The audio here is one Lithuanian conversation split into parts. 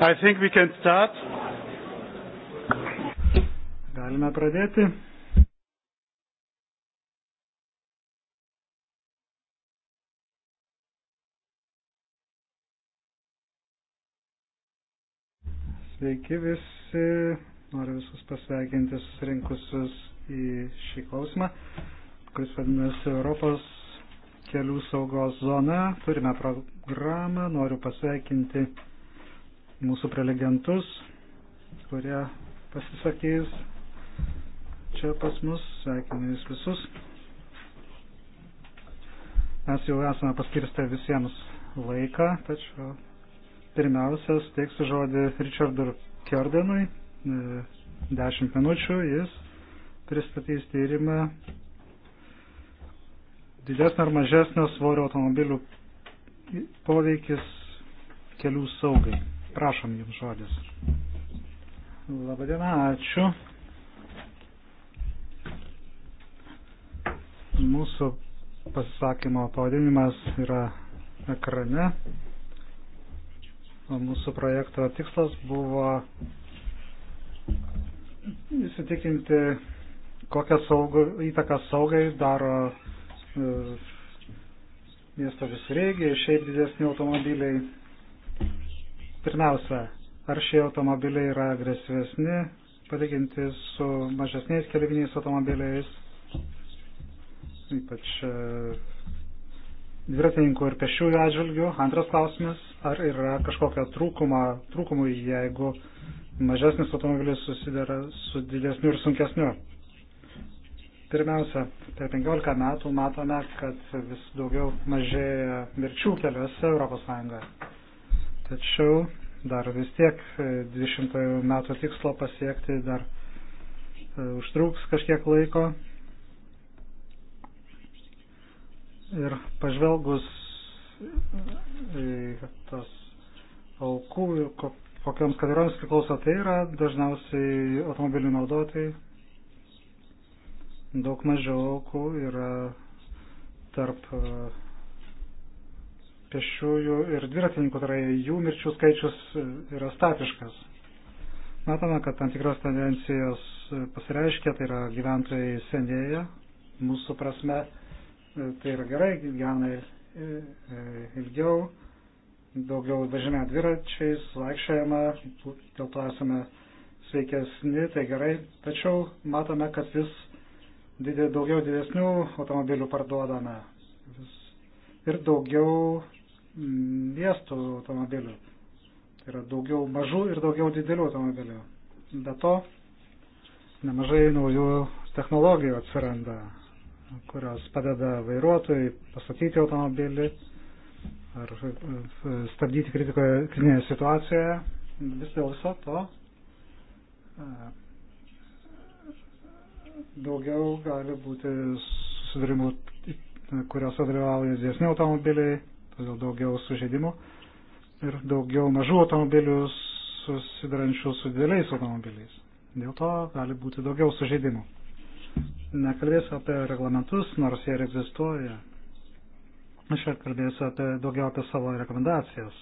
I think we can start. Galime pradėti. Sveiki visi, noriu visus pasveikinti susirinkusius į šį klausimą, kuris vadinasi Europos kelių saugos zona. Turime programą, noriu pasveikinti mūsų prelegentus, kurie pasisakys čia pas mus, sveikinu jūs visus. Mes jau esame paskirstę visiems laiką, tačiau pirmiausia, steiksiu žodį Richardui Kerdenui, 10 minučių, jis pristatys tyrimą didesnio ar mažesnio svorio automobilių poveikis kelių saugai. Prašom jums žodis. Labadiena, ačiū. Mūsų pasisakymo pavadinimas yra ekrane. O mūsų projekto tikslas buvo įsitikinti, kokią saugą, įtaką saugai daro e, miesto visureigiai, šiaip didesni automobiliai Pirmiausia, ar šie automobiliai yra agresyvesni, palyginti su mažesniais keliaviniais automobiliais, ypač e, dviratininkų ir pešiųjų atžvilgių. Antras klausimas, ar yra kažkokia trūkuma, trūkumų, jeigu mažesnis automobilis susidara su didesniu ir sunkesniu. Pirmiausia, per 15 metų matome, kad vis daugiau mažėja mirčių keliuose Europos Sąjungoje. Tačiau dar vis tiek 200 e, metų tikslo pasiekti dar e, užtruks kažkiek laiko. Ir pažvelgus tas aukų, kokiams kategorijoms priklauso, tai yra dažniausiai automobilių naudotojai. Daug mažiau aukų yra tarp uh, pešiųjų ir dviratininkų, tai yra jų mirčių skaičius yra statiškas. Matome, kad tam tikros tendencijos pasireiškia, tai yra gyventojai senėja, mūsų prasme, tai yra gerai, gyvena ilgiau, daugiau važinė dviračiais, vaikščiojama, dėl to esame sveikesni, tai gerai, tačiau matome, kad vis didė, daugiau didesnių automobilių parduodame vis, ir daugiau miestų automobilių. Tai yra daugiau mažų ir daugiau didelių automobilių. Be to, nemažai naujų technologijų atsiranda, kurios padeda vairuotojai pastatyti automobilį ar e, e, stabdyti kritikoje, kritinėje situacijoje. Vis dėl viso to e, daugiau gali būti susidarimų, kuriuose dalyvauja didesni automobiliai todėl daugiau sužeidimų ir daugiau mažų automobilių susidarančių su dideliais automobiliais. Dėl to gali būti daugiau sužeidimų. Nekalbėsiu apie reglamentus, nors jie egzistuoja. Aš kalbėsiu apie, daugiau apie savo rekomendacijas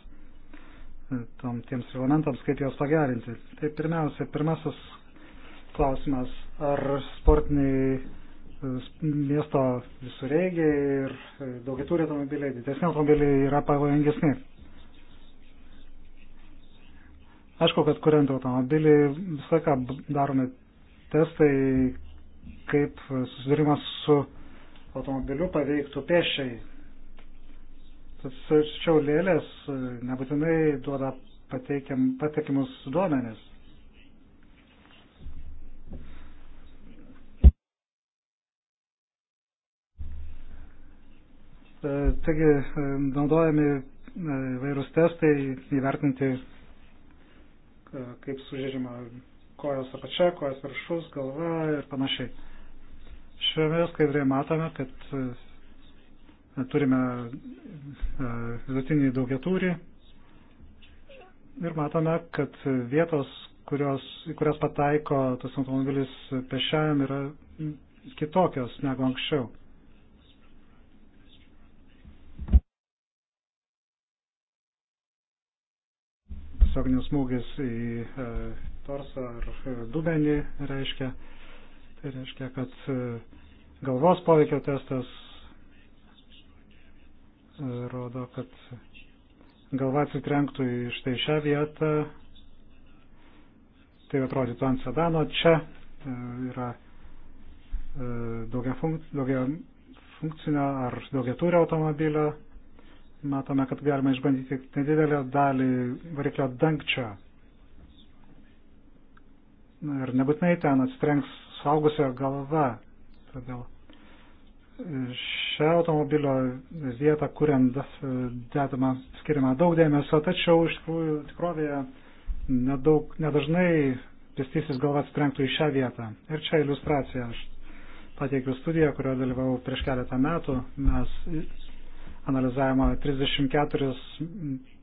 e, tom, tiems reglamentams, kaip juos pagerinti. Tai pirmiausia, pirmasis klausimas, ar sportiniai miesto visureigiai ir e, daugiatūrė automobiliai, didesni automobiliai yra pavojingesni. Aišku, kad kuriant automobilį visą laiką darome testai, kaip susidūrimas su automobiliu paveiktų pėšiai. Tačiau lėlės e, nebūtinai duoda pateikiam, patikimus duomenis. E, taigi e, naudojami e, vairūs testai įvertinti, kaip sužeidžiama kojos apačia, kojos viršus, galva ir panašiai. Šiame skaidrėje matome, kad turime vidutinį daugiatūrį ir matome, kad vietos, kurios, kurias pataiko tas automobilis pešiajam, yra kitokios negu anksčiau. tiesioginis smūgis į e, torsą ar e, dubenį reiškia. Tai reiškia, kad e, galvos poveikio testas rodo, kad galva atsitrenktų į štai šią vietą. Tai atrodytų ant sedano. Čia yra daugia, funk, daugia funkcinio ar daugia tūrio automobilio matome, kad galima išbandyti nedidelę dalį variklio dangčio. Ir nebūtinai ten atsitrenks suaugusio galva. Todėl šią automobilio vietą, kuriant dedama, skiriama daug dėmesio, tačiau iš tikrųjų tikrovėje nedaug, nedažnai pėstysis galva atsitrenktų į šią vietą. Ir čia iliustracija. Aš pateikiu studiją, kurioje dalyvau prieš keletą metų. Mes analizavome 34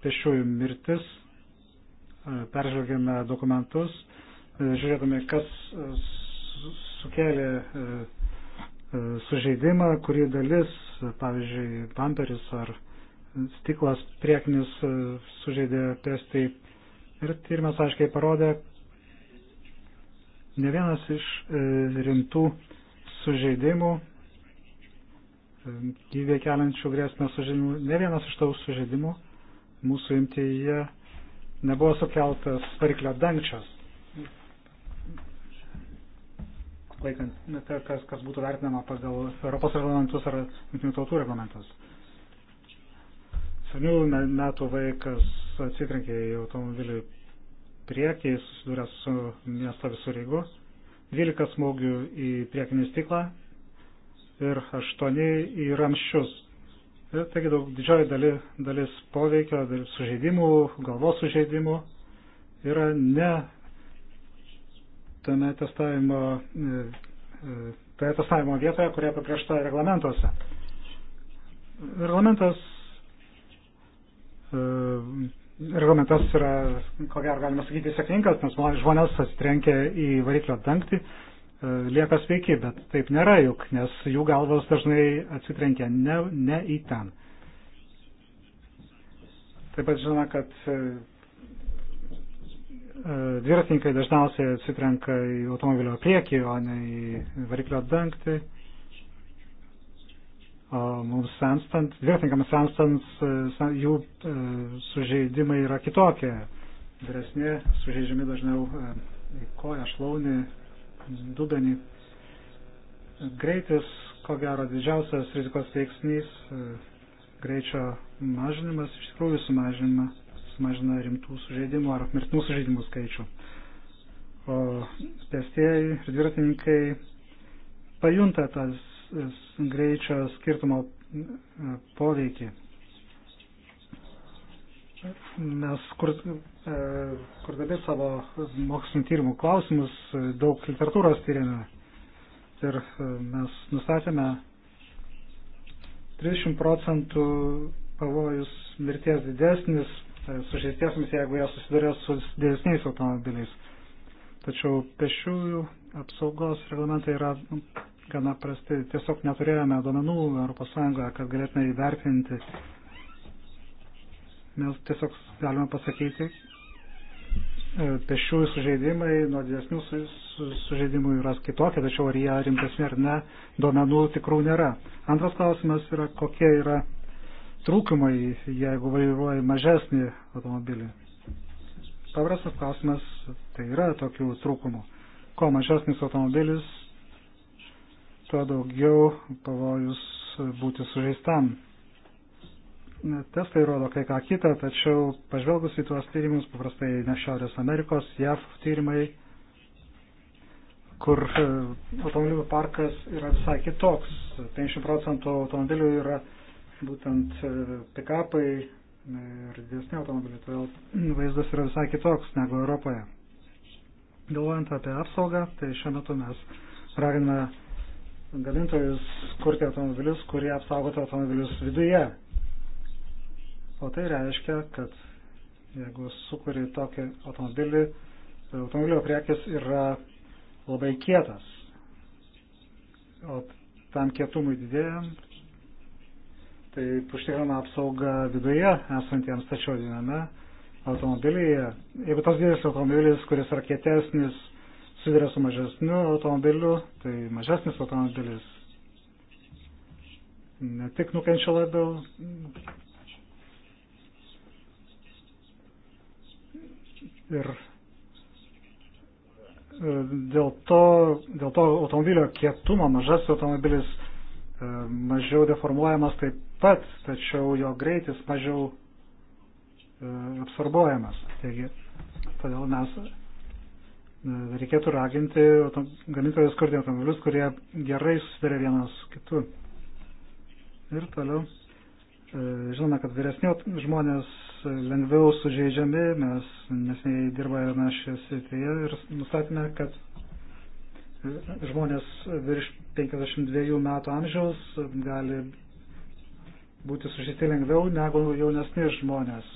pešiųjų mirtis, e, peržvelgėme dokumentus, e, žiūrėdami, kas e, sukėlė sužeidimą, kuri dalis, pavyzdžiui, pamperis ar stiklas priekinis sužeidė pestai. Ir tyrimas aiškiai parodė, ne vienas iš rimtų sužeidimų gyvybė keliančių grėsmę sužeidimų. Ne vienas iš tavų sužeidimų mūsų imtyje nebuvo sukeltas variklio dangčias. Laikant, kas, kas būtų vertinama pagal Europos reglamentus ar jungtinių tautų reglamentus. Senių metų vaikas atsitrenkė į automobilį priekį, susidūrė su miesto visureigu, 12 smūgių į priekinį stiklą, ir 8 į ramščius. Ir e, taigi daug, didžioji dalis, dalis poveikio, dalis sužeidimų, galvos sužeidimų yra ne tame testavimo, e, e, toje testavimo vietoje, kurie apipriešta reglamentuose. Reglamentas, reglamentas yra, ko gero galima sakyti, sėkmingas, nes žmonės atsitrenkia į variklio dangtį E, lieka sveiki, bet taip nėra juk, nes jų galvos dažnai atsitrenkia ne, ne į ten. Taip pat žinoma, kad e, e, dviratininkai dažniausiai atsitrenka į automobilio priekį, o ne į variklio dangtį. O mums senstant, dviratininkams senstant, jų sužeidimai yra kitokie. Vyresni sužeidžiami dažniau į koją, šlaunį dubenį. Greitis, ko gero, didžiausias rizikos veiksnys, e, greičio mažinimas iš tikrųjų sumažina, sumažina rimtų sužeidimų ar mirtinų sužeidimų skaičių. O pėstieji ir dviratininkai pajunta tas greičio skirtumo e, poveikį mes kur, e, kurdami savo mokslinio tyrimų klausimus e, daug literatūros tyrėme ir e, mes nustatėme 30 procentų pavojus mirties didesnis sužeistiesiams, jeigu jie susiduria su didesniais automobiliais. Tačiau pešiųjų apsaugos reglamentai yra gana prasti. Tiesiog neturėjome duomenų ES, kad galėtume įvertinti Mes tiesiog galime pasakyti, e, pešiųjų sužeidimai nuo didesnių sužeidimų yra kitokia, tačiau ar jie rimtesni ar ne, duomenų tikrų nėra. Antras klausimas yra, kokie yra trūkumai, jeigu vairuoji mažesnį automobilį. Paprastas klausimas, tai yra tokių trūkumų. Kuo mažesnis automobilis, tuo daugiau pavojus būti sužeistam testai rodo kai ką kitą, tačiau pažvelgus į tuos tyrimus, paprastai ne Šiaurės Amerikos, JAV tyrimai, kur e, automobilių parkas yra visai kitoks. 50 procentų automobilių yra būtent e, pikapai ir didesni automobiliai, todėl vaizdas yra visai kitoks negu Europoje. Galvojant apie apsaugą, tai šiuo metu mes raginame gamintojus kurti automobilius, kurie apsaugotų automobilius viduje O tai reiškia, kad jeigu sukuri tokį automobilį, tai automobilio priekis yra labai kietas. O tam kietumui didėjant, tai užtikrina apsauga viduje esantiems, tačiau viename automobilyje, jeigu tas didelis automobilis, kuris yra kietesnis, susiduria su mažesniu automobiliu, tai mažesnis automobilis ne tik nukenčia labiau, Ir e, dėl to, dėl to automobilio kietumo mažas automobilis e, mažiau deformuojamas taip pat, tačiau jo greitis mažiau e, absorbuojamas. Taigi, todėl mes reikėtų raginti gamintojus kurti automobilius, kurie gerai susidarė vienas su kitu. Ir toliau E, žinome, kad vyresnių žmonės lengviau sužeidžiami, mes nesiniai dirbame šioje srityje ir nustatėme, kad žmonės virš 52 metų amžiaus gali būti sužeisti lengviau negu jaunesni žmonės,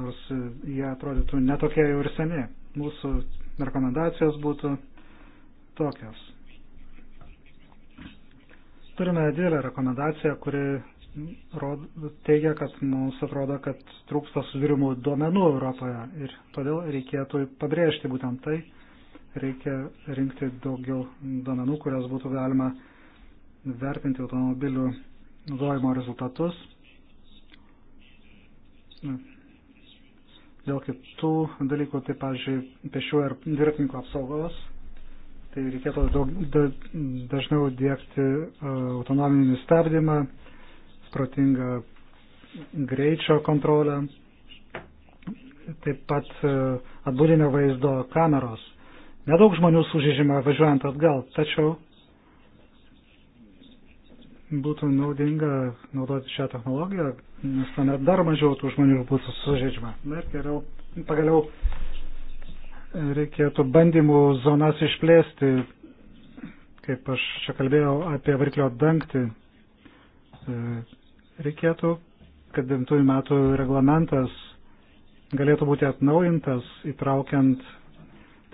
nors jie atrodytų netokie jau ir seni. Mūsų rekomendacijos būtų tokios. Turime didelę rekomendaciją, kuri rod, teigia, kad mums atrodo, kad trūksta sudirimų duomenų Europoje ir todėl reikėtų pabrėžti būtent tai, reikia rinkti daugiau duomenų, kurias būtų galima vertinti automobilių naudojimo rezultatus. Dėl kitų dalykų, tai pavyzdžiui, pešių ir dviratinkų apsaugos tai reikėtų daug, da, dažniau dėkti e, autonominį stabdymą, protingą greičio kontrolę, taip pat e, atbulinio vaizdo kameros. Nedaug žmonių sužyžima važiuojant atgal, tačiau būtų naudinga naudoti šią technologiją, nes tuomet dar mažiau tų žmonių būtų sužeidžiama. Na ir geriau, pagaliau reikėtų bandymų zonas išplėsti, kaip aš čia kalbėjau apie variklio dangtį. E, reikėtų, kad 9 metų reglamentas galėtų būti atnaujintas, įtraukiant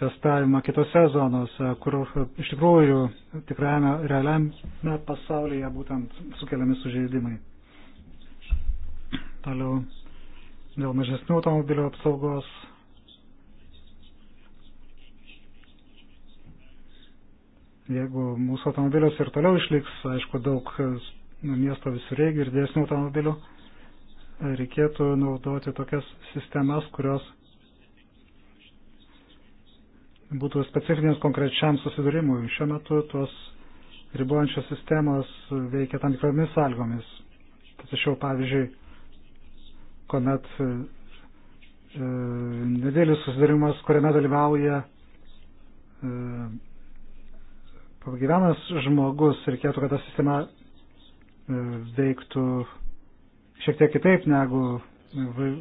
testavimą kitose zonose, kur iš tikrųjų tikrajame realiame pasaulyje būtent sukeliami sužeidimai. Toliau dėl mažesnių automobilio apsaugos jeigu mūsų automobilius ir toliau išliks, aišku, daug nu, miesto visureigių ir dėsnių automobilių, reikėtų naudoti tokias sistemas, kurios būtų specifinės konkrečiam susidūrimui. Šiuo metu tos ribojančios sistemos veikia tam tikromis sąlygomis. Tačiau, pavyzdžiui, kuomet e, nedėlis susidarimas, kuriame dalyvauja e, pagyvenęs žmogus reikėtų, kad ta sistema e, veiktų šiek tiek kitaip negu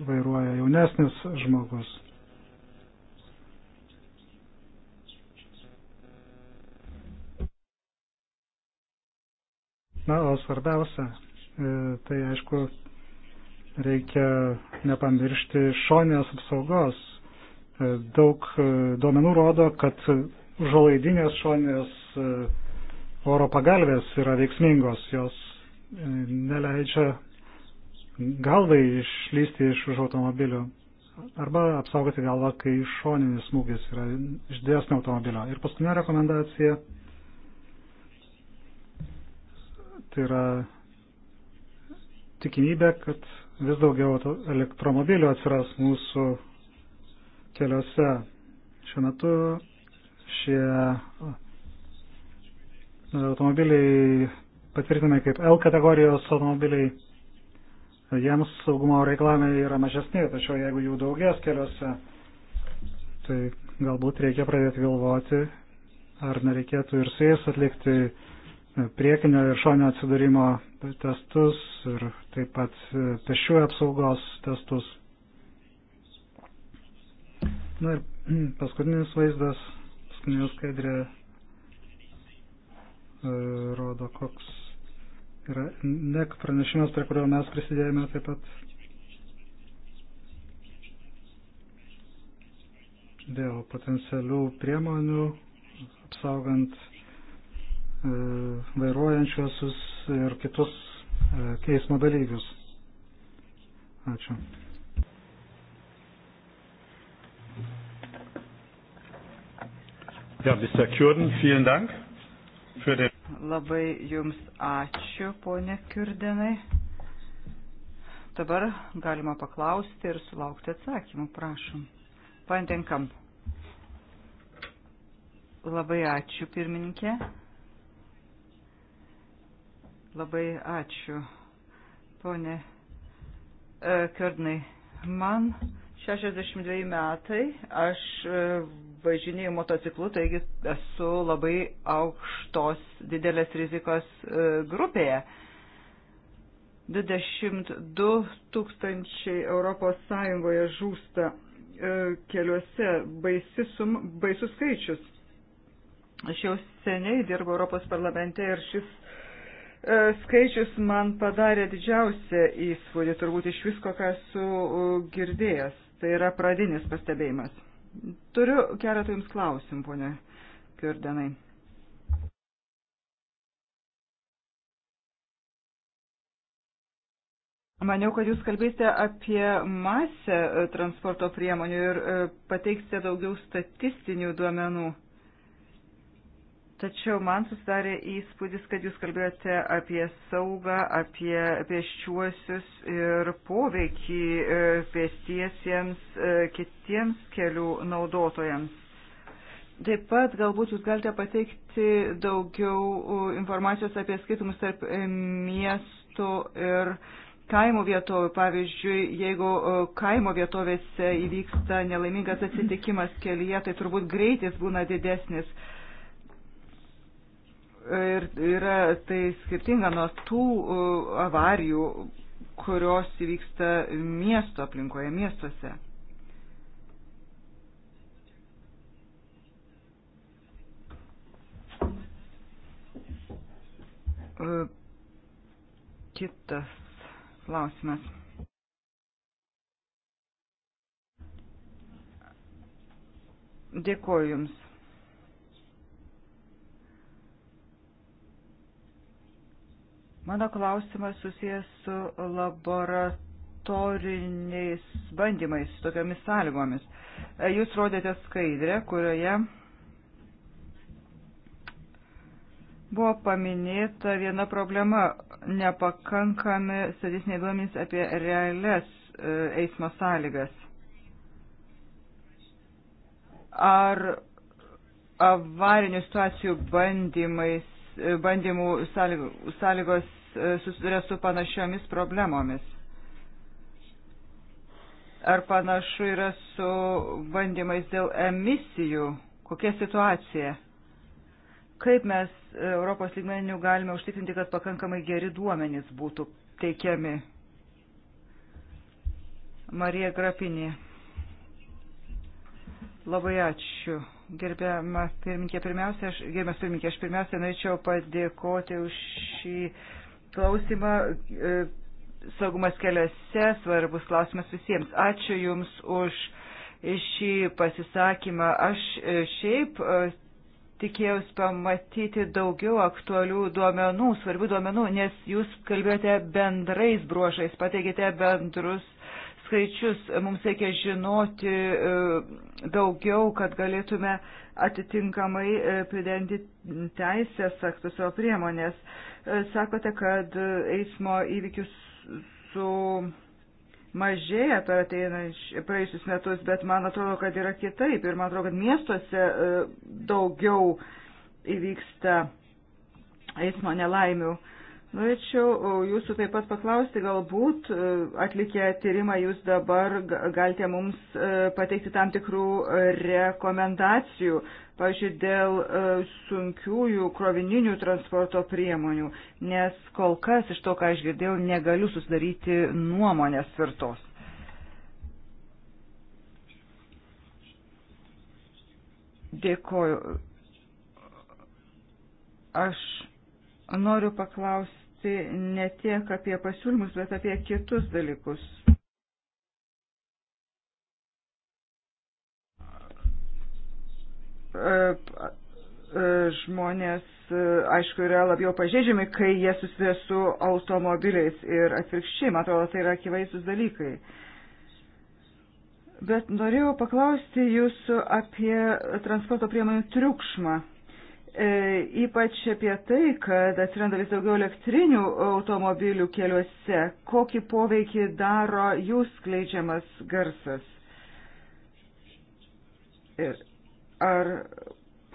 vairuoja jaunesnis žmogus. Na, o svarbiausia, e, tai aišku, reikia nepamiršti šonės apsaugos. E, daug duomenų rodo, kad žalaidinės šonės E, oro pagalvės yra veiksmingos, jos e, neleidžia galvai išlysti iš už automobilių arba apsaugoti galvą, kai šoninis smūgis yra iš dėsnio automobilio. Ir paskutinė rekomendacija tai yra tikimybė, kad vis daugiau elektromobilių atsiras mūsų keliuose. Šiuo metu šie automobiliai patvirtinami kaip L kategorijos automobiliai, jiems saugumo reikalavimai yra mažesni, tačiau jeigu jų daugės keliuose, tai galbūt reikia pradėti galvoti, ar nereikėtų ir su jais atlikti priekinio ir šonio atsidūrimo testus ir taip pat e, pešių apsaugos testus. Na ir paskutinis vaizdas, paskutinė skaidrė E, rodo, koks yra NEC pranešimas, prie kurio mes prisidėjome taip pat dėl potencialių priemonių apsaugant e, vairuojančiuosius ir kitus e, eismo dalyvius. Ačiū. Ja, Mr. Kürden, vielen Dank. Labai Jums ačiū, ponė Kirdenai. Dabar galima paklausti ir sulaukti atsakymų, prašom. Pantenkam. Labai ačiū, pirmininkė. Labai ačiū, ponė e, Kirdnai. Man 62 metai, aš e, važinėjau motociklu, taigi esu labai aukštos didelės rizikos e, grupėje. 22 tūkstančiai ES žūsta e, keliuose, baisi sum, baisus skaičius. Aš jau seniai dirbu Europos parlamente ir šis e, skaičius man padarė didžiausią įspūdį, turbūt iš visko, ką esu girdėjęs. Tai yra pradinis pastebėjimas. Turiu keletą Jums klausimų, ponė Kirdenai. Maniau, kad jūs kalbėsite apie masę transporto priemonių ir e, pateiksite daugiau statistinių duomenų. Tačiau man susidarė įspūdis, kad jūs kalbėjote apie saugą, apie pėsčiuosius ir poveikį e, pėstiesiems e, kitiems kelių naudotojams. Taip pat galbūt jūs galite pateikti daugiau informacijos apie skirtumus tarp e, miestų ir kaimo vietovių. Pavyzdžiui, jeigu kaimo vietovėse įvyksta nelaimingas atsitikimas kelyje, tai turbūt greitis būna didesnis ir yra tai skirtinga nuo tų avarijų, kurios įvyksta miesto aplinkoje, miestuose. Kitas klausimas. Dėkuoju Jums Mano klausimas susijęs su laboratoriniais bandymais, tokiamis sąlygomis. E, jūs rodėte skaidrę, kurioje buvo paminėta viena problema - nepakankami statistiniai duomenys apie realias e, eismo sąlygas. Ar avarinių situacijų bandymais e, bandymų sąlygos E, susiduria su panašiomis problemomis. Ar panašu yra su bandymais dėl emisijų? Kokia situacija? Kaip mes Europos lygmenių galime užtikrinti, kad pakankamai geri duomenys būtų teikiami? Marija Grapinė. Labai ačiū. Gerbiamas pirmininkė, pirmiausia, aš, gerbiamas pirmininkė, aš pirmiausia norėčiau padėkoti už šį klausimą. E, saugumas keliuose svarbus klausimas visiems. Ačiū Jums už šį pasisakymą. Aš e, šiaip e, tikėjausi pamatyti daugiau aktualių duomenų, svarbių duomenų, nes Jūs kalbėjote bendrais bruožais, pateikėte bendrus skaičius, mums reikia žinoti e, daugiau, kad galėtume atitinkamai e, pridengti teisės aktus savo priemonės. E, sakote, kad eismo įvykius su mažėja per praėjusius metus, bet man atrodo, kad yra kitaip ir man atrodo, kad miestuose daugiau įvyksta eismo nelaimių. Norėčiau jūsų taip pat paklausti, galbūt e, atlikę tyrimą jūs dabar galite mums e, pateikti tam tikrų e, rekomendacijų, pavyzdžiui, dėl sunkiųjų krovininių transporto priemonių, nes kol kas iš to, ką aš girdėjau, negaliu susidaryti nuomonės tvirtos. Dėkoju. Aš noriu paklausti kalbėti ne tiek apie pasiūlymus, bet apie kitus dalykus. E, e, žmonės, e, aišku, yra labiau pažeidžiami, kai jie susiduria su automobiliais ir atvirkščiai, man atrodo, tai yra akivaizdus dalykai. Bet norėjau paklausti jūsų apie transporto priemonių triukšmą. E, ypač apie tai, kad atsiranda vis daugiau elektrinių automobilių keliuose, kokį poveikį daro jų skleidžiamas garsas. Ir ar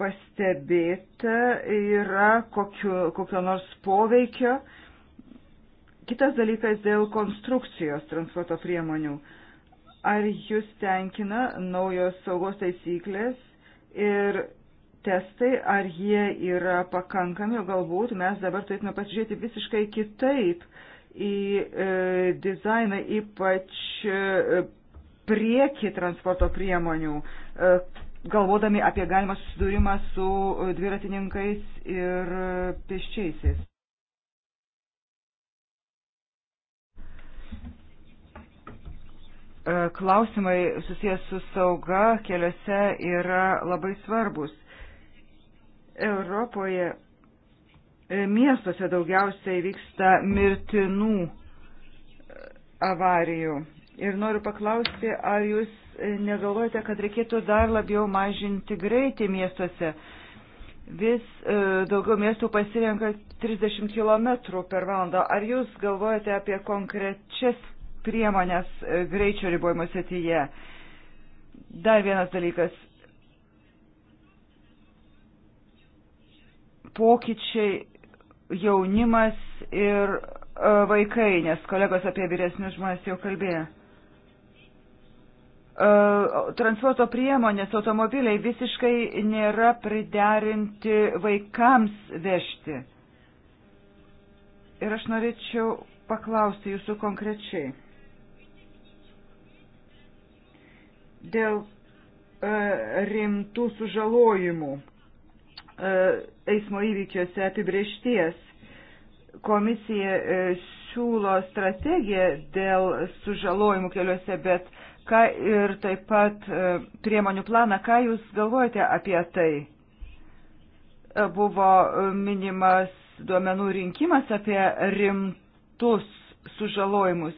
pastebėta yra kokio, kokio nors poveikio? Kitas dalykas dėl konstrukcijos transporto priemonių. Ar jūs tenkina naujos saugos taisyklės ir testai, ar jie yra pakankami, galbūt mes dabar turėtume pasižiūrėti visiškai kitaip į e, dizainą, ypač e, priekį transporto priemonių, e, galvodami apie galimą susidūrimą su dviratininkais ir pėsčiaisiais. E, klausimai susijęs su sauga keliuose yra labai svarbus. Europoje e, miestuose daugiausiai vyksta mirtinų e, avarijų. Ir noriu paklausti, ar jūs e, negalvojate, kad reikėtų dar labiau mažinti greitį miestuose? Vis daugiau miestų pasirenka 30 km per valandą. Ar jūs galvojate apie konkrečias priemonės greičio ribojimo srityje? Dar vienas dalykas pokyčiai jaunimas ir e, vaikai, nes kolegos apie vyresnius žmonės jau kalbėjo. E, transporto priemonės, automobiliai visiškai nėra priderinti vaikams vežti. Ir aš norėčiau paklausti jūsų konkrečiai. Dėl e, rimtų sužalojimų E, eismo įvykiuose apibriešties. Komisija e, siūlo strategiją dėl sužalojimų keliuose, bet ką ir taip pat e, priemonių planą, ką jūs galvojate apie tai? Buvo minimas duomenų rinkimas apie rimtus sužalojimus.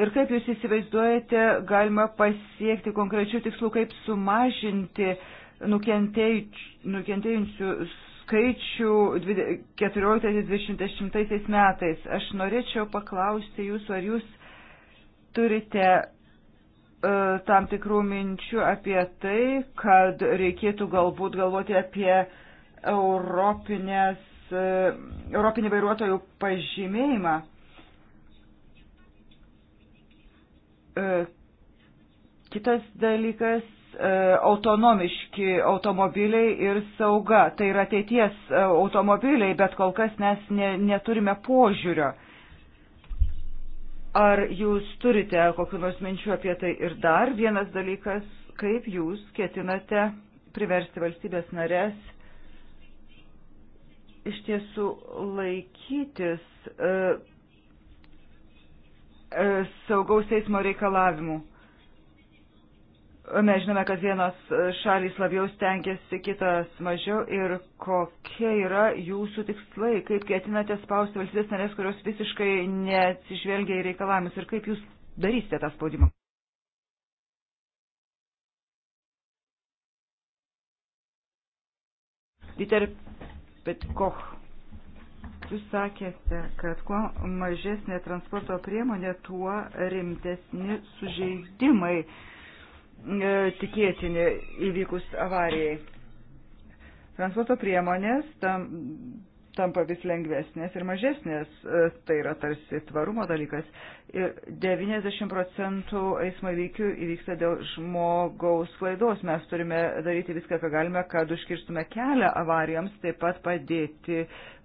Ir kaip jūs įsivaizduojate, galima pasiekti konkrečių tikslų, kaip sumažinti uh, nukentėjusių skaičių 14-20 metais. Aš norėčiau paklausti jūsų, ar jūs turite e, tam tikrų minčių apie tai, kad reikėtų galbūt galvoti apie europinės, e, europinį vairuotojų pažymėjimą. E, kitas dalykas E, autonomiški automobiliai ir sauga. Tai yra ateities e, automobiliai, bet kol kas mes ne, neturime požiūrio. Ar jūs turite kokiu nors minčiu apie tai? Ir dar vienas dalykas, kaip jūs ketinate priversti valstybės narės iš tiesų laikytis e, e, saugaus eismo reikalavimų. E, Mes žinome, kad vienos šalys labiau stengiasi, kitas mažiau ir kokie yra jūsų tikslai, kaip ketinate spausti valstybės narės, kurios visiškai neatsižvelgia į reikalavimus ir kaip jūs darysite tą spaudimą. Dieter Petkoch, jūs sakėte, kad kuo mažesnė transporto priemonė, tuo rimtesni sužeidimai E, tikėtini įvykus avarijai. Transporto priemonės tam, tampa vis lengvesnės ir mažesnės, e, tai yra tarsi tvarumo dalykas. Ir 90 procentų eismo įvykių įvyksta dėl žmogaus klaidos. Mes turime daryti viską, ką galime, kad užkirstume kelią avarijoms, taip pat padėti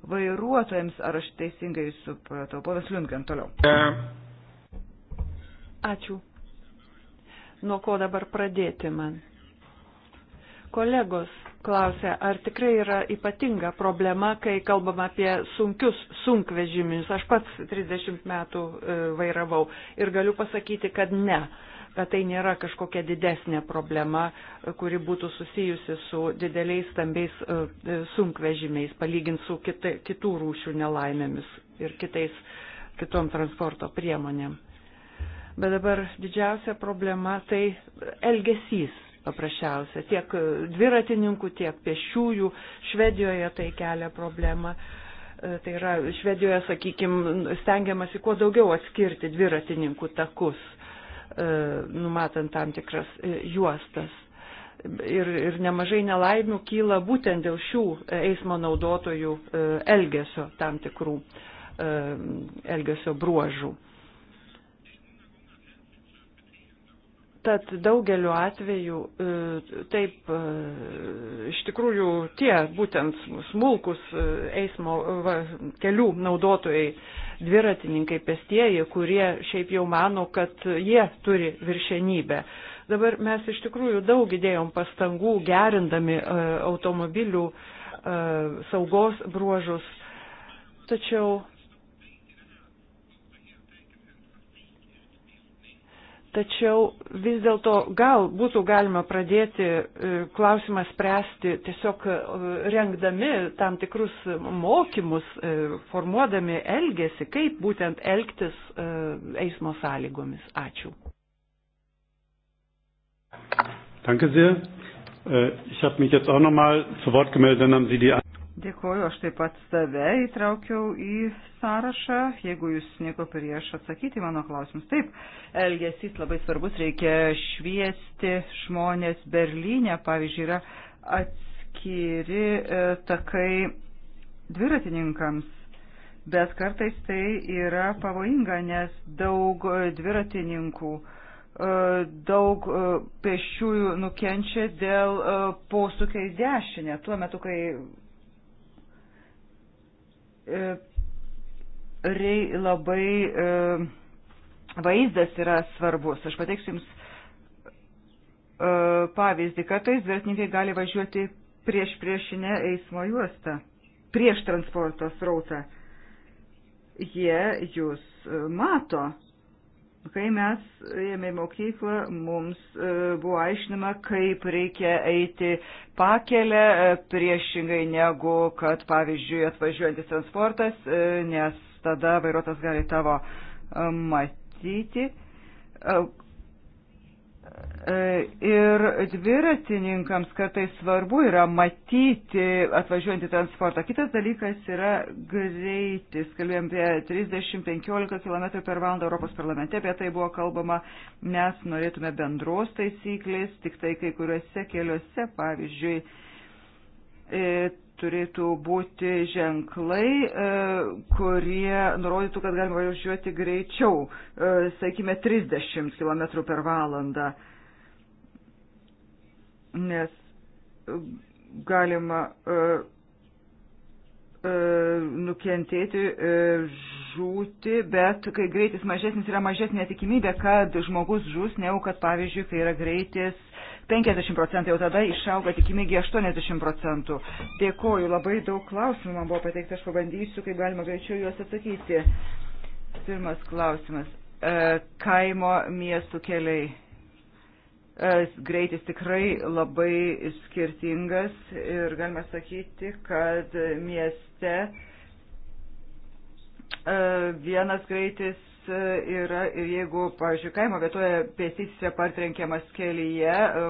vairuotojams, ar aš teisingai supratau. Ponas Liunkan toliau. E. Ačiū nuo ko dabar pradėti man. Kolegos klausia, ar tikrai yra ypatinga problema, kai kalbam apie sunkius sunkvežimius. Aš pats 30 metų e, vairavau ir galiu pasakyti, kad ne kad tai nėra kažkokia didesnė problema, e, kuri būtų susijusi su dideliais stambiais e, sunkvežimiais, palygint su kita, kitų rūšių nelaimėmis ir kitais, kitom transporto priemonėm. Bet dabar didžiausia problema tai elgesys paprasčiausia. Tiek e, dviratininkų, tiek pešiųjų. Švedijoje tai kelia problemą. E, tai yra, Švedijoje, sakykime, stengiamasi kuo daugiau atskirti dviratininkų takus, e, numatant tam tikras juostas. Ir, ir nemažai nelaimių kyla būtent dėl šių eismo naudotojų elgesio tam tikrų elgesio bruožų. Tad daugeliu atveju e, taip e, iš tikrųjų tie būtent smulkus e, eismo va, kelių naudotojai, dviratininkai, pestieji, kurie šiaip jau mano, kad jie turi viršenybę. Dabar mes iš tikrųjų daug įdėjom pastangų gerindami automobilių saugos bruožus, tačiau Tačiau vis dėlto gal būtų galima pradėti e, klausimą spręsti tiesiog e, rengdami tam tikrus mokymus, e, formuodami elgesį, kaip būtent elgtis eismo sąlygomis. Ačiū. Danke sehr. Äh, ich habe mich jetzt auch nochmal zu Wort gemeldet, dann haben Sie die Dėkuoju, aš taip pat save įtraukiau į sąrašą. Jeigu jūs nieko prieš atsakyti mano klausimus, taip, elgesys labai svarbus, reikia šviesti žmonės Berlyne, pavyzdžiui, yra atskiri e, takai dviratininkams, bet kartais tai yra pavojinga, nes daug dviratininkų e, daug e, pešiųjų nukenčia dėl e, posūkiai dešinę, tuo metu, kai E, rei, labai e, vaizdas yra svarbus. Aš pateiksiu Jums e, pavyzdį. Kartais dviratininkai gali važiuoti prieš priešinę eismo juostą, prieš transporto srautą. Jie Jūs e, mato Kai mes ėjome į mokyklą, mums e, buvo aiškinama, kaip reikia eiti pakelę e, priešingai negu, kad, pavyzdžiui, atvažiuojantis transportas, e, nes tada vairuotas gali tavo matyti E, ir dviratininkams kartais svarbu yra matyti atvažiuojantį transportą. Kitas dalykas yra greitis. Kalbėjom apie 30-15 km per valandą Europos parlamente, apie tai buvo kalbama, mes norėtume bendros taisyklės, tik tai kai kuriuose keliuose, pavyzdžiui, E, turėtų būti ženklai, e, kurie nurodytų, kad galima važiuoti greičiau, e, sakykime, 30 km per valandą. Nes galima nukentėti, žūti, bet kai greitis mažesnis yra mažesnė tikimybė, kad žmogus žus, negu kad, pavyzdžiui, kai yra greitis 50 procentų, jau tada išauga tikimybė 80 procentų. Dėkoju, labai daug klausimų man buvo pateikta, aš pabandysiu, kaip galima greičiau juos atsakyti. Pirmas klausimas. E, kaimo miestų keliai. E, greitis tikrai labai skirtingas ir galima sakyti, kad mieste e, vienas greitis E, yra ir jeigu, pavyzdžiui, kaimo vietoje pėstysis partrenkiamas kelyje, e,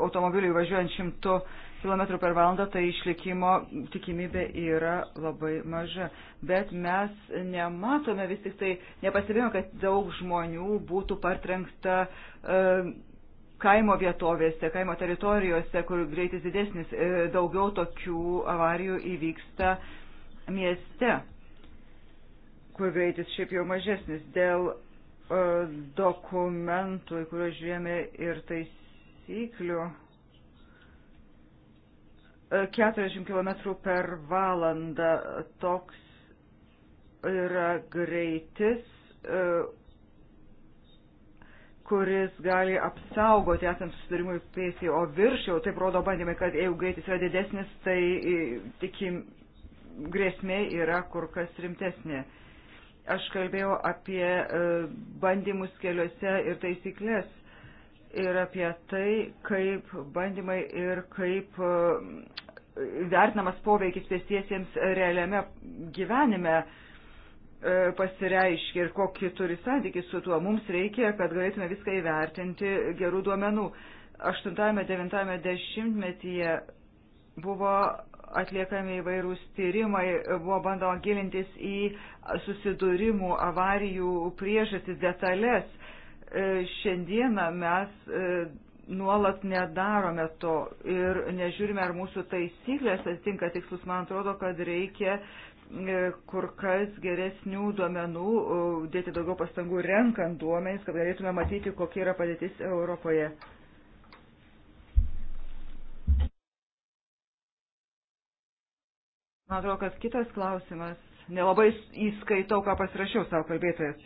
automobiliui važiuojant šimtu km per valandą, tai išlikimo tikimybė yra labai maža. Bet mes nematome vis tik tai, nepastebėjome, kad daug žmonių būtų partrenkta e, kaimo vietovėse, kaimo teritorijose, kur greitis didesnis, daugiau tokių avarijų įvyksta mieste kur greitis šiaip jau mažesnis dėl e, dokumentų, į kuriuos žiūrėjome ir taisyklių. 40 e, km per valandą toks yra greitis, e, kuris gali apsaugoti esant susidarimui pėsiai, o virš jau taip rodo bandymai, kad jeigu greitis yra didesnis, tai tikim grėsmė yra kur kas rimtesnė. Aš kalbėjau apie e, bandymus keliuose ir taisyklės ir apie tai, kaip bandymai ir kaip e, vertinamas poveikis pėstiesiems realiame gyvenime e, pasireiškia ir kokį turi santykį su tuo. Mums reikia, kad galėtume viską įvertinti gerų duomenų. 8-9 dešimtmetyje buvo atliekami įvairūs tyrimai, buvo bandoma gilintis į susidūrimų, avarijų priežastis detalės. E, šiandieną mes e, nuolat nedarome to ir nežiūrime, ar mūsų taisyklės atitinka tikslus. Man atrodo, kad reikia e, kur kas geresnių duomenų, dėti daugiau pastangų renkant duomenys, kad galėtume matyti, kokia yra padėtis Europoje. Man atrodo, kad kitas klausimas. Nelabai įskaitau, ką pasirašiau savo kalbėtojas.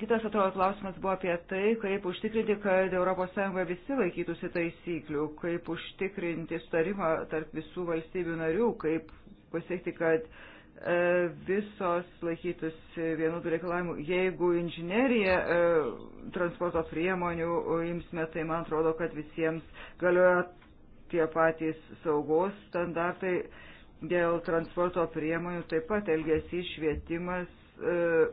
Kitas atrodo klausimas buvo apie tai, kaip užtikrinti, kad ES visi laikytųsi taisyklių, kaip užtikrinti sutarimą tarp visų valstybių narių, kaip pasiekti, kad e, visos laikytųsi vienodų reikalavimų. Jeigu inžinierija e, transporto priemonių e, imsime, tai man atrodo, kad visiems galioja tie patys saugos standartai. E, Dėl transporto priemonių taip pat elgesys švietimas, e,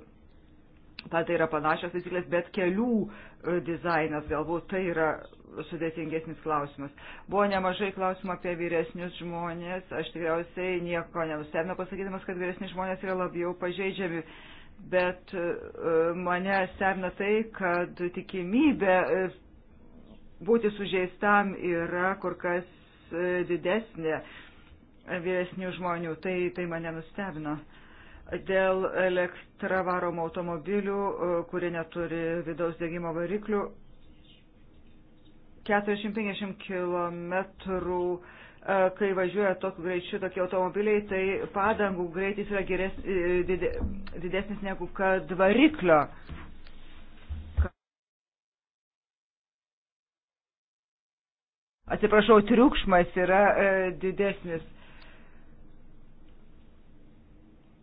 tai yra panašios taisyklės, bet kelių e, dizainas galbūt tai yra sudėtingesnis klausimas. Buvo nemažai klausimų apie vyresnius žmonės. Aš tikriausiai nieko nenustebino pasakydamas, kad vyresni žmonės yra labiau pažeidžiami. Bet e, mane stebina tai, kad tikimybė būti sužeistam yra kur kas didesnė vyresnių žmonių. Tai, tai mane nustebino. Dėl elektravaromų automobilių, e, kurie neturi vidaus degimo variklių, 450 km, e, kai važiuoja tokiu greičiu tokie automobiliai, tai padangų greitis yra geres, e, didesnis negu kad variklio. Atsiprašau, triukšmas yra didesnis.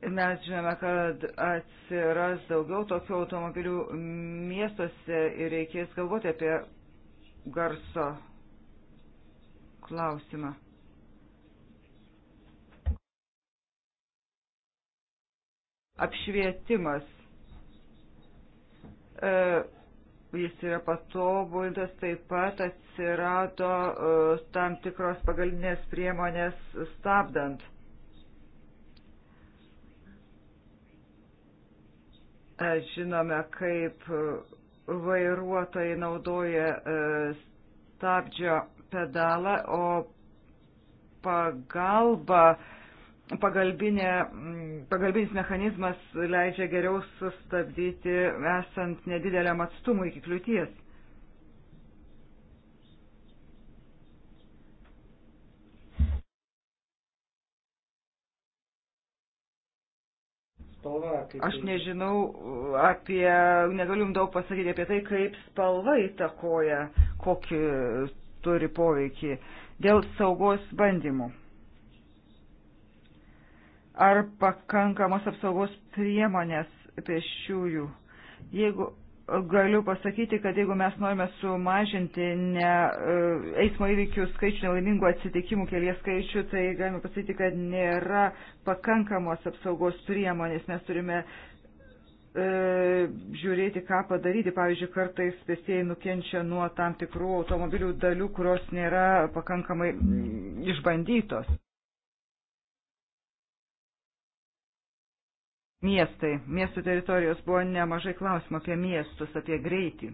Mes žinome, kad atsiras daugiau tokių automobilių miestuose ir reikės galvoti apie garso klausimą. Apšvietimas. E, jis yra patobulintas, taip pat atsirado e, tam tikros pagalbinės priemonės stabdant Žinome, kaip vairuotojai naudoja e, stabdžio pedalą, o pagalba, pagalbinė, pagalbinis mechanizmas leidžia geriau sustabdyti esant nedideliam atstumui iki kliūties. Aš tai nežinau uh, apie, negaliu jums daug pasakyti apie tai, kaip spalva įtakoja, kokį turi poveikį dėl saugos bandymų. Ar pakankamos apsaugos priemonės pešiųjų? Jeigu galiu pasakyti, kad jeigu mes norime sumažinti ne, e, eismo įvykių skaičių, nelaimingų atsitikimų kelyje skaičių, tai galime pasakyti, kad nėra pakankamos apsaugos priemonės. Mes turime e, žiūrėti, ką padaryti. Pavyzdžiui, kartais pėstieji nukenčia nuo tam tikrų automobilių dalių, kurios nėra pakankamai išbandytos. Miestai, miestų teritorijos buvo nemažai klausimų apie miestus, apie greitį.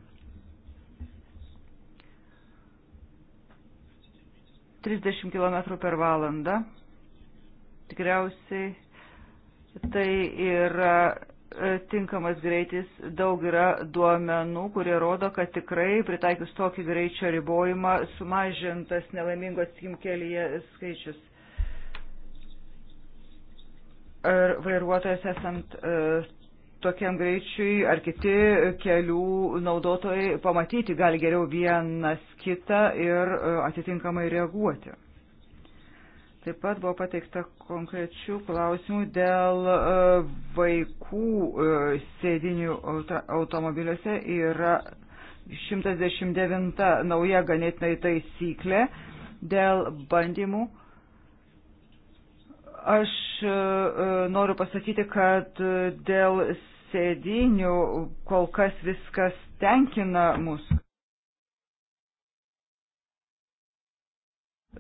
30 km per valandą. Tikriausiai tai yra e, tinkamas greitis, daug yra duomenų, kurie rodo, kad tikrai pritaikius tokį greičio ribojimą sumažintas nelaimingo atsikimkelyje skaičius ar vairuotojas esant e, tokiam greičiui ar kiti kelių naudotojai pamatyti gali geriau vienas kitą ir e, atitinkamai reaguoti. Taip pat buvo pateikta konkrečių klausimų dėl e, vaikų sėdinių automobiliuose. Yra 119 nauja ganėtinai taisyklė dėl bandymų Aš e, e, noriu pasakyti, kad e, dėl sėdinių kol kas viskas tenkina mus.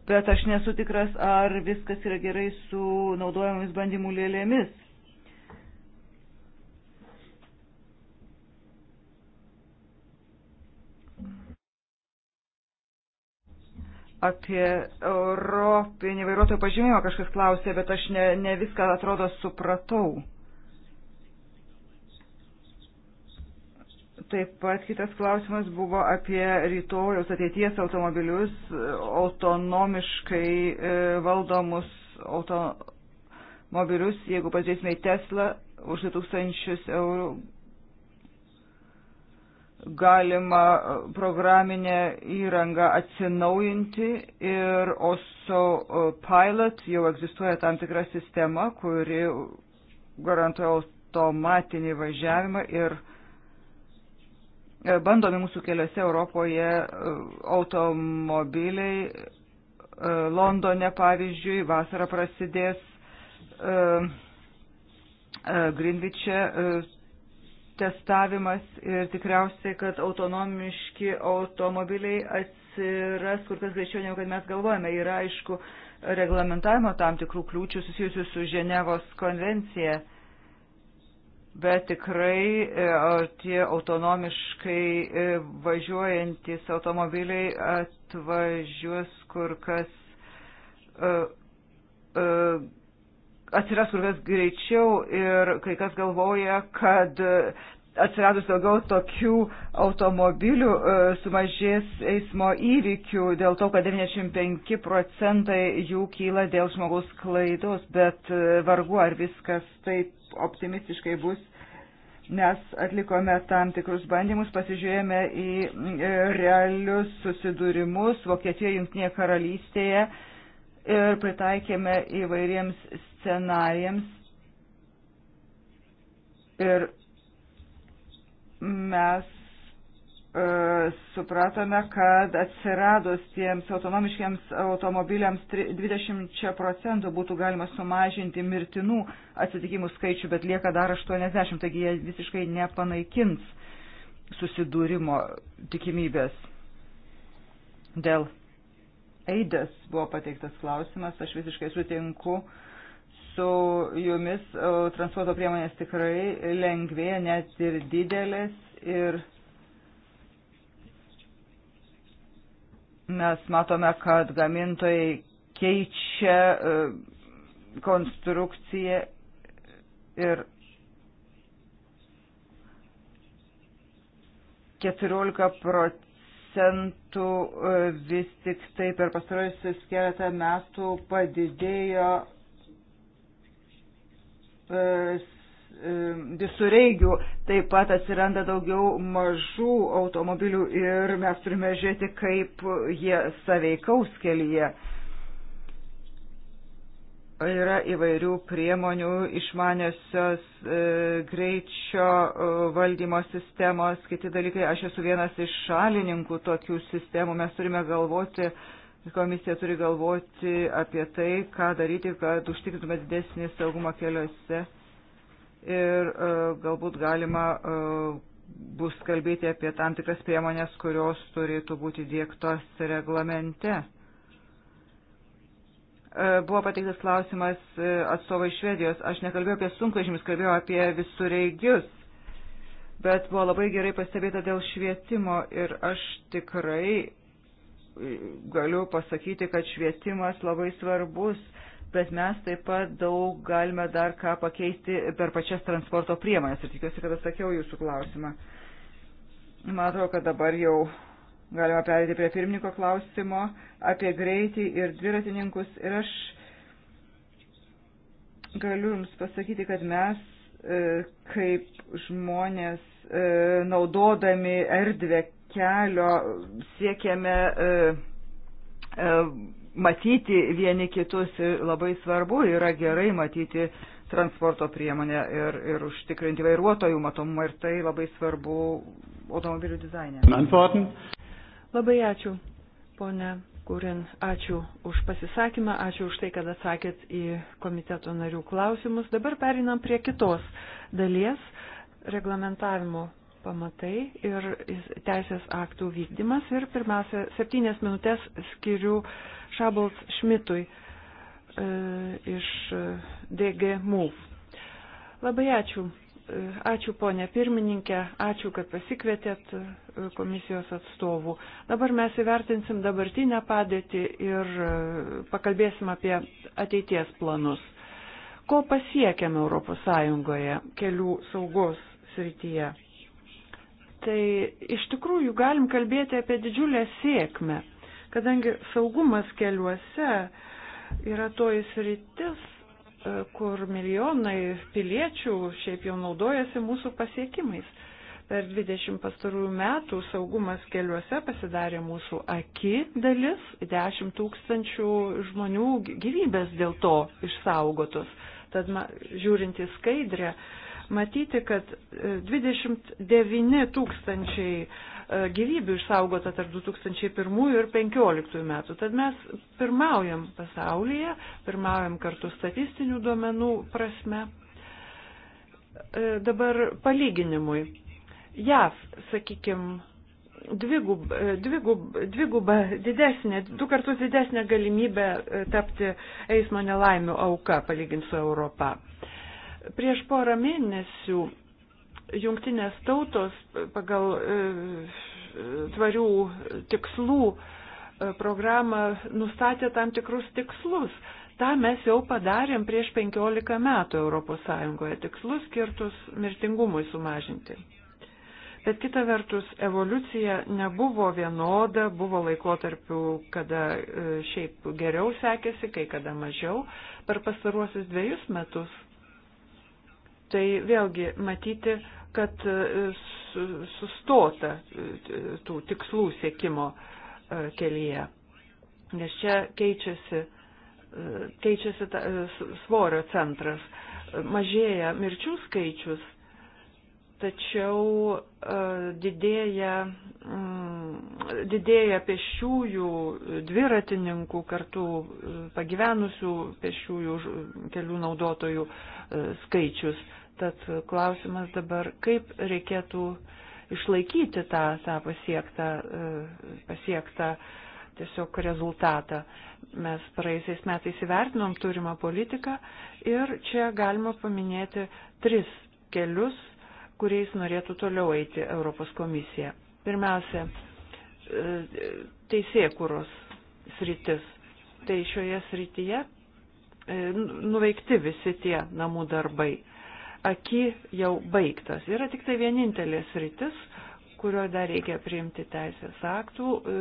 Bet aš nesu tikras, ar viskas yra gerai su naudojamomis bandymų lėlėmis. apie europinį vairuotojo pažymėjimą kažkas klausė, bet aš ne, ne viską atrodo supratau. Taip pat kitas klausimas buvo apie rytojus ateities automobilius, autonomiškai e, valdomus automobilius. Jeigu pažiūrėsime į Tesla, už 2000 eurų galima programinę įrangą atsinaujinti ir OSO e, Pilot jau egzistuoja tam tikra sistema, kuri garantuoja automatinį važiavimą ir e, bandomi mūsų keliuose Europoje e, automobiliai. Londone, pavyzdžiui, vasarą prasidės Grinvičia testavimas ir tikriausiai, kad autonomiški automobiliai atsiras kur kas greičiau, negu kad mes galvojame. Yra, aišku, reglamentavimo tam tikrų kliūčių susijusių su Ženevos konvencija, bet tikrai e, tie autonomiškai e, važiuojantis automobiliai atvažiuos kur kas. Uh, uh, atsiras kur kas greičiau ir kai kas galvoja, kad atsiradus daugiau tokių automobilių e, sumažės eismo įvykių dėl to, kad 95 procentai jų kyla dėl žmogaus klaidos, bet e, vargu ar viskas taip optimistiškai bus. Mes atlikome tam tikrus bandymus, pasižiūrėjome į e, realius susidūrimus Vokietijoje, Junktinėje karalystėje ir pritaikėme įvairiems scenarijams ir mes e, supratome, kad atsiradus tiems autonomiškiams automobiliams 20 procentų būtų galima sumažinti mirtinų atsitikimų skaičių, bet lieka dar 80, taigi jie visiškai nepanaikins susidūrimo tikimybės. Dėl eidės buvo pateiktas klausimas, aš visiškai sutinku su jumis. Transporto priemonės tikrai lengvėja, net ir didelės. Ir mes matome, kad gamintojai keičia e, konstrukciją ir 14 procentų e, vis tik tai per pastaruosius keletą metų padidėjo E, e, visureigių, taip pat atsiranda daugiau mažų automobilių ir mes turime žiūrėti, kaip jie saveikaus kelyje. Yra įvairių priemonių išmanėsios e, greičio e, valdymo sistemos, kiti dalykai. Aš esu vienas iš šalininkų tokių sistemų. Mes turime galvoti, e, Komisija turi galvoti apie tai, ką daryti, kad užtikrintume didesnį saugumą keliuose ir e, galbūt galima e, bus kalbėti apie tam tikras priemonės, kurios turėtų būti dėktos reglamente. E, buvo pateiktas klausimas atstovai Švedijos. Aš nekalbėjau apie sunkvežimis, kalbėjau apie visureigius. Bet buvo labai gerai pastebėta dėl švietimo ir aš tikrai galiu pasakyti, kad švietimas labai svarbus, bet mes taip pat daug galime dar ką pakeisti per pačias transporto priemonės. Ir tikiuosi, kad atsakiau jūsų klausimą. Man atrodo, kad dabar jau galima perėti prie pirmininko klausimo apie greitį ir dviratininkus. Ir aš galiu Jums pasakyti, kad mes e, kaip žmonės e, naudodami erdvę kelio siekiame e, e, matyti vieni kitus ir labai svarbu yra gerai matyti transporto priemonę ir, ir užtikrinti vairuotojų matomumą ir tai labai svarbu automobilių dizainė. Antworten. Labai ačiū, ponė Kurin, ačiū už pasisakymą, ačiū už tai, kad atsakėt į komiteto narių klausimus. Dabar perinam prie kitos dalies reglamentavimo pamatai ir teisės aktų vykdymas. Ir pirmiausia, septynės minutės skiriu Šabals Šmitui e, iš e, DG MUV. Labai ačiū. E, ačiū ponė pirmininkė, ačiū, kad pasikvietėt e, komisijos atstovų. Dabar mes įvertinsim dabartinę padėtį ir pakalbėsim apie ateities planus. Ko pasiekėm ES kelių saugos srityje? tai iš tikrųjų galim kalbėti apie didžiulę sėkmę, kadangi saugumas keliuose yra toji sritis, e, kur milijonai piliečių šiaip jau naudojasi mūsų pasiekimais. Per 20 pastarųjų metų saugumas keliuose pasidarė mūsų aki dalis, 10 tūkstančių žmonių gyvybės dėl to išsaugotos. Tad žiūrint į skaidrę, matyti, kad 29 e, tūkstančiai e, gyvybių išsaugota tarp 2001 ir 2015 metų. Tad mes pirmaujam pasaulyje, pirmaujam kartu statistinių duomenų prasme. E, dabar palyginimui. JAV, sakykime, dvigub, dvigub, dviguba didesnė, du kartus didesnė galimybė tapti eismo nelaimių auka palyginti su Europa. Uh, Prieš porą mėnesių jungtinės tautos pagal e, tvarių tikslų e, programą nustatė tam tikrus tikslus. Ta mes jau padarėm prieš 15 metų ES tikslus skirtus mirtingumui sumažinti. Bet kita vertus, evoliucija nebuvo vienoda, buvo laikotarpių, kada e, šiaip geriau sekėsi, kai kada mažiau. Per pastaruosius dviejus metus Tai vėlgi matyti, kad e, sustota e, tų tikslų siekimo e, kelyje. Nes čia keičiasi, keičiasi ta, svorio centras, mažėja mirčių skaičius, tačiau didėja mm, didėja pešiųjų, dviratininkų, kartu e, pagyvenusių pešiųjų kelių naudotojų e, skaičius. Tad klausimas dabar, kaip reikėtų išlaikyti tą, tą pasiektą, e, pasiektą tiesiog rezultatą. Mes praeisiais metais įvertinom turimą politiką ir čia galima paminėti tris kelius, kuriais norėtų toliau eiti Europos komisija. Pirmiausia, E, teisėkuros sritis. Tai šioje srityje e, nuveikti visi tie namų darbai. Aki jau baigtas. Yra tik tai vienintelė sritis, kurio dar reikia priimti teisės aktų e,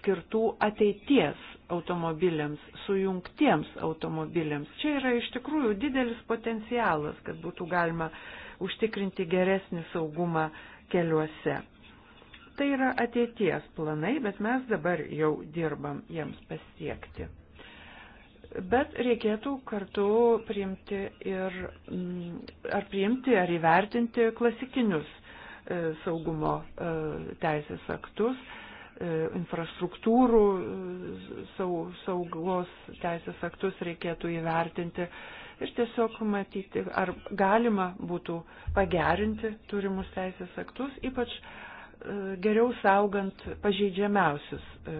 skirtų ateities automobiliams, sujungtiems automobiliams. Čia yra iš tikrųjų didelis potencialas, kad būtų galima užtikrinti geresnį saugumą keliuose. Tai yra ateities planai, bet mes dabar jau dirbam jiems pasiekti. Bet reikėtų kartu priimti ir mm, ar priimti, ar įvertinti klasikinius e, saugumo e, teisės aktus, e, infrastruktūrų saugos teisės aktus reikėtų įvertinti ir tiesiog matyti, ar galima būtų pagerinti turimus teisės aktus, ypač geriau saugant pažeidžiamiausius e,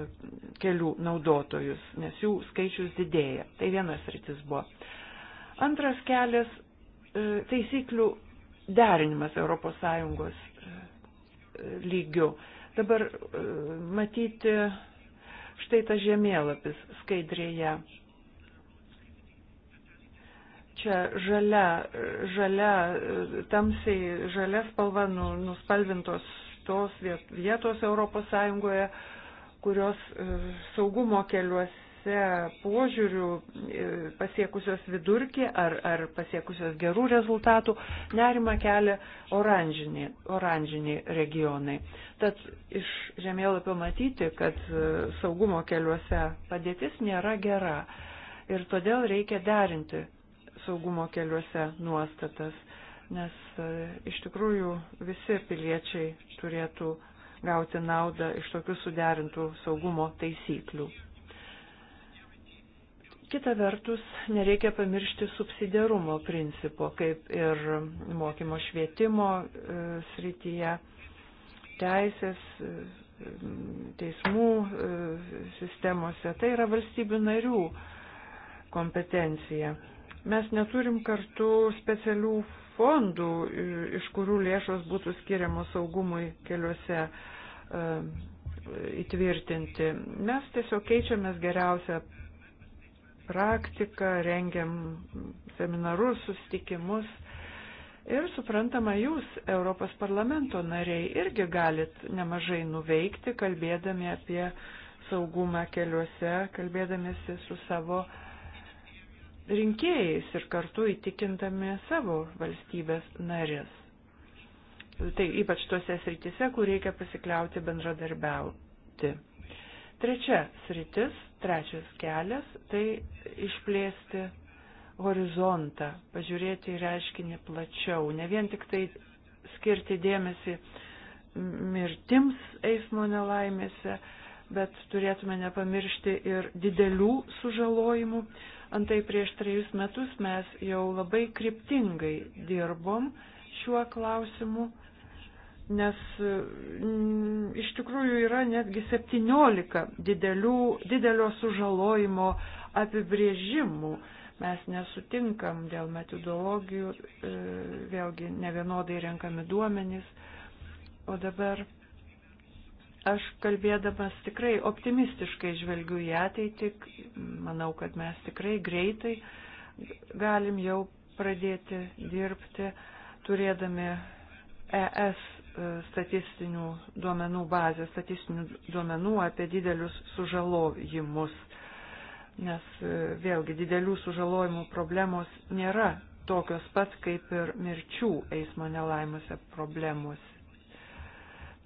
kelių naudotojus, nes jų skaičius didėja. Tai vienas rytis buvo. Antras kelias e, - taisyklių derinimas ES e, lygių. Dabar matyti štai ta žemėlapis skaidrėje. Čia žalia, žalia, tamsiai žalia spalva nu, nuspalvintos tos vietos ES, kurios e, saugumo keliuose požiūrių e, pasiekusios vidurkį ar, ar pasiekusios gerų rezultatų nerima kelia oranžiniai, oranžiniai regionai. Tad iš žemėlapio matyti, kad e, saugumo keliuose padėtis nėra gera ir todėl reikia derinti saugumo keliuose nuostatas nes e, iš tikrųjų visi piliečiai turėtų gauti naudą iš tokių suderintų saugumo taisyklių. Kita vertus, nereikia pamiršti subsidiarumo principo, kaip ir mokymo švietimo e, srityje, teisės, e, teismų sistemose. Tai yra valstybių narių kompetencija. Mes neturim kartu specialių fondų, iš kurių lėšos būtų skiriamos saugumui keliuose e, įtvirtinti. Mes tiesiog keičiamės geriausią praktiką, rengiam seminarus, sustikimus. Ir suprantama, jūs, Europos parlamento nariai, irgi galit nemažai nuveikti, kalbėdami apie saugumą keliuose, kalbėdamėsi su savo uh, rinkėjais ir kartu įtikindami savo valstybės narės. Tai ypač tuose srityse, kur reikia pasikliauti bendradarbiauti. Trečia sritis, trečias kelias, tai išplėsti horizontą, pažiūrėti į reiškinį plačiau, ne vien tik tai skirti dėmesį mirtims eismo nelaimėse, bet turėtume nepamiršti ir didelių sužalojimų, Antai prieš trejus metus mes jau labai kryptingai dirbom šiuo klausimu, nes m, mm, iš tikrųjų yra netgi 17 didelių, didelio sužalojimo apibrėžimų mes nesutinkam dėl metodologijų, e, vėlgi nevienodai renkami duomenys. O dabar Aš kalbėdamas tikrai optimistiškai žvelgiu į ateitį, manau, kad mes tikrai greitai galim jau pradėti dirbti, turėdami ES e, statistinių duomenų bazę, statistinių duomenų apie didelius sužalojimus. Nes e, vėlgi didelių sužalojimų problemos nėra tokios pat kaip ir mirčių eismo nelaimėse problemos.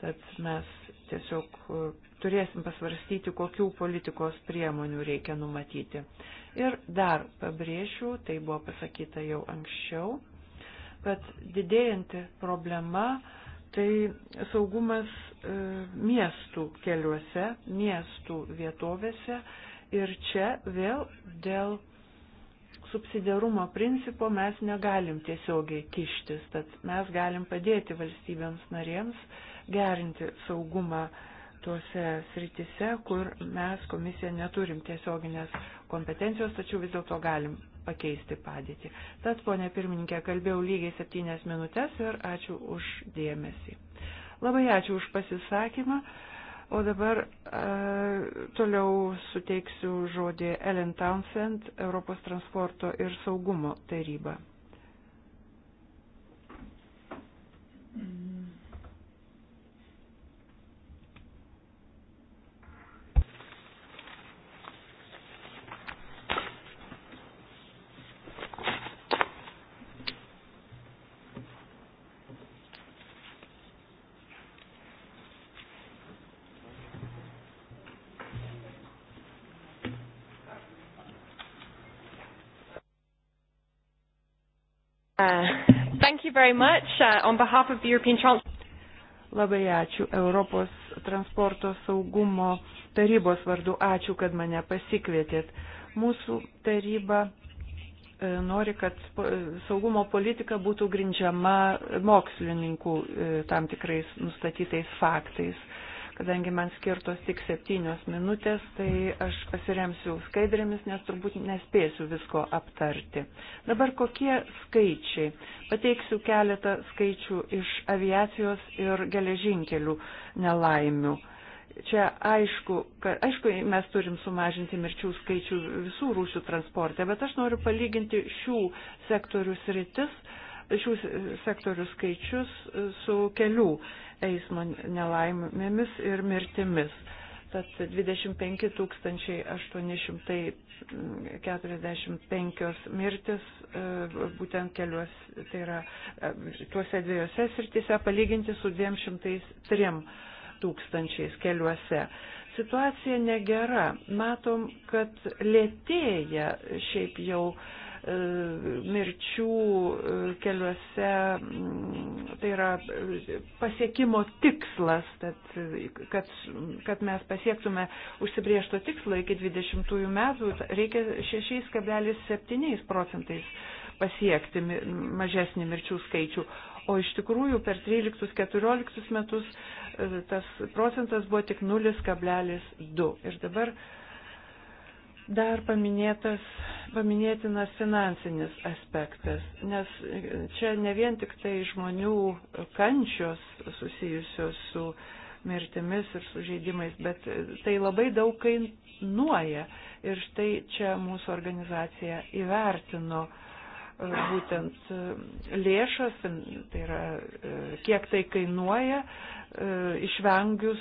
Tad mes tiesiog e, turėsim pasvarstyti, kokių politikos priemonių reikia numatyti. Ir dar pabrėšiu, tai buvo pasakyta jau anksčiau, kad didėjanti problema tai saugumas e, miestų keliuose, miestų vietovėse ir čia vėl dėl subsidiarumo principo mes negalim tiesiogiai kištis, tad mes galim padėti valstybėms narėms gerinti saugumą tuose sritise, kur mes komisija neturim tiesioginės kompetencijos, tačiau vis dėlto galim pakeisti padėtį. Tad, ponė pirmininkė, kalbėjau lygiai septynės minutės ir ačiū už dėmesį. Labai ačiū už pasisakymą, o dabar e, toliau suteiksiu žodį Ellen Townsend, Europos transporto ir saugumo taryba. Uh, thank you very much uh, on behalf of the European Transport. Labai ačiū Europos transporto saugumo tarybos vardu. Ačiū, kad mane pasikvietėt. Mūsų taryba e, nori, kad e, saugumo politika būtų grindžiama mokslininkų e, tam tikrais nustatytais faktais. Kadangi man skirtos tik septynios minutės, tai aš pasiremsiu skaidrėmis, nes turbūt nespėsiu visko aptarti. Dabar kokie skaičiai? Pateiksiu keletą skaičių iš aviacijos ir geležinkelių nelaimių čia aišku, kad, aišku, mes turim sumažinti mirčių skaičių visų rūšių transporte, bet aš noriu palyginti šių sektorių sritis šių sektorių skaičius su kelių eismo nelaimėmis ir mirtimis. Tad 25 845 mirtis būtent keliuos, tai yra e, tuose dviejose srityse palyginti su 203 tūkstančiais keliuose. Situacija negera. Matom, kad lėtėja šiaip jau uh, E, mirčių e, keliuose, tai yra e, pasiekimo tikslas, tad, kad, kad mes pasiektume užsibriešto tikslo iki 20 metų, reikia 6,7 procentais pasiekti mažesnį mirčių skaičių. O iš tikrųjų per 13-14 metus tas procentas buvo tik 0,2. Ir dabar Dar paminėtas, paminėtinas finansinis aspektas, nes čia ne vien tik tai žmonių kančios susijusios su mirtimis ir sužeidimais, bet tai labai daug kainuoja. Ir štai čia mūsų organizacija įvertino uh, E, būtent e, lėšas, tai yra e, kiek tai kainuoja, išvengius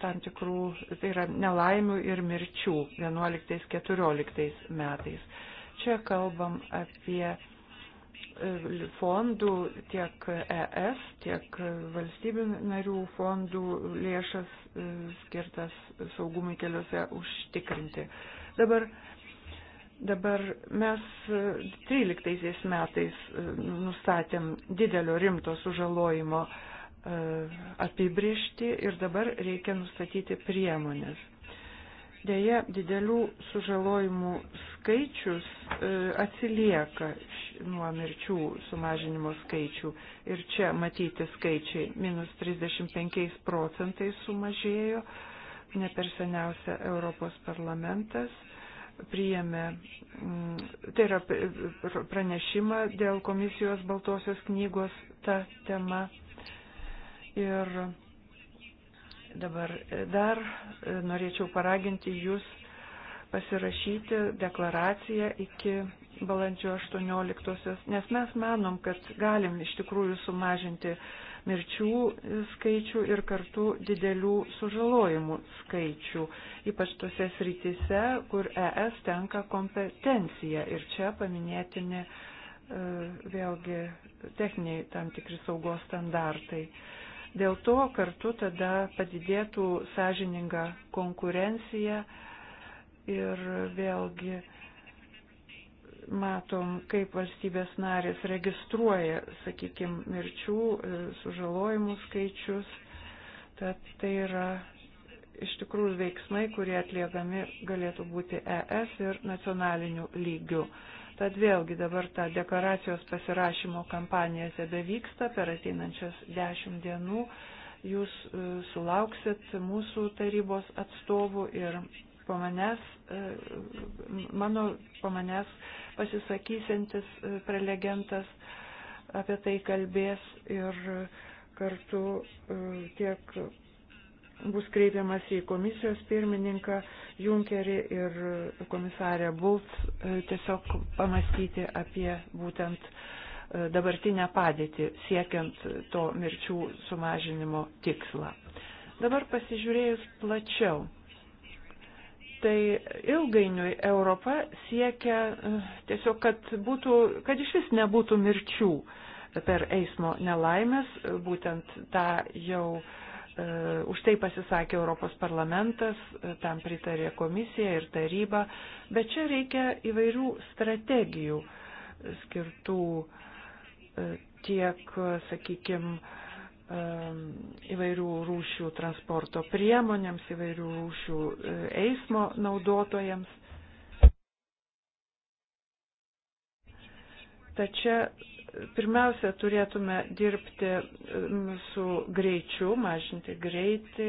tam tikrų, tai yra nelaimių ir mirčių 11-14 metais. Čia kalbam apie fondų tiek ES, tiek valstybių narių fondų lėšas skirtas saugumui keliuose užtikrinti. Dabar Dabar mes 13 e, metais e, nustatėm didelio rimto sužalojimo e, apibriešti ir dabar reikia nustatyti priemonės. Deja, didelių sužalojimų skaičius atsilieka nuo mirčių sumažinimo skaičių. Ir čia matyti skaičiai minus 35 procentais sumažėjo, ne per seniausia Europos parlamentas priėmė, mm, tai yra pranešimą dėl komisijos baltosios knygos ta tema. Ir dabar dar e, norėčiau paraginti jūs pasirašyti deklaraciją iki balandžio 18-osios, nes mes manom, kad galim iš tikrųjų sumažinti mirčių skaičių ir kartu didelių sužalojimų skaičių, ypač tose srityse, kur ES tenka kompetencija. Ir čia paminėtini e, vėlgi techniniai tam tikri saugos standartai. Dėl to kartu tada padidėtų sąžininga konkurencija ir vėlgi matom, kaip valstybės narės registruoja, sakykime, mirčių, e, sužalojimų skaičius. Tad tai yra iš tikrųjų veiksmai, kurie atliekami galėtų būti ES ir nacionaliniu lygiu. Tad vėlgi dabar ta deklaracijos pasirašymo kampanija tebevyksta per ateinančias dešimt dienų. Jūs e, sulauksit mūsų tarybos atstovų ir po manęs, e, mano po manęs pasisakysintis e, prelegentas apie tai kalbės ir kartu e, tiek bus kreipiamas į komisijos pirmininką Junkerį ir komisarę Bult tiesiog pamastyti apie būtent dabartinę padėtį siekiant to mirčių sumažinimo tikslą. Dabar pasižiūrėjus plačiau Tai ilgainiui Europa siekia eh, tiesiog, kad, būtų, kad iš vis nebūtų mirčių per eismo nelaimės, būtent tą jau eh, už tai pasisakė Europos parlamentas, eh, tam pritarė komisija ir taryba, bet čia reikia įvairių strategijų skirtų tiek, sakykime, Um, įvairių rūšių transporto priemonėms, įvairių rūšių e, eismo naudotojams. Tačiau e, pirmiausia turėtume dirbti e, su greičiu, mažinti greitį,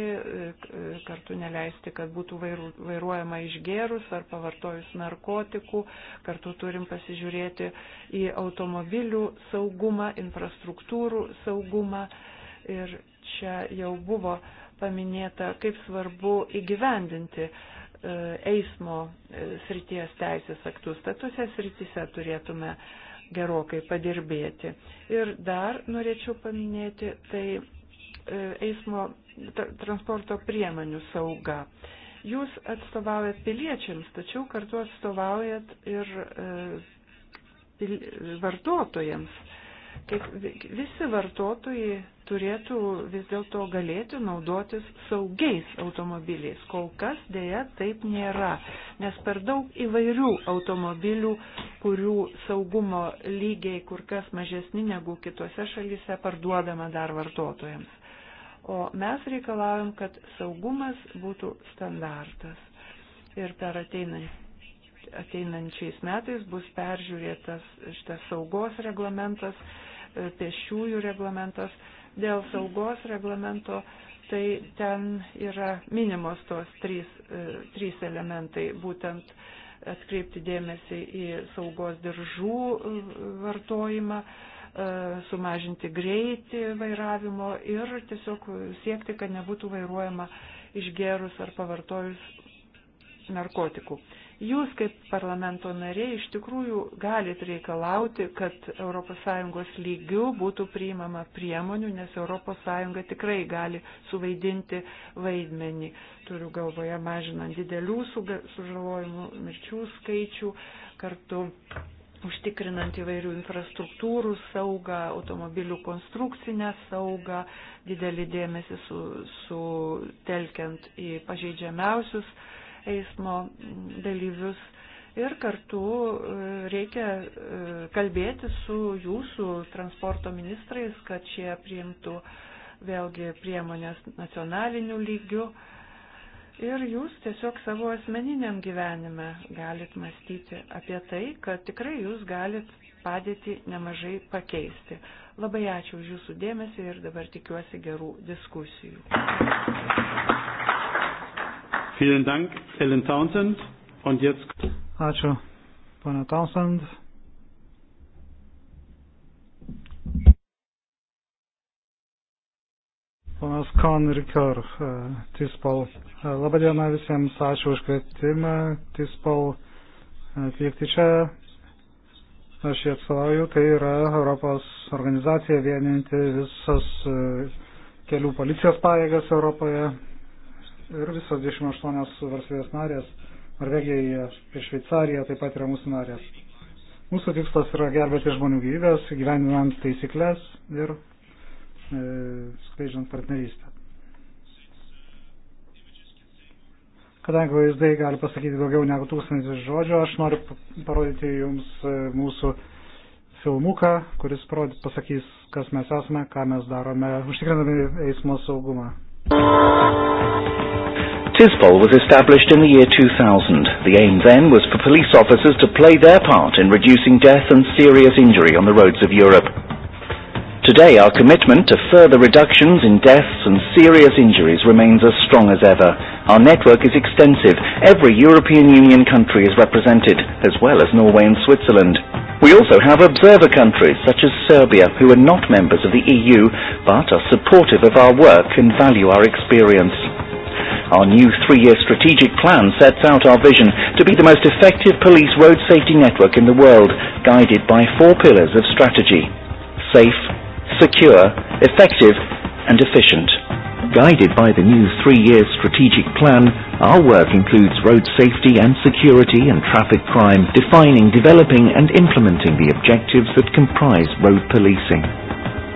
kartu neleisti, kad būtų vairuojama išgerus ar pavartojus narkotikų, kartu turim pasižiūrėti į automobilių saugumą, infrastruktūrų saugumą Ir čia jau buvo paminėta, kaip svarbu įgyvendinti e, eismo e, srities teisės aktus. Tad tuose srityse turėtume gerokai padirbėti. Ir dar norėčiau paminėti, tai e, eismo transporto priemonių sauga. Jūs atstovaujat piliečiams, tačiau kartu atstovaujat ir vartotojams kiek, visi vartotojai turėtų vis dėlto galėti naudotis saugiais automobiliais. Kol kas dėja taip nėra, nes per daug įvairių automobilių, kurių saugumo lygiai kur kas mažesni negu kitose šalyse parduodama dar vartotojams. O mes reikalavom, kad saugumas būtų standartas. Ir per ateinantį ateinančiais metais bus peržiūrėtas šitas saugos reglamentas pešiųjų reglamentas, dėl saugos reglamento, tai ten yra minimos tos trys, e, trys elementai, būtent atkreipti dėmesį į saugos diržų e, vartojimą, e, sumažinti greitį vairavimo ir tiesiog siekti, kad nebūtų vairuojama išgerus ar pavartojus narkotikų. Jūs kaip parlamento nariai iš tikrųjų galit reikalauti, kad ES lygių būtų priimama priemonių, nes ES tikrai gali suvaidinti vaidmenį. Turiu galvoje mažinant didelių sužalojimų, mirčių skaičių, kartu užtikrinant įvairių infrastruktūrų saugą, automobilių konstrukcinę saugą, didelį dėmesį sutelkiant su, su į pažeidžiamiausius eismo dalyvius. Ir kartu e, reikia e, kalbėti su jūsų transporto ministrais, kad šie priimtų vėlgi priemonės nacionaliniu lygiu. Ir jūs tiesiog savo asmeniniam gyvenime galit mąstyti apie tai, kad tikrai jūs galit padėti nemažai pakeisti. Labai ačiū už jūsų dėmesį ir dabar tikiuosi gerų diskusijų. Vielen Dank, Ellen Townsend. Und jetzt. Ačiū, pana Townsend. Ponas Konrikor, e, Tispol. E, Labadiena visiems, ačiū už kvietimą. Tispol e, atvykti čia. Aš jį atstovauju, tai yra Europos organizacija vieninti visas kelių policijos pajėgas Europoje ir visos 28 valstybės narės, Norvegija ir Šveicarija taip pat yra mūsų narės. Mūsų tikslas yra gerbėti žmonių gyvybės, gyveninant taisyklės ir e, skleidžiant partnerystę. Kadangi vaizdai gali pasakyti daugiau negu tūkstantis žodžių, aš noriu parodyti jums e, mūsų filmuką, kuris parodys, pasakys, kas mes esame, ką mes darome, užtikrinami eismo saugumą. Thank you. TISPOL was established in the year 2000. The aim then was for police officers to play their part in reducing death and serious injury on the roads of Europe. Today, our commitment to further reductions in deaths and serious injuries remains as strong as ever. Our network is extensive. Every European Union country is represented, as well as Norway and Switzerland. We also have observer countries such as Serbia who are not members of the EU but are supportive of our work and value our experience. Our new three-year strategic plan sets out our vision to be the most effective police road safety network in the world, guided by four pillars of strategy: safe, secure, effective, and efficient. Guided by the new three-year strategic plan, our work includes road safety and security and traffic crime, defining, developing, and implementing the objectives that comprise road policing.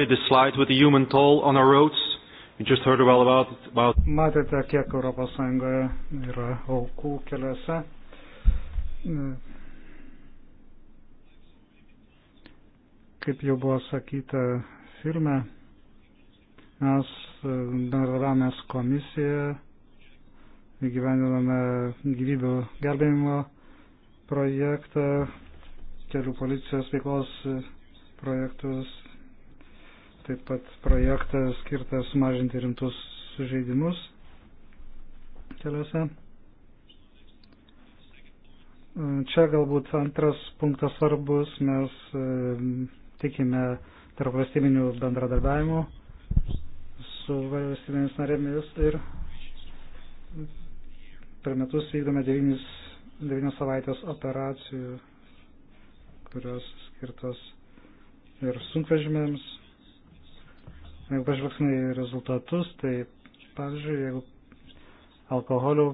already this slide with the human toll on our roads. You just heard well about, about Matėte, kiek ES yra aukų keliuose. Kaip jau buvo sakyta filme, mes e, bendradavome komisiją, įgyvendiname gyvybių gelbėjimo projektą, kelių policijos veiklos projektus taip pat projektas skirtas sumažinti rimtus sužeidimus keliuose. Čia galbūt antras punktas svarbus, mes e, tikime tarp valstybinių bendradarbiavimų su valstybėmis narėmis ir per metus vykdome 9, 9 savaitės operacijų, kurios skirtos ir sunkvežimėms, Jeigu pažvelgsime į rezultatus, tai pavyzdžiui, jeigu alkoholio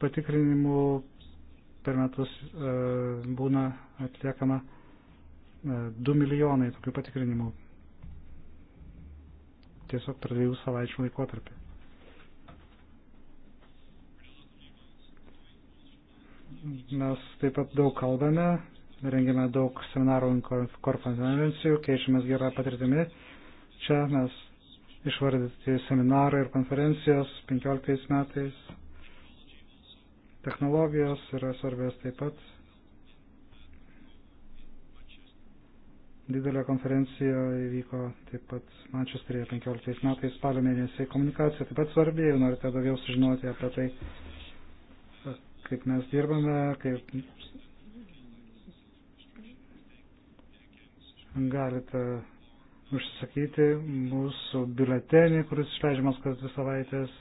patikrinimų per metus e, būna atliekama e, 2 milijonai tokių patikrinimų tiesiog per dviejų savaičių laikotarpį. Mes taip pat daug kalbame, rengiame daug seminarų konferencijų, keičiamės gerą patirtimį Čia mes išvardyti seminarai ir konferencijos 15 metais. Technologijos yra svarbios taip pat. Didelė konferencija įvyko taip pat Mančesterėje 15 metais spalio mėnesį. Komunikacija taip pat svarbi, jeigu norite daugiau sužinoti apie tai, kaip mes dirbame, kaip galite užsakyti mūsų biuletenį, kuris išleidžiamas kas dvi savaitės.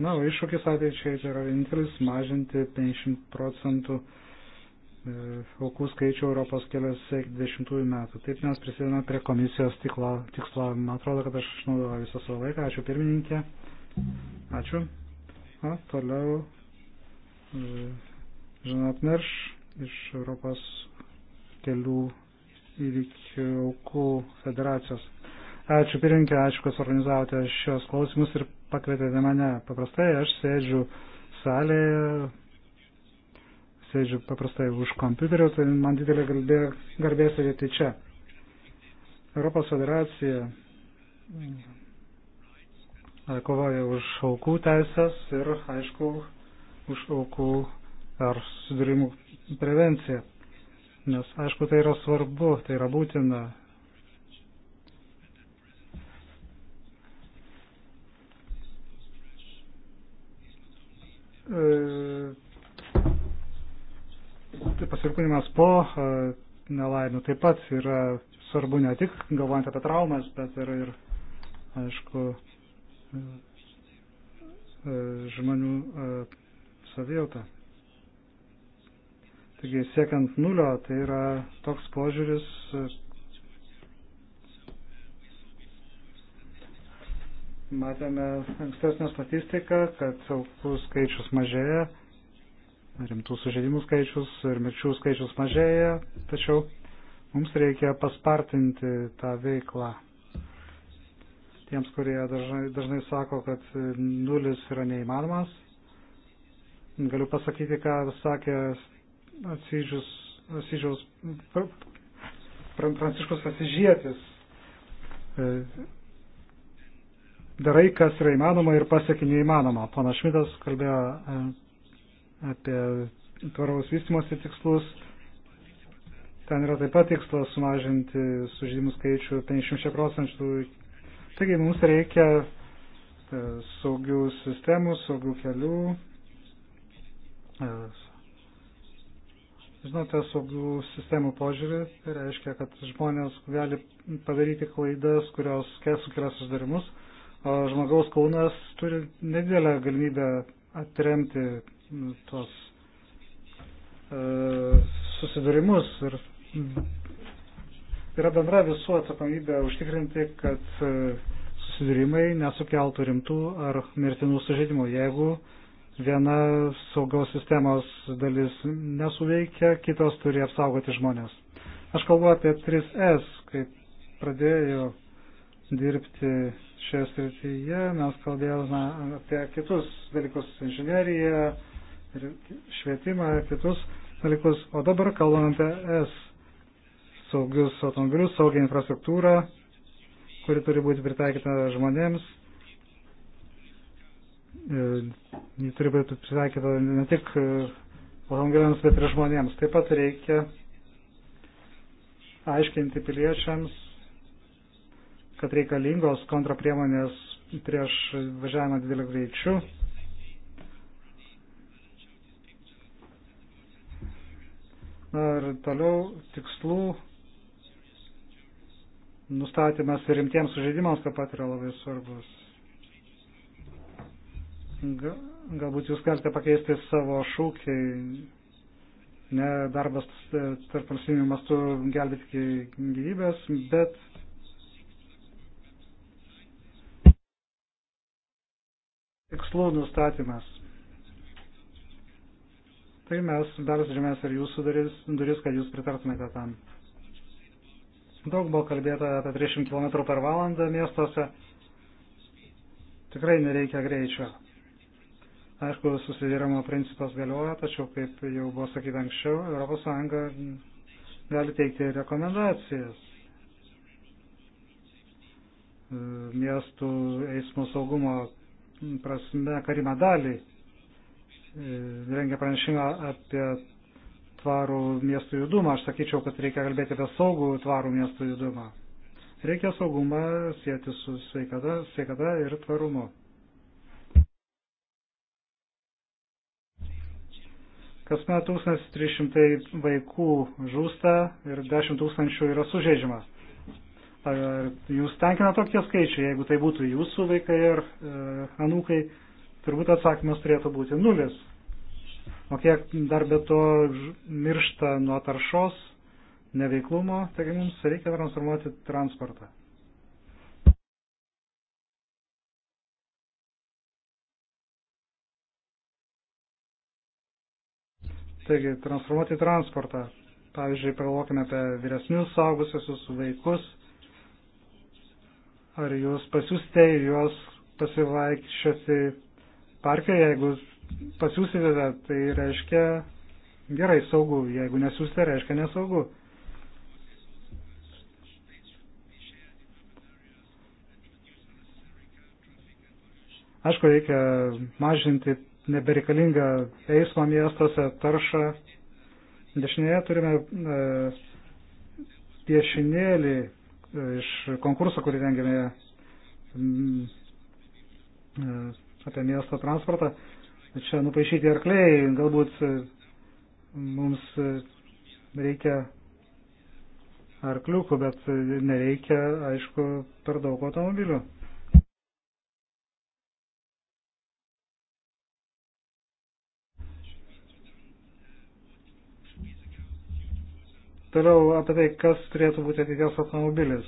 Na, o iššūkis ateičiai tai yra vienintelis mažinti 50 procentų e, aukų skaičių Europos keliuose iki 20 metų. Taip mes prisidedame prie komisijos tikla, tikslo. Man atrodo, kad aš išnaudoju visą savo laiką. Ačiū pirmininkė. Ačiū. O toliau e, Žanat Merš iš Europos kelių įvykių aukų federacijos. Ačiū pirinkė, ačiū, kad suorganizavote šios klausimus ir pakvietėte mane. Paprastai aš sėdžiu salėje, sėdžiu paprastai už kompiuterio, tai man didelė garbė, garbė sėdėti čia. Europos federacija mm, kovoja už aukų teisės ir, aišku, už aukų ar sudarimų prevenciją nes aišku, tai yra svarbu, tai yra būtina. E, tai pasirūpinimas po e, nelaimių taip pat yra svarbu ne tik galvojant apie traumas, bet ir, ir aišku, e, žmonių savijautą. Taigi siekiant nulio, tai yra toks požiūris. Matėme ankstesnę statistiką, kad aukų skaičius mažėja, rimtų sužeidimų skaičius ir mirčių skaičius mažėja, tačiau mums reikia paspartinti tą veiklą. Tiems, kurie dažnai, dažnai sako, kad nulis yra neįmanomas, galiu pasakyti, ką sakė Asyžius, Asyžiaus, Pranciškus Asyžietis. E, darai, kas yra įmanoma ir pasiekė neįmanoma. Pana Šmitas kalbėjo e, apie tvaraus vystimosi tikslus. Ten yra taip pat tikslas sumažinti sužydimų skaičių 500 procentų. Taigi mums reikia e, saugių sistemų, saugių kelių, Žinote, saugių sistemų požiūrį tai reiškia, kad žmonės gali padaryti klaidas, kurios sukelia susidarimus, o žmogaus kūnas turi nedidelę galimybę atremti nu, tos e, susidarimus ir yra bendra visų atsakomybė užtikrinti, kad e, susidarimai nesukeltų rimtų ar mirtinų sužeidimų. Jeigu e, Viena saugos sistemos dalis nesuveikia, kitos turi apsaugoti žmonės. Aš kalbu apie 3S, kaip pradėjau dirbti šioje srityje, mes kalbėjome apie kitus dalykus - inžineriją, švietimą, kitus dalykus, o dabar kalbame apie S - saugius automobilius, saugią infrastruktūrą, kuri turi būti pritaikyta žmonėms Ji e, turi būti pritaikyta ne tik e, automobiliams, bet ir žmonėms. Taip pat reikia aiškinti piliečiams, kad reikalingos kontrapriemonės prieš važiavimą dideliu greičiu. Na ir toliau tikslų nustatymas ir rimtiems sužeidimams taip pat yra labai svarbus. Galbūt jūs galite pakeisti savo šūkį, ne darbas e, tarp valstybinių mastų gelbėti gyvybės, bet tikslų nustatymas. Tai mes bersžymės ir jūsų duris, duris, kad jūs pritartumėte tam. Daug buvo kalbėta apie 300 km per valandą miestuose. Tikrai nereikia greičio. Aišku, susidėrimo principas galioja, tačiau, kaip jau buvo sakyta anksčiau, ES gali teikti rekomendacijas miestų eismo saugumo prasme karimą dalį. E, rengia pranešimą apie tvarų miestų judumą. Aš sakyčiau, kad reikia kalbėti apie saugų tvarų miestų judumą. Reikia saugumą sieti su sveikata, sveikata ir tvarumu. Kasmet 1300 vaikų žūsta ir 10 tūkstančių yra sužeidžiama. Ar jūs tenkina tokie skaičiai, jeigu tai būtų jūsų vaikai ir e, anūkai, turbūt atsakymas turėtų būti nulis. O kiek dar be to miršta nuo taršos, neveiklumo, taigi mums reikia transformuoti transportą. Taigi, transformuoti transportą. Pavyzdžiui, pagalvokime apie vyresnius saugusius vaikus. Ar jūs pasiūstė juos pasivaikščioti parke, jeigu pasiūsite, tai reiškia gerai, saugu. Jeigu nesiūsite, reiškia nesaugu. Aišku, reikia mažinti nebereikalinga eismo miestuose tarša. Dešinėje turime e, piešinėlį e, iš konkurso, kurį rengėme mm, e, apie miesto transportą. Čia nupaišyti arkliai, galbūt e, mums e, reikia arkliukų, bet nereikia, aišku, per daug automobilių. Toliau apie tai, kas turėtų būti ateities automobilis.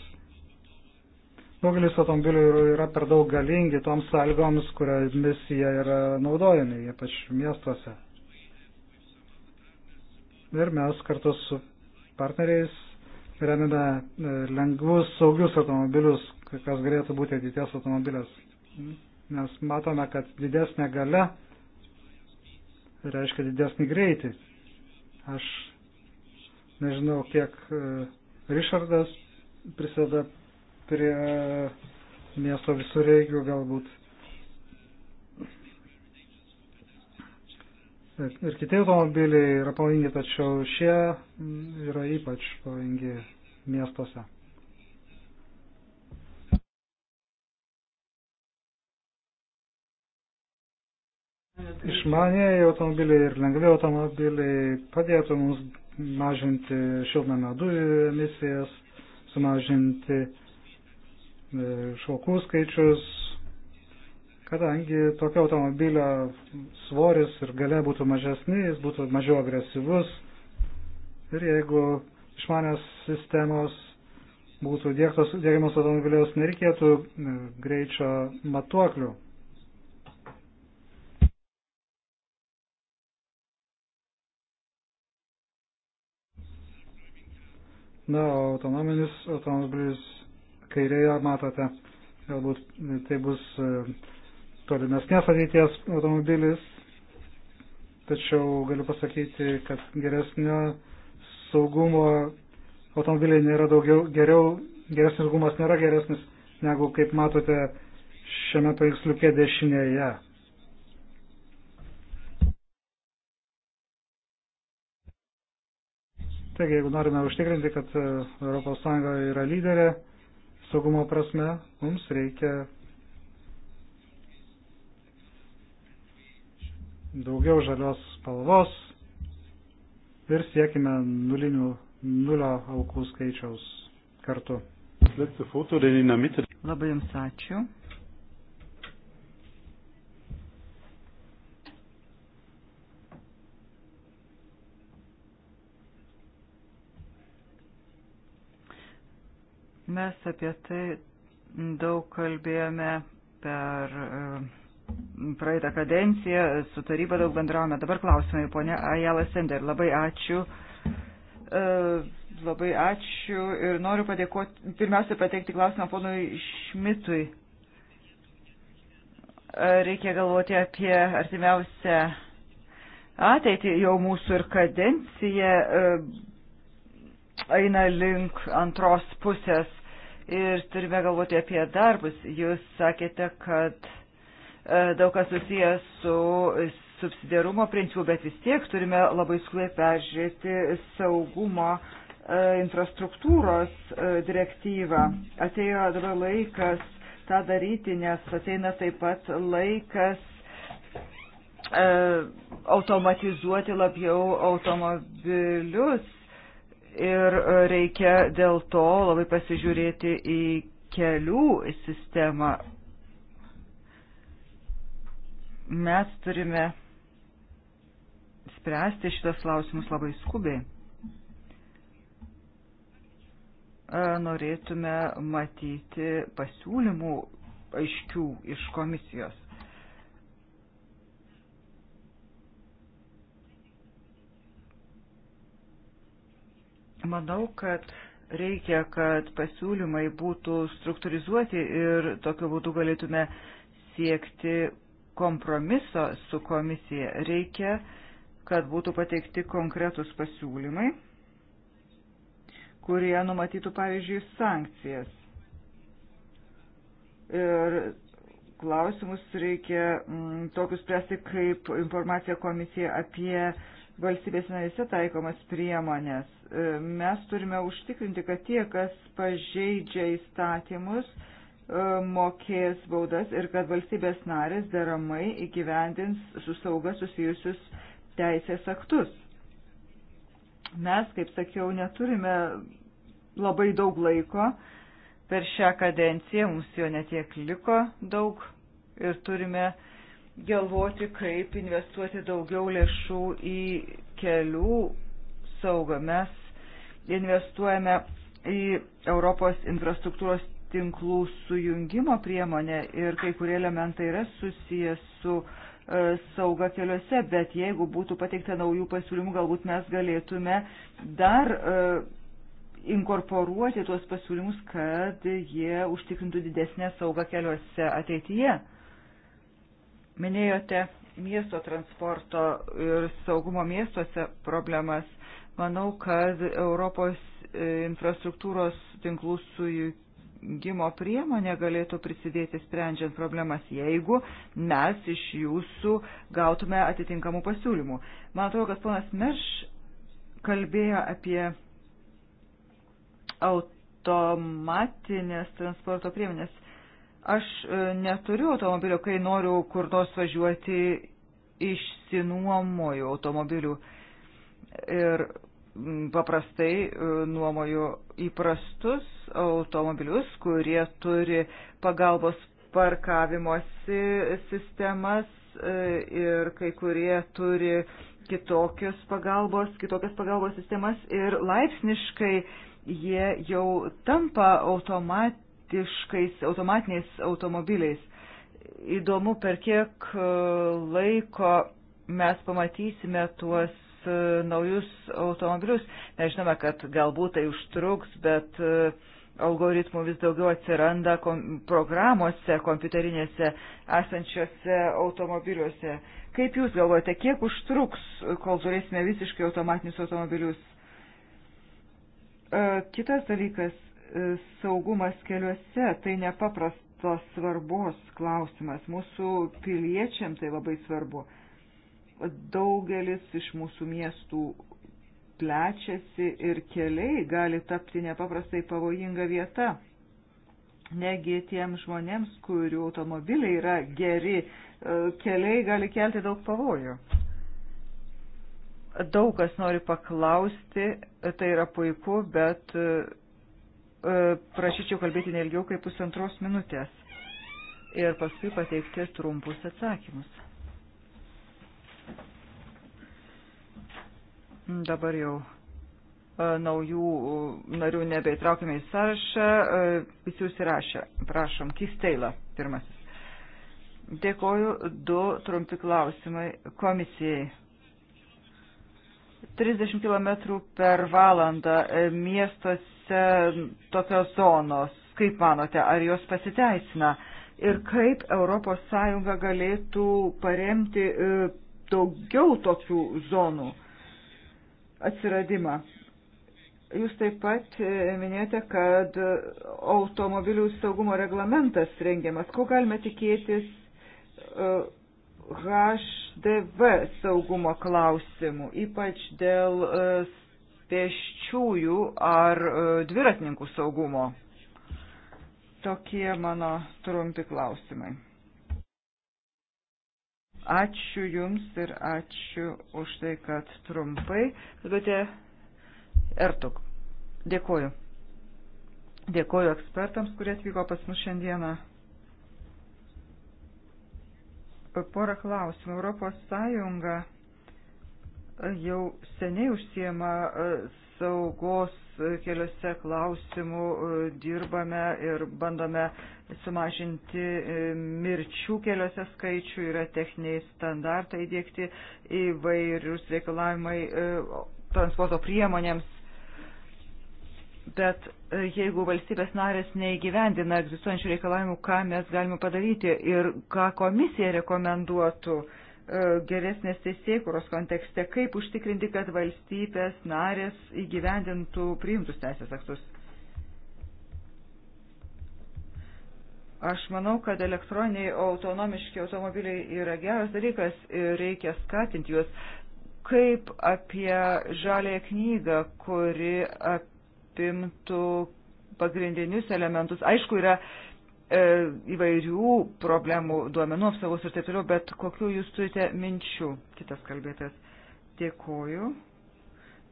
Daugelis automobilių yra per daug galingi toms sąlygoms, kuriomis jie yra naudojami, ypač miestuose. Ir mes kartu su partneriais remiame e, lengvus, saugius automobilius, kas galėtų būti ateities automobilis. Nes matome, kad didesnė gale reiškia didesnį greitį. Aš Nežinau, kiek e, Richardas prisideda prie miesto visureigių galbūt. Ir kiti automobiliai yra pavojingi, tačiau šie yra ypač pavojingi miestuose. Išmanėjai automobiliai ir lengvi automobiliai padėtų mums mažinti šiltnamio dujų emisijas, sumažinti e, šaukų skaičius, kadangi tokio automobilio svoris ir gale būtų mažesni, jis būtų mažiau agresyvus ir jeigu išmanės sistemos būtų dėgiamos automobiliaus, nereikėtų e, greičio matuoklių. Na, o autonominis automobilis kairėje matote, galbūt tai bus e, tolimesnės ateities automobilis, tačiau galiu pasakyti, kad geresnio saugumo automobiliai nėra daugiau, geriau, geresnis gumas nėra geresnis negu kaip matote šiame paveiksliuke dešinėje. Taigi, jeigu norime užtikrinti, kad ES yra lyderė saugumo prasme, mums reikia daugiau žalios spalvos ir siekime nulinių, nulio aukų skaičiaus kartu. Labai Jums ačiū. Mes apie tai daug kalbėjome per e, praeitą kadenciją, su taryba daug bendravome. Dabar klausimai, ponia Ajala Sender, labai ačiū. E, labai ačiū ir noriu padėkoti, pirmiausia, pateikti klausimą ponui Šmitui. E, reikia galvoti apie artimiausią ateitį, jau mūsų ir kadencija eina link antros pusės ir turime galvoti apie darbus. Jūs sakėte, kad e, daug kas susijęs su subsidiarumo principu, bet vis tiek turime labai skubiai peržiūrėti saugumo e, infrastruktūros e, direktyvą. Atėjo dabar laikas tą daryti, nes ateina taip pat laikas automatizuoti labiau automobilius ir e, reikia dėl to labai pasižiūrėti į kelių sistemą. Mes turime spręsti šitas klausimus labai skubiai. E, norėtume matyti pasiūlymų aiškių iš komisijos. Manau, kad reikia, kad pasiūlymai būtų struktūrizuoti ir tokiu būdu galėtume siekti kompromiso su komisija. Reikia, kad būtų pateikti konkretus pasiūlymai, kurie numatytų, pavyzdžiui, sankcijas. Ir klausimus reikia m, mm, tokius spręsti kaip informacija komisija apie valstybės narėse taikomas priemonės. E, mes turime užtikrinti, kad tie, kas pažeidžia įstatymus, e, mokės baudas ir kad valstybės narės deramai įgyvendins su sauga susijusius teisės aktus. Mes, kaip sakiau, neturime labai daug laiko per šią kadenciją, mums jo netiek liko daug ir turime uh, galvoti, kaip investuoti daugiau lėšų į kelių saugą. Mes investuojame į Europos infrastruktūros tinklų sujungimo priemonę ir kai kurie elementai yra susijęs su e, sauga keliuose, bet jeigu būtų pateikta naujų pasiūlymų, galbūt mes galėtume dar e, inkorporuoti tuos pasiūlymus, kad jie užtikrintų didesnę saugą keliuose ateityje. Minėjote miesto transporto ir saugumo miestuose problemas. Manau, kad Europos e, infrastruktūros tinklų sujungimo priemonė galėtų prisidėti sprendžiant problemas, jeigu mes iš jūsų gautume atitinkamų pasiūlymų. Man atrodo, kad ponas Meš kalbėjo apie automatinės transporto priemonės Aš e, neturiu automobilio, kai noriu kur nors važiuoti, išsinuomoju automobilių. Ir paprastai e, nuomoju įprastus automobilius, kurie turi pagalbos parkavimosi sistemas e, ir kai kurie turi kitokios pagalbos, kitokias pagalbos sistemas ir laipsniškai jie jau tampa automat, savarankiškais automatiniais automobiliais. Įdomu, per kiek e, laiko mes pamatysime tuos e, naujus automobilius. Mes žinome, kad galbūt tai užtruks, bet e, algoritmų vis daugiau atsiranda kom programuose, kompiuterinėse esančiose automobiliuose. Kaip Jūs galvojate, kiek užtruks, kol turėsime visiškai automatinius automobilius? Kitas dalykas E, saugumas keliuose tai nepaprastos svarbos klausimas. Mūsų piliečiam tai labai svarbu. Daugelis iš mūsų miestų plečiasi ir keliai gali tapti nepaprastai pavojinga vieta. Negi tiem žmonėms, kurių automobiliai yra geri, e, keliai gali kelti daug pavojų daug kas nori paklausti, tai yra puiku, bet e, E, prašyčiau kalbėti nelgiau kaip pusantros minutės ir paskui pateikti trumpus atsakymus. Dabar jau e, naujų narių nebeitraukime į sąrašą, e, visi užsirašė. Prašom, Kisteila pirmasis. Dėkoju, du trumpi klausimai komisijai. 30 km per valandą e, miestuose tokios zonos. Kaip manote, ar jos pasiteisina? Ir kaip ES galėtų paremti e, daugiau tokių zonų atsiradimą? Jūs taip pat e, minėjote, kad automobilių saugumo reglamentas rengiamas. Ko galime tikėtis HDV saugumo klausimų, ypač dėl e, pėsčiųjų ar e, dviratininkų saugumo. Tokie mano trumpi klausimai. Ačiū Jums ir ačiū už tai, kad trumpai. Kalbėte Ertuk. Dėkoju. Dėkoju ekspertams, kurie atvyko pas mus šiandieną. Porą klausimų. Europos Sąjunga e, jau seniai užsiema e, saugos e, keliuose klausimų, dirbame ir bandome sumažinti mirčių keliuose skaičių, yra techniniai standartai dėkti įvairius reikalavimai transporto priemonėms Bet e, jeigu valstybės narės neįgyvendina egzistuojančių reikalavimų, ką mes galime padaryti ir ką komisija rekomenduotų e, geresnės teisėkuros kontekste, kaip užtikrinti, kad valstybės narės įgyvendintų priimtus teisės aktus. Aš manau, kad elektroniniai autonomiški automobiliai yra geras dalykas ir reikia skatinti juos kaip apie žalę knygą, kuri apimtų pagrindinius elementus. Aišku, yra e, įvairių problemų duomenų apsaugos ir taip toliau, bet kokiu jūs turite minčių, kitas kalbėtas. Dėkoju.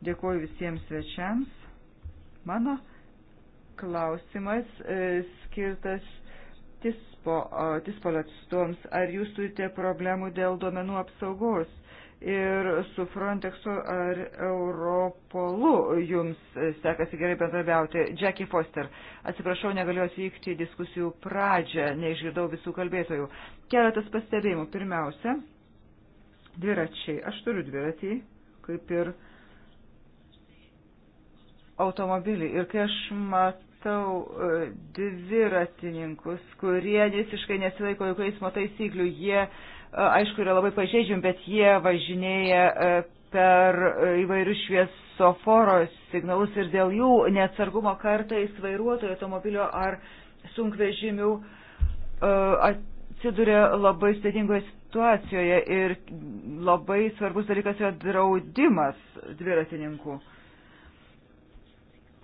Dėkoju visiems svečiams. Mano klausimas e, skirtas TISPO, o, TISPO atstovams. Ar jūs turite problemų dėl duomenų apsaugos? ir su Frontexu ar Europolu jums sekasi gerai bendrabiauti. Jackie Foster, atsiprašau, negaliu atvykti į diskusijų pradžią, neišgirdau visų kalbėtojų. Keletas pastebėjimų. Pirmiausia, dviračiai. Aš turiu dviratį, kaip ir automobilį. Ir kai aš matau, matau e, dviratininkus, kurie visiškai nesilaiko jokių eismo taisyklių. Jie aišku, yra labai pažeidžiami, bet jie važinėja per įvairius šviesoforo signalus ir dėl jų neatsargumo kartais vairuotojo automobilio ar sunkvežimių atsiduria labai sėdingoje situacijoje ir labai svarbus dalykas yra draudimas dviratininkų.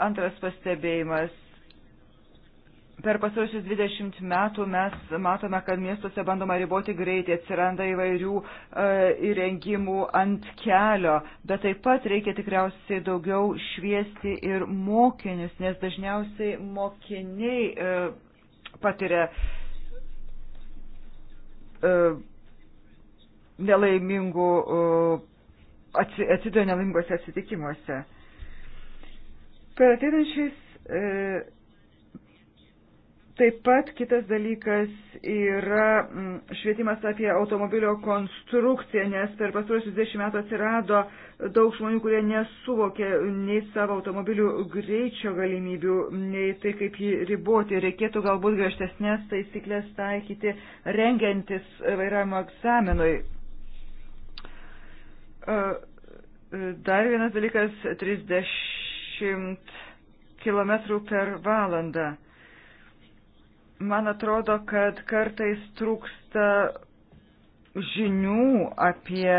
Antras pastebėjimas Per pasarusius 20 metų mes matome, kad miestuose bandoma riboti greitį, atsiranda įvairių e, įrengimų ant kelio, bet taip pat reikia tikriausiai daugiau šviesti ir mokinius, nes dažniausiai mokiniai e, patiria e, nelaimingų, e, atsiduria nelaiminguose atsitikimuose. Per ateinančiais e, Taip pat kitas dalykas yra mm, švietimas apie automobilio konstrukciją, nes per pastaruosius 20 metų atsirado daug žmonių, kurie nesuvokė nei savo automobilių greičio galimybių, nei tai, kaip jį riboti. Reikėtų galbūt griežtesnės taisyklės taikyti rengiantis vairavimo egzaminui. E, dar vienas dalykas - 30 km per valandą Man atrodo, kad kartais trūksta žinių apie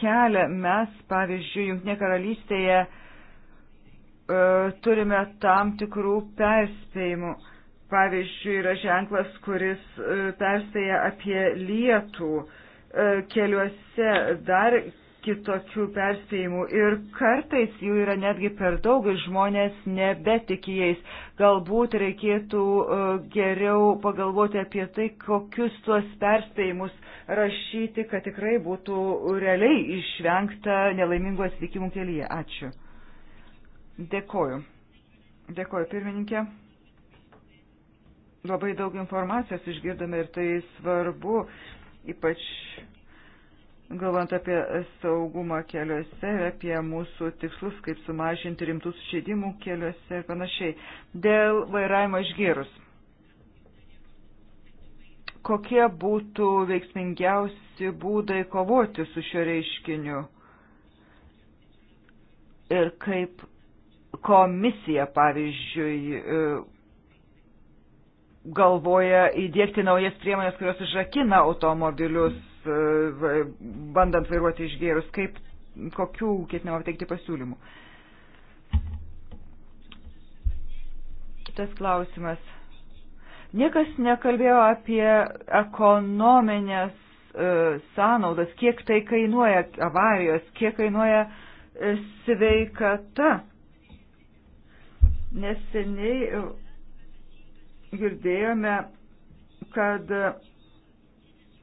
kelią. Mes, pavyzdžiui, Junktinė karalystėje e, turime tam tikrų perspėjimų. Pavyzdžiui, yra ženklas, kuris e, perspėja apie lietų e, keliuose. Dar kitokių perspėjimų ir kartais jų yra netgi per daug ir žmonės nebetiki jais. Galbūt reikėtų e, geriau pagalvoti apie tai, kokius tuos perspėjimus rašyti, kad tikrai būtų realiai išvengta nelaimingų atsitikimų kelyje. Ačiū. Dėkoju. Dėkoju, pirmininkė. Labai daug informacijos išgirdome ir tai svarbu, ypač galvant apie saugumą keliuose ir apie mūsų tikslus, kaip sumažinti rimtų sužeidimų keliuose ir panašiai. Dėl vairavimo išgėrus. Kokie būtų veiksmingiausi būdai kovoti su šio reiškiniu? Ir kaip komisija, pavyzdžiui, e, galvoja įdėkti naujas priemonės, kurios išrakina automobilius E, bandant vairuoti išgėrus, kaip, kokių ketinama teikti pasiūlymų. Kitas klausimas. Niekas nekalbėjo apie ekonominės e, sąnaudas, kiek tai kainuoja avarijos, kiek kainuoja e, sveikata. Neseniai girdėjome, kad e,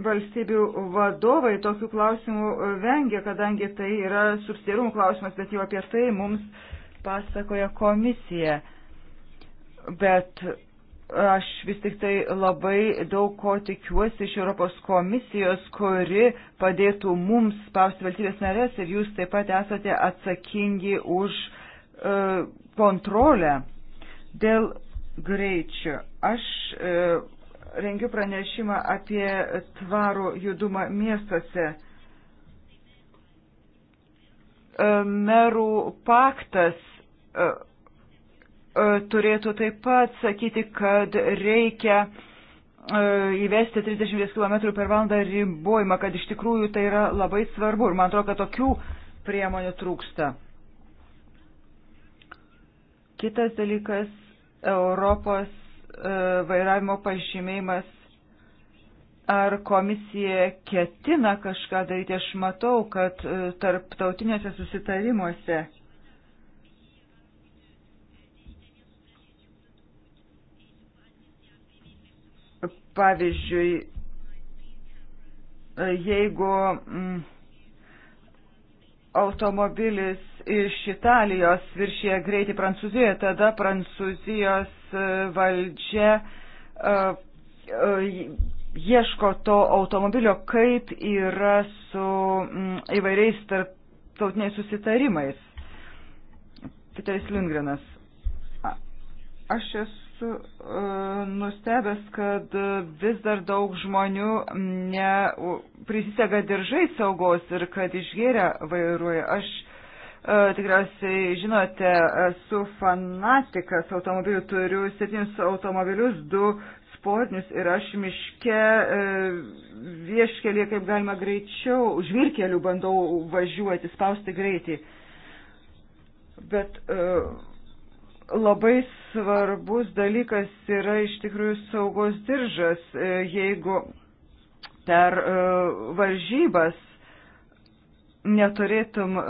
valstybių vadovai tokių klausimų e, vengia, kadangi tai yra subsidiarumų klausimas, bet jau apie tai mums pasakoja komisija. Bet aš vis tik tai labai daug ko tikiuosi iš Europos komisijos, kuri padėtų mums spausti valstybės narės ir jūs taip pat esate atsakingi už e, kontrolę dėl greičio. Aš e, rengiu pranešimą apie tvarų judumą miestuose. E, merų paktas e, e, turėtų taip pat sakyti, kad reikia įvesti 30 km per valandą ribojimą, kad iš tikrųjų tai yra labai svarbu ir man atrodo, kad tokių priemonių trūksta. Kitas dalykas - Europos E, vairavimo pažymėjimas. Ar komisija ketina kažką daryti? Aš matau, kad e, tarptautiniuose susitarimuose pavyzdžiui, e, jeigu mm, automobilis iš Italijos viršyje greitį Prancūzijoje, tada Prancūzijos e, valdžia e, e, ieško to automobilio, kaip yra su įvairiais tarptautiniais susitarimais. Piteris Lindgrenas. Aš esu nustebęs, kad vis dar daug žmonių prisisega diržai saugos ir kad išgėrę vairuoja. Aš E, tikriausiai žinote, esu fanatikas automobilių, turiu septynis automobilius, du sportinius ir aš miške e, vieškelį kaip galima greičiau, žvirkeliu bandau važiuoti, spausti greitį. Bet e, labai svarbus dalykas yra iš tikrųjų saugos diržas, jeigu per varžybas neturėtum e,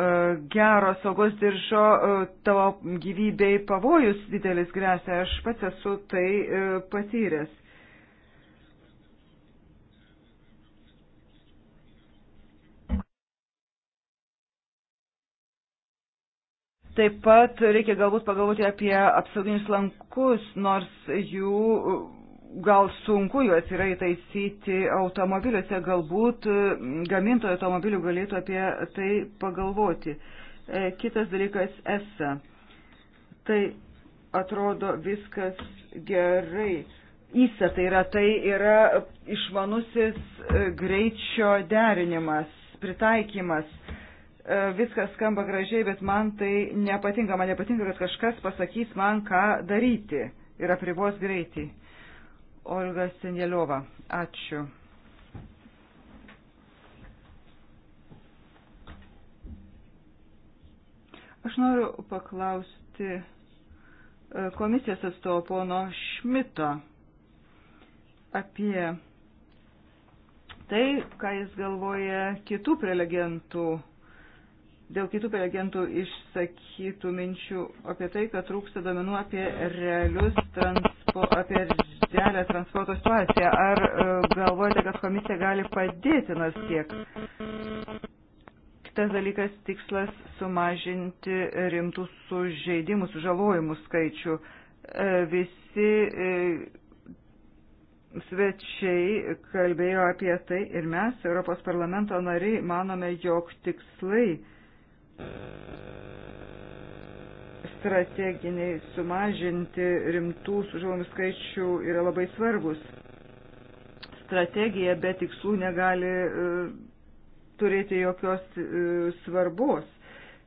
gero saugos diržo, e, tavo gyvybei pavojus didelis grėsia. Aš pats esu tai e, patyręs. Taip pat reikia galbūt pagalvoti apie apsauginius lankus, nors jų gal sunku juos yra įtaisyti automobiliuose, galbūt e, gamintojų automobilių galėtų apie tai pagalvoti. E, kitas dalykas - ESA. Tai atrodo viskas gerai. ISA tai yra, tai yra išmanusis e, greičio derinimas, pritaikymas. Viskas skamba gražiai, bet man tai nepatinka. Man nepatinka, kad kažkas pasakys man, ką daryti ir apribos greitį. Olga Seneliova. Ačiū. Aš noriu paklausti e, komisijos atstovo pono Šmito apie tai, ką jis galvoja kitų prelegentų, dėl kitų prelegentų išsakytų minčių apie tai, kad trūksta domenų apie realius trans transpor, apie žemę transporto situaciją. Ar e, galvojate, kad komisija gali padėti nors tiek? Kitas dalykas tikslas sumažinti rimtų sužeidimų, sužalojimų skaičių. E, visi e, svečiai kalbėjo apie tai ir mes, Europos parlamento nariai, manome, jog tikslai strateginiai sumažinti rimtų sužalomų skaičių yra labai svarbus. Strategija be tikslų negali e, turėti jokios e, svarbos.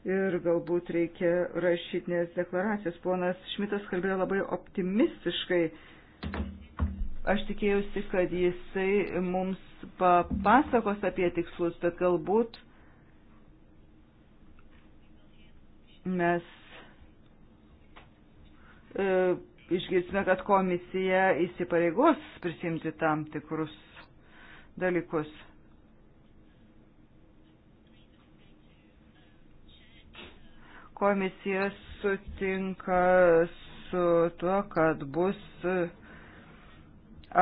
Ir galbūt reikia rašytinės deklaracijos. Ponas Šmitas kalbėjo labai optimistiškai. Aš tikėjausi, kad jisai mums papasakos apie tikslus, bet galbūt mes E, išgirsime, kad komisija įsipareigos prisimti tam tikrus dalykus. Komisija sutinka su tuo, kad bus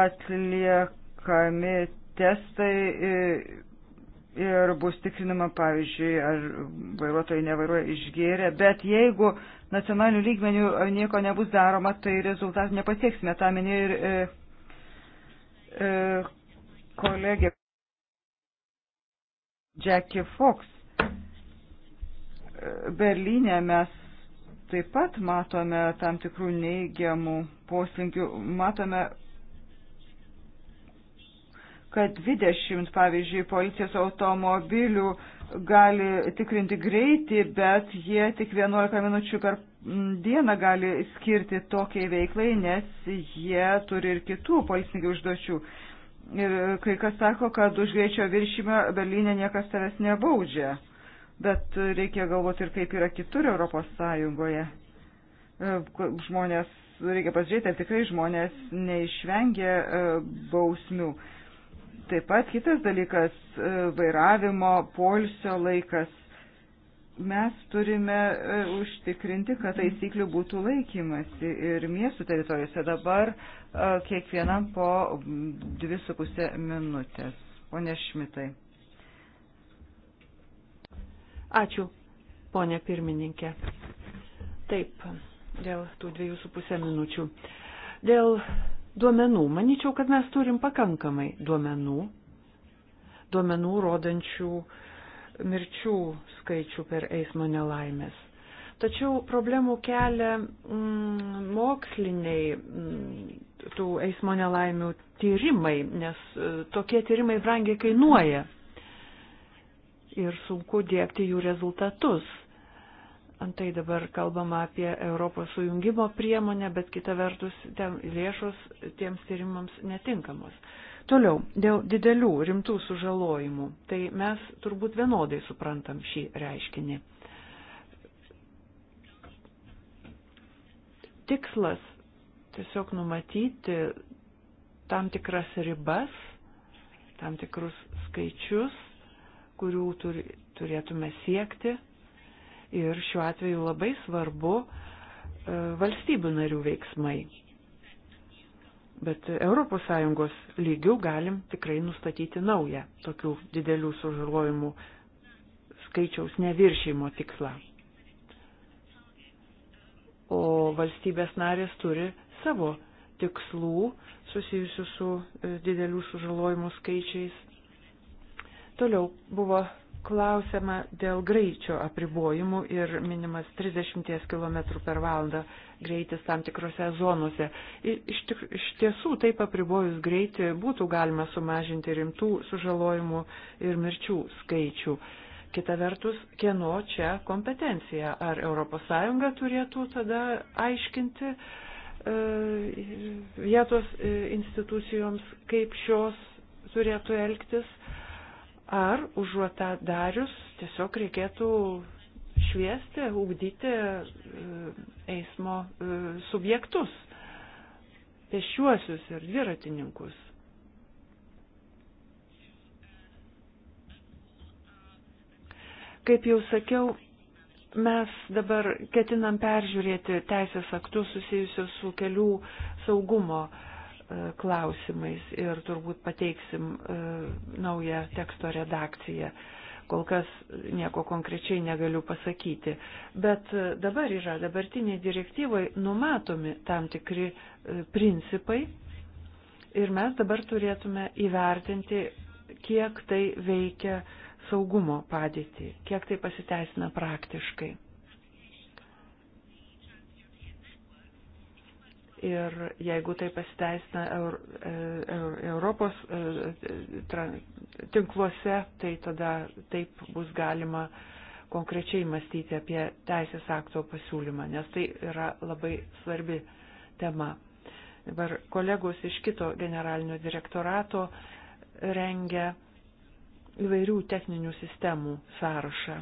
atliekami testai e, ir bus tikrinama, pavyzdžiui, ar vairuotojai nevairuoja išgėrę, bet jeigu nacionalinių lygmenių nieko nebus daroma, tai rezultatų nepasieksime. Ta minė ir e, e, kolegė Jackie Fox. E, Berlyne mes taip pat matome tam tikrų neigiamų poslinkių, matome kad 20, pavyzdžiui, policijos automobilių gali tikrinti greitį, bet jie tik 11 minučių per dieną gali skirti tokiai veiklai, nes jie turi ir kitų policininkų užduočių. Ir kai kas sako, kad už greičio viršymą Berlyne niekas tavęs nebaudžia, bet reikia galvoti ir kaip yra kitur Europos Sąjungoje. E, žmonės, reikia pasižiūrėti, ar tikrai žmonės neišvengia e, bausmių. Taip pat kitas dalykas e, - vairavimo, polsio laikas. Mes turime e, užtikrinti, kad taisyklių būtų laikymasi ir miestų teritorijose. Dabar e, kiekvienam po 2,5 minutės. Pone Šmitai. Ačiū, ponė pirmininkė. Taip, dėl tų 2,5 minučių. Dėl duomenų. Manyčiau, kad mes turim pakankamai duomenų, duomenų rodančių mirčių skaičių per eismo nelaimės. Tačiau problemų kelia mm, moksliniai mm, tų eismo nelaimių tyrimai, nes e, tokie tyrimai brangiai kainuoja ir sunku dėkti jų rezultatus. Antai dabar kalbama apie Europos sujungimo priemonę, bet kita vertus ten lėšos tiems tyrimams netinkamos. Toliau, dėl didelių rimtų sužalojimų, tai mes turbūt vienodai suprantam šį reiškinį. Tikslas tiesiog numatyti tam tikras ribas, tam tikrus skaičius, kurių turėtume siekti ir šiuo atveju labai svarbu e, valstybių narių veiksmai. Bet ES lygių galim tikrai nustatyti naują tokių didelių sužalojimų skaičiaus neviršymo tikslą. O valstybės narės turi savo tikslų susijusių su e, didelių sužalojimų skaičiais. Toliau buvo klausiama dėl greičio apribojimų ir minimas 30 km per valandą greitis tam tikrose zonose. Iš, tik, iš tiesų taip apribojus greitį būtų galima sumažinti rimtų sužalojimų ir mirčių skaičių. Kita vertus, kieno čia kompetencija? Ar ES turėtų tada aiškinti e, vietos e, institucijoms, kaip šios turėtų elgtis? Ar užuot tą darius tiesiog reikėtų šviesti, ugdyti e, eismo e, subjektus, pešiuosius ir dviratininkus. Kaip jau sakiau, mes dabar ketinam peržiūrėti teisės aktus susijusius su kelių saugumo uh, E, klausimais ir turbūt pateiksim e, naują teksto redakciją. Kol kas nieko konkrečiai negaliu pasakyti, bet e, dabar yra dabartiniai direktyvai numatomi tam tikri principai ir mes dabar turėtume įvertinti, kiek tai veikia saugumo padėtį, kiek tai pasiteisina praktiškai. Ir jeigu tai pasiteisina Eur, Eur, e, Europos e, tinkluose, tai tada taip bus galima konkrečiai mąstyti apie teisės akto pasiūlymą, nes tai yra labai svarbi tema. Dabar kolegos iš kito generalinio direktorato rengia įvairių techninių sistemų sąrašą.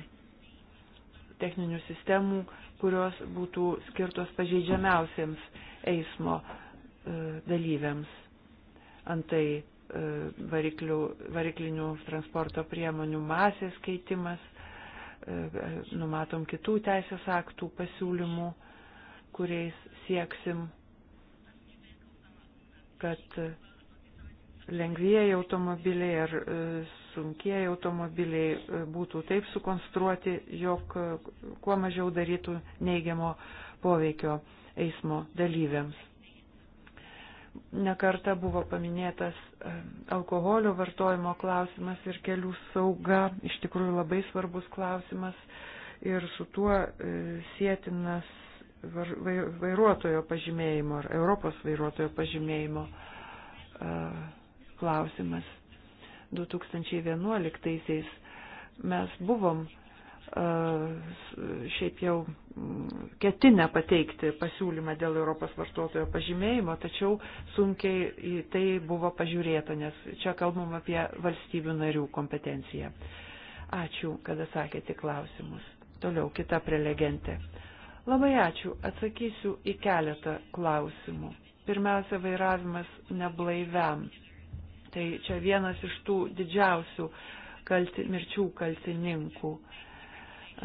Techninių sistemų, kurios būtų skirtos pažeidžiamiausiems eismo e, dalyviams. Antai e, variklių, variklinių transporto priemonių masės keitimas, e, numatom kitų teisės aktų pasiūlymų, kuriais sieksim, kad lengvieji automobiliai ar sunkieji automobiliai e, būtų taip sukonstruoti, jog e, kuo mažiau darytų neigiamo poveikio eismo dalyviams. Nekarta buvo paminėtas e, alkoholio vartojimo klausimas ir kelių sauga, iš tikrųjų labai svarbus klausimas ir su tuo sėtinas vairuotojo pažymėjimo ar Europos vairuotojo pažymėjimo klausimas 2011-aisiais mes buvom šiaip jau ketinę pateikti pasiūlymą dėl Europos vartotojo pažymėjimo, tačiau sunkiai į tai buvo pažiūrėta, nes čia kalbam apie valstybių narių kompetenciją. Ačiū, kad atsakėte klausimus. Toliau kita prelegentė. Labai ačiū, atsakysiu į keletą klausimų. Pirmiausia, vairavimas neblaiviam Tai čia vienas iš tų didžiausių kalti, mirčių kaltininkų.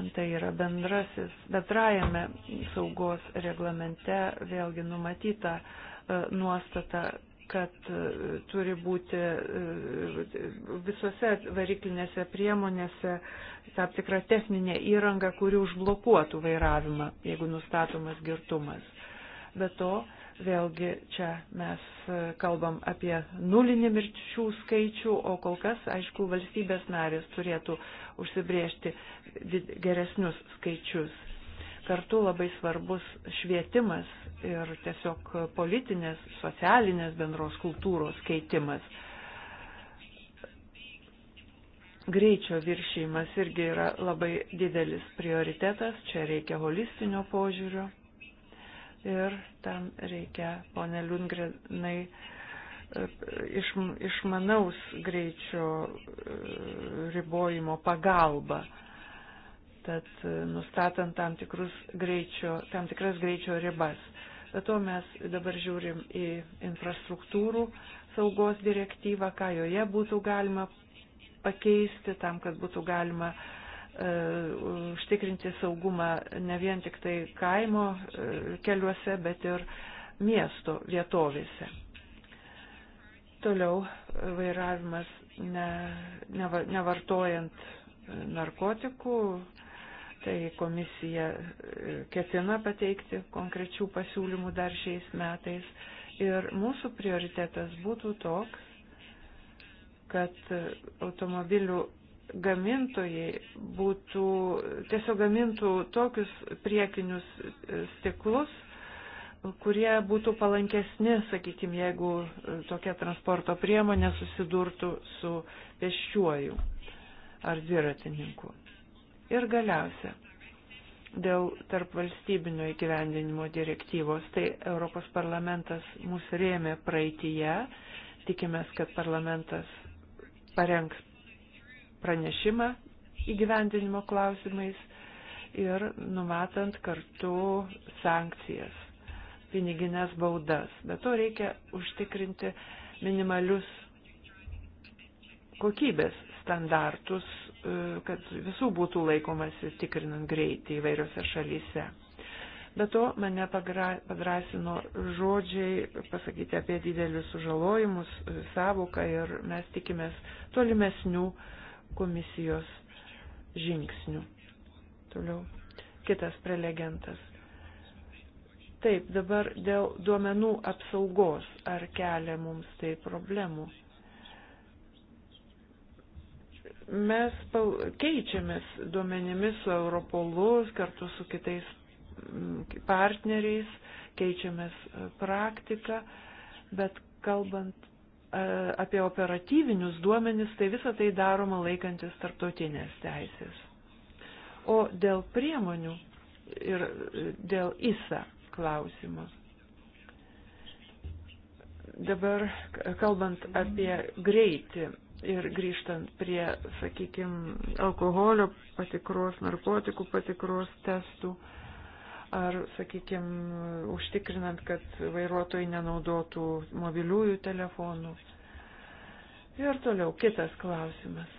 Antai yra bendrasis, bendrajame saugos reglamente vėlgi numatyta e, nuostata, kad e, turi būti e, visose variklinėse priemonėse tam tikra techninė įranga, kuri užblokuotų vairavimą, jeigu nustatomas girtumas. Be to, Vėlgi čia mes e, kalbam apie nulinį mirčių skaičių, o kol kas, aišku, valstybės narės turėtų užsibriežti geresnius skaičius. Kartu labai svarbus švietimas ir tiesiog politinės, socialinės bendros kultūros keitimas. Greičio viršymas irgi yra labai didelis prioritetas, čia reikia holistinio požiūrio ir tam reikia, ponė Liungrenai, iš, išmanaus greičio e, ribojimo pagalba. Tad e, nustatant tam, greičio, tam tikras greičio ribas. Bet to mes dabar žiūrim į infrastruktūrų saugos direktyvą, ką joje būtų galima pakeisti tam, kad būtų galima uh, E, užtikrinti saugumą ne vien tik tai kaimo e, keliuose, bet ir miesto vietovėse. Toliau e, vairavimas ne, ne, nevartojant narkotikų, tai komisija ketina pateikti konkrečių pasiūlymų dar šiais metais. Ir mūsų prioritetas būtų toks, kad automobilių gamintojai būtų, tiesiog gamintų tokius priekinius e, stiklus, kurie būtų palankesni, sakykime, jeigu e, tokia transporto priemonė susidurtų su pėsčiuoju ar dviratininku. Ir galiausia, dėl tarp valstybinio įgyvendinimo direktyvos, tai Europos parlamentas mūsų rėmė praeitįje, tikimės, kad parlamentas parengs pranešimą įgyvendinimo klausimais ir numatant kartu sankcijas, piniginės baudas. Bet to reikia užtikrinti minimalius kokybės standartus, e, kad visų būtų laikomasi tikrinant greitį įvairiose šalyse. Be to mane padrasino žodžiai pasakyti apie didelius sužalojimus, e, savoką ir mes tikimės tolimesnių uh, komisijos žingsnių. Toliau. Kitas prelegentas. Taip, dabar dėl duomenų apsaugos, ar kelia mums tai problemų. Mes keičiamės duomenimis su Europolu, kartu su kitais mm, partneriais, keičiamės e, praktiką, bet kalbant E, apie operatyvinius duomenis, tai visą tai daroma laikantis tarptautinės teisės. O dėl priemonių ir e, dėl ISA klausimo. Dabar kalbant apie greitį ir grįžtant prie, sakykime, alkoholio patikros, narkotikų patikros testų, uh, ar, sakykime, užtikrinant, kad vairuotojai nenaudotų mobiliųjų telefonų. Ir toliau kitas klausimas.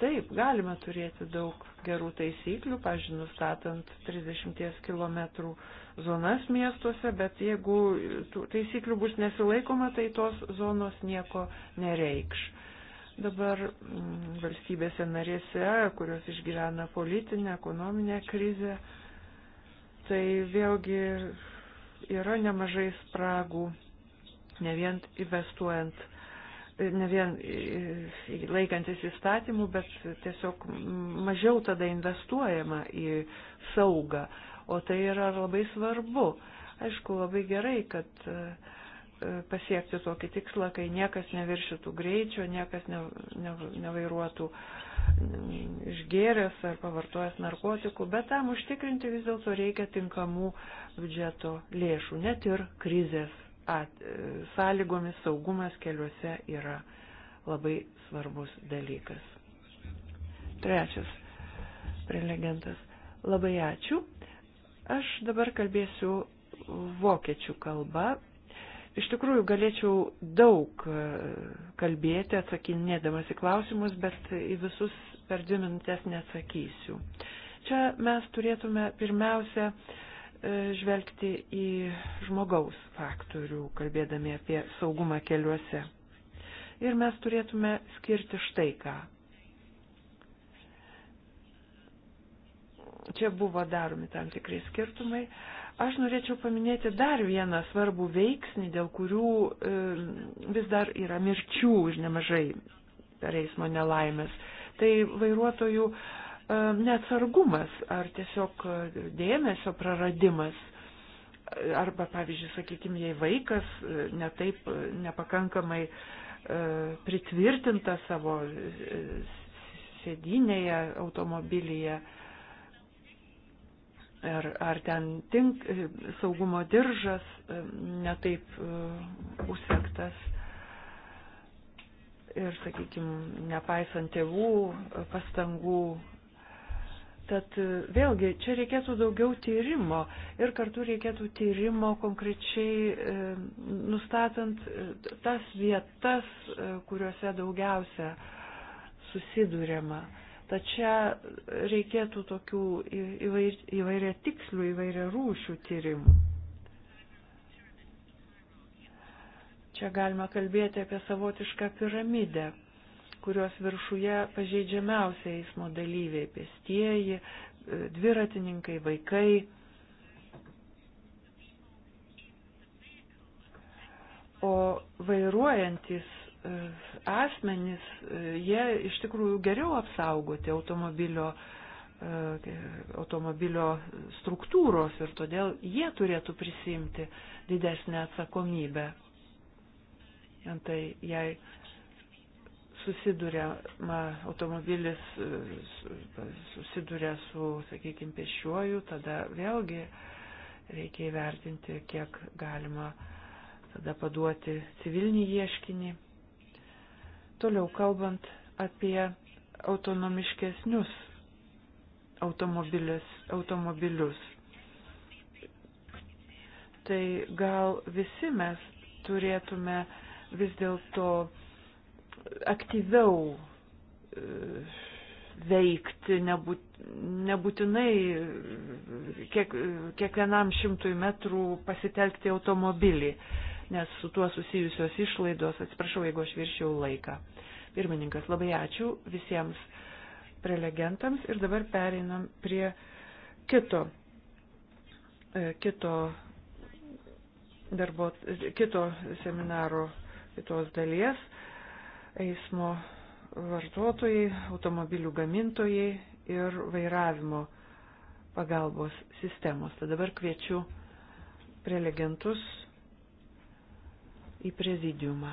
Taip, galima turėti daug gerų taisyklių, pažiūrėjau, nustatant 30 km zonas miestuose, bet jeigu taisyklių bus nesilaikoma, tai tos zonos nieko nereikš dabar mm, valstybėse narėse, kurios išgyvena politinę, ekonominę krizę, tai vėlgi yra nemažai spragų, ne vien investuojant, ne vien laikantis įstatymų, bet tiesiog mažiau tada investuojama į saugą, o tai yra labai svarbu. Aišku, labai gerai, kad e, pasiekti tokį tikslą, kai niekas neviršytų greičio, niekas ne, ne, nevairuotų ne išgėręs ar pavartojęs narkotikų, bet tam užtikrinti vis dėlto reikia tinkamų biudžeto lėšų, net ir krizės at, e, sąlygomis saugumas keliuose yra labai svarbus dalykas. Trečias prelegentas. Labai ačiū. Aš dabar kalbėsiu vokiečių kalba, Iš tikrųjų, galėčiau daug e, kalbėti, atsakinėdamas į klausimus, bet į visus per dvi minutės neatsakysiu. Čia mes turėtume pirmiausia e, žvelgti į žmogaus faktorių, kalbėdami apie saugumą keliuose. Ir mes turėtume skirti štai ką. Čia buvo daromi tam tikrai skirtumai. Uh, Aš norėčiau paminėti dar vieną svarbų veiksnį, dėl kurių e, vis dar yra mirčių ir nemažai per eismo nelaimės. Tai vairuotojų e, neatsargumas ar tiesiog e, dėmesio praradimas. Arba, pavyzdžiui, sakykime, jei vaikas e, netaip e, nepakankamai e, pritvirtinta savo sėdinėje automobilyje, e, ar, ar ten tink, saugumo diržas e, netaip e, užsektas. Ir, sakykime, nepaisant tėvų e, pastangų. Tad vėlgi, čia reikėtų daugiau tyrimo ir kartu reikėtų tyrimo konkrečiai nustatant tas vietas, kuriuose daugiausia susidūrėma. Tačiau reikėtų tokių įvairia tikslių, įvairia rūšių tyrimų. Čia galima kalbėti apie savotišką piramidę, kurios viršuje pažeidžiamiausia eismo dalyviai - pėstieji, dviratininkai, vaikai. O vairuojantis E, asmenys, e, jie iš tikrųjų geriau apsaugoti automobilio, e, automobilio struktūros ir todėl jie turėtų prisimti didesnę atsakomybę. Antai, jei susiduriama automobilis, susiduria su, sakykime, pešiuoju, tada vėlgi reikia įvertinti, kiek galima tada paduoti civilinį ieškinį. Toliau kalbant apie autonomiškesnius automobilius, tai gal visi mes turėtume vis dėlto aktyviau e, veikti, nebūt, nebūtinai e, kiek, kiekvienam šimtui metrų pasitelkti automobilį. Uh, nes su tuo susijusios išlaidos, atsiprašau, jeigu aš viršiau laiką. Pirmininkas, labai ačiū visiems prelegentams ir dabar pereinam prie kito, e, kito, darbo, kito seminaro kitos dalies eismo vartotojai, automobilių gamintojai ir vairavimo pagalbos sistemos. Tad dabar kviečiu prelegentus į prezidiumą.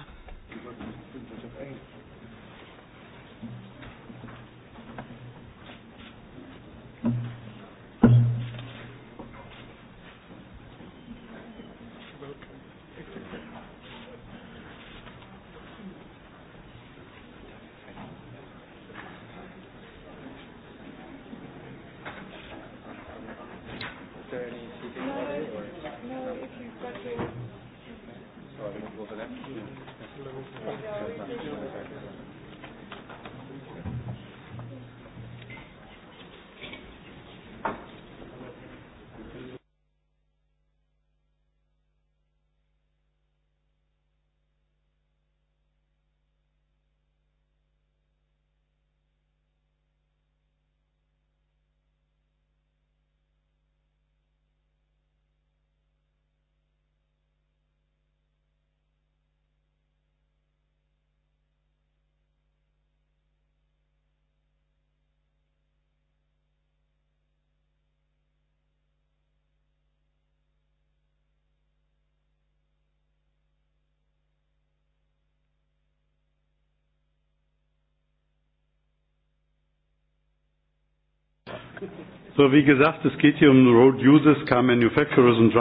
So, wie gesagt, es geht hier um road users, car manufacturers and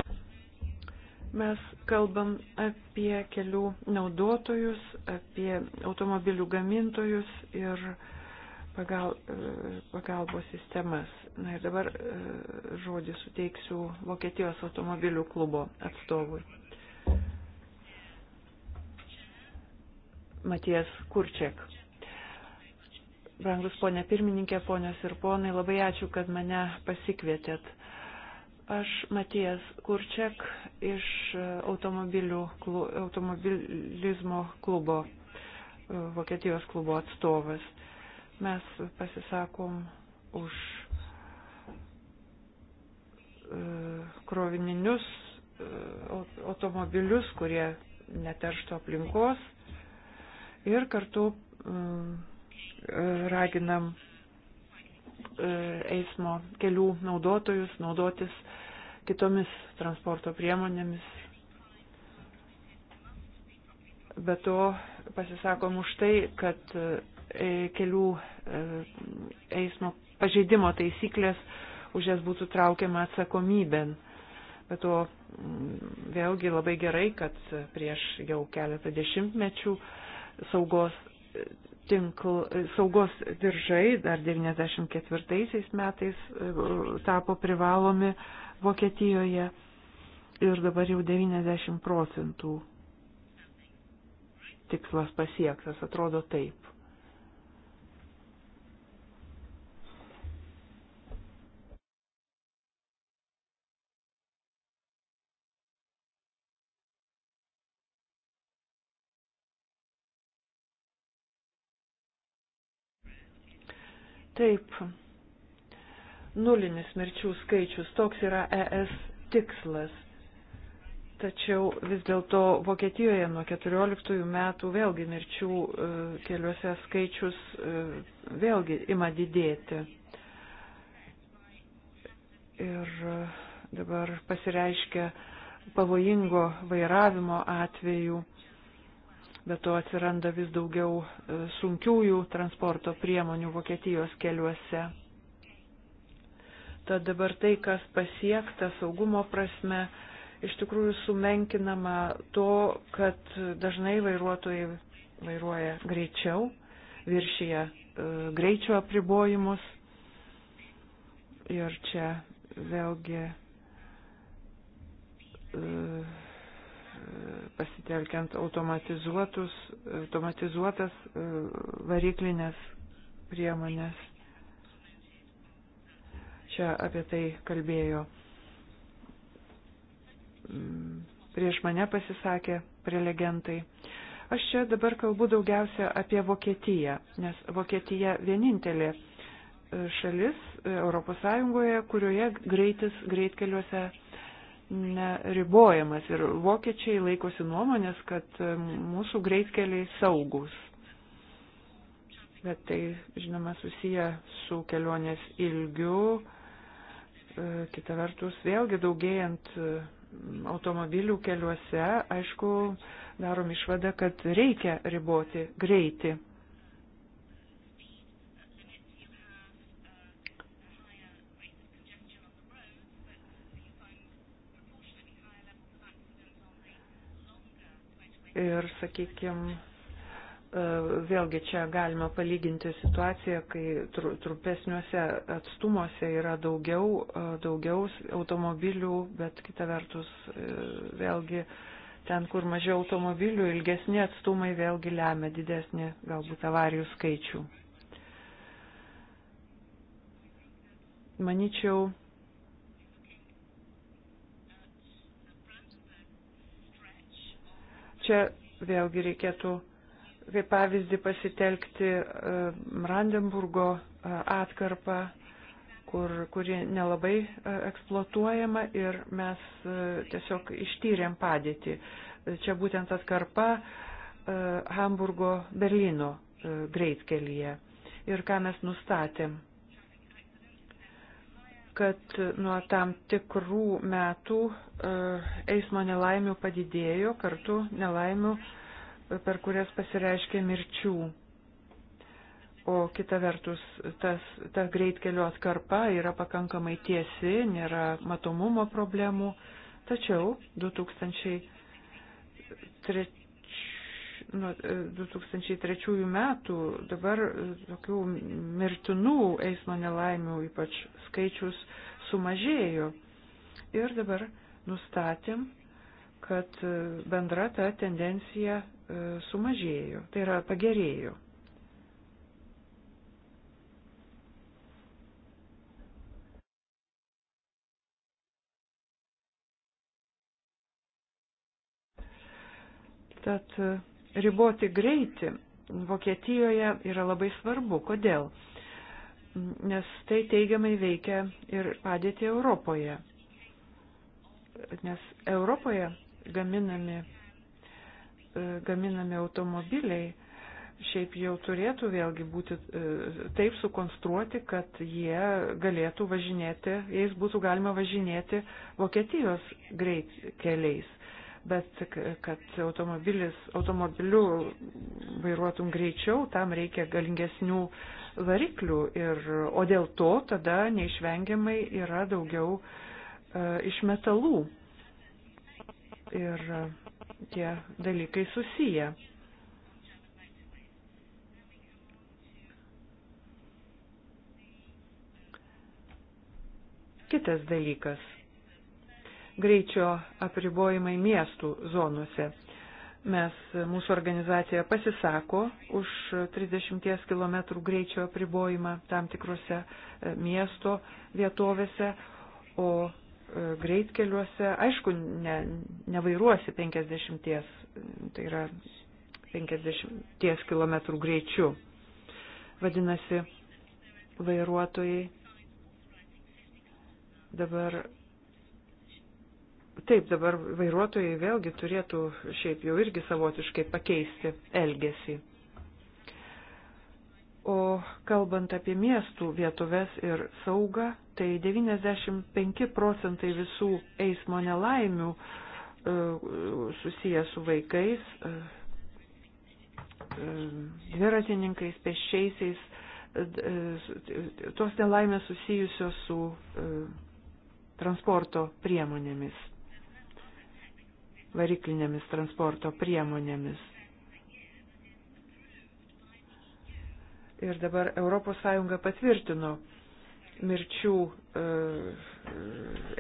Mes kalbam apie kelių naudotojus, apie automobilių gamintojus ir pagal, e, pagalbos sistemas. Na ir dabar e, žodį suteiksiu Vokietijos automobilių klubo atstovui. Matijas Kurčiak. Brangus ponė pirmininkė, ponios ir ponai, labai ačiū, kad mane pasikvietėt. Aš Matijas Kurčiak iš klu, automobilizmo klubo, e, Vokietijos klubo atstovas. Mes pasisakom už e, krovininius e, automobilius, kurie neterštų aplinkos ir kartu raginam e, eismo kelių naudotojus naudotis kitomis transporto priemonėmis. Be to pasisakom už tai, kad e, kelių e, eismo pažeidimo taisyklės už jas būtų traukiama atsakomybėn. Bet to mm, vėlgi labai gerai, kad prieš jau keletą dešimtmečių saugos tinkl, e, saugos diržai dar 94 metais e, tapo privalomi Vokietijoje ir dabar jau 90 procentų tikslas pasiektas, atrodo taip. Taip, nulinis mirčių skaičius, toks yra ES tikslas. Tačiau vis dėlto Vokietijoje nuo 14 metų vėlgi mirčių e, keliuose skaičius e, vėlgi ima didėti. Ir e, dabar pasireiškia pavojingo vairavimo atveju bet to atsiranda vis daugiau e, sunkiųjų transporto priemonių Vokietijos keliuose. Tad dabar tai, kas pasiekta saugumo prasme, iš tikrųjų sumenkinama to, kad dažnai vairuotojai vairuoja greičiau, viršyje e, greičio apribojimus. Ir čia vėlgi e, pasitelkiant automatizuotas e, variklinės priemonės. Čia apie tai kalbėjo. Mm, prieš mane pasisakė prelegentai. Aš čia dabar kalbu daugiausia apie Vokietiją, nes Vokietija vienintelė e, šalis ES, kurioje greitis greitkeliuose neribojamas ir vokiečiai laikosi nuomonės, kad e, mūsų greitkeliai saugus. Bet tai, žinoma, susiję su kelionės ilgiu. E, kita vertus, vėlgi daugėjant e, automobilių keliuose, aišku, darom išvadą, kad reikia riboti greitį. Ir, sakykime, vėlgi čia galima palyginti situaciją, kai trumpesniuose atstumuose yra daugiau, e, daugiau automobilių, bet kita vertus e, vėlgi ten, kur mažiau automobilių, ilgesni atstumai vėlgi lemia didesnį galbūt avarijų skaičių. Maničiau, Čia vėlgi reikėtų kaip pavyzdį pasitelkti e, Brandenburgo e, atkarpą, kur, kuri nelabai e, eksploatuojama ir mes tiesiog ištyrėm padėtį. Čia būtent atkarpa Hamburgo Berlyno greitkelyje. Ir ką mes nustatėm kad nuo tam tikrų metų e, eismo nelaimių padidėjo, kartu nelaimių, e, per kurias pasireiškė mirčių. O kita vertus, tas, ta greitkelio atkarpa yra pakankamai tiesi, nėra matomumo problemų. Tačiau 2003 nuo 2003 e, metų dabar e, tokių mirtinų eismo nelaimių ypač skaičius sumažėjo. Ir dabar nustatėm, kad e, bendra ta tendencija sumažėjo, tai yra pagerėjo. Tad riboti greitį Vokietijoje yra labai svarbu. Kodėl? Nes tai teigiamai veikia ir padėti Europoje. Nes Europoje gaminami, e, gaminami automobiliai šiaip jau turėtų vėlgi būti e, taip sukonstruoti, kad jie galėtų važinėti, jais būtų galima važinėti Vokietijos greitkeliais bet kad automobilis, automobiliu vairuotum greičiau, tam reikia galingesnių variklių, ir, o dėl to tada neišvengiamai yra daugiau e, iš metalų. Ir e, tie dalykai susiję. Kitas dalykas greičio apribojimai miestų zonuose. Mes, mūsų organizacija pasisako už 30 km greičio apribojimą tam tikrose e, miesto vietovėse, o e, greitkeliuose, aišku, ne, nevairuosi 50, tai yra 50 km greičiu. Vadinasi, vairuotojai dabar Taip, dabar vairuotojai vėlgi turėtų šiaip jau irgi savotiškai pakeisti elgesį. O kalbant apie miestų vietovės ir saugą, tai 95 procentai visų eismo nelaimių e, susiję su vaikais, e, e, dviratininkais, pešiaisiais, tos nelaimės susijusios su transporto priemonėmis variklinėmis transporto priemonėmis. Ir dabar ES patvirtino mirčių e,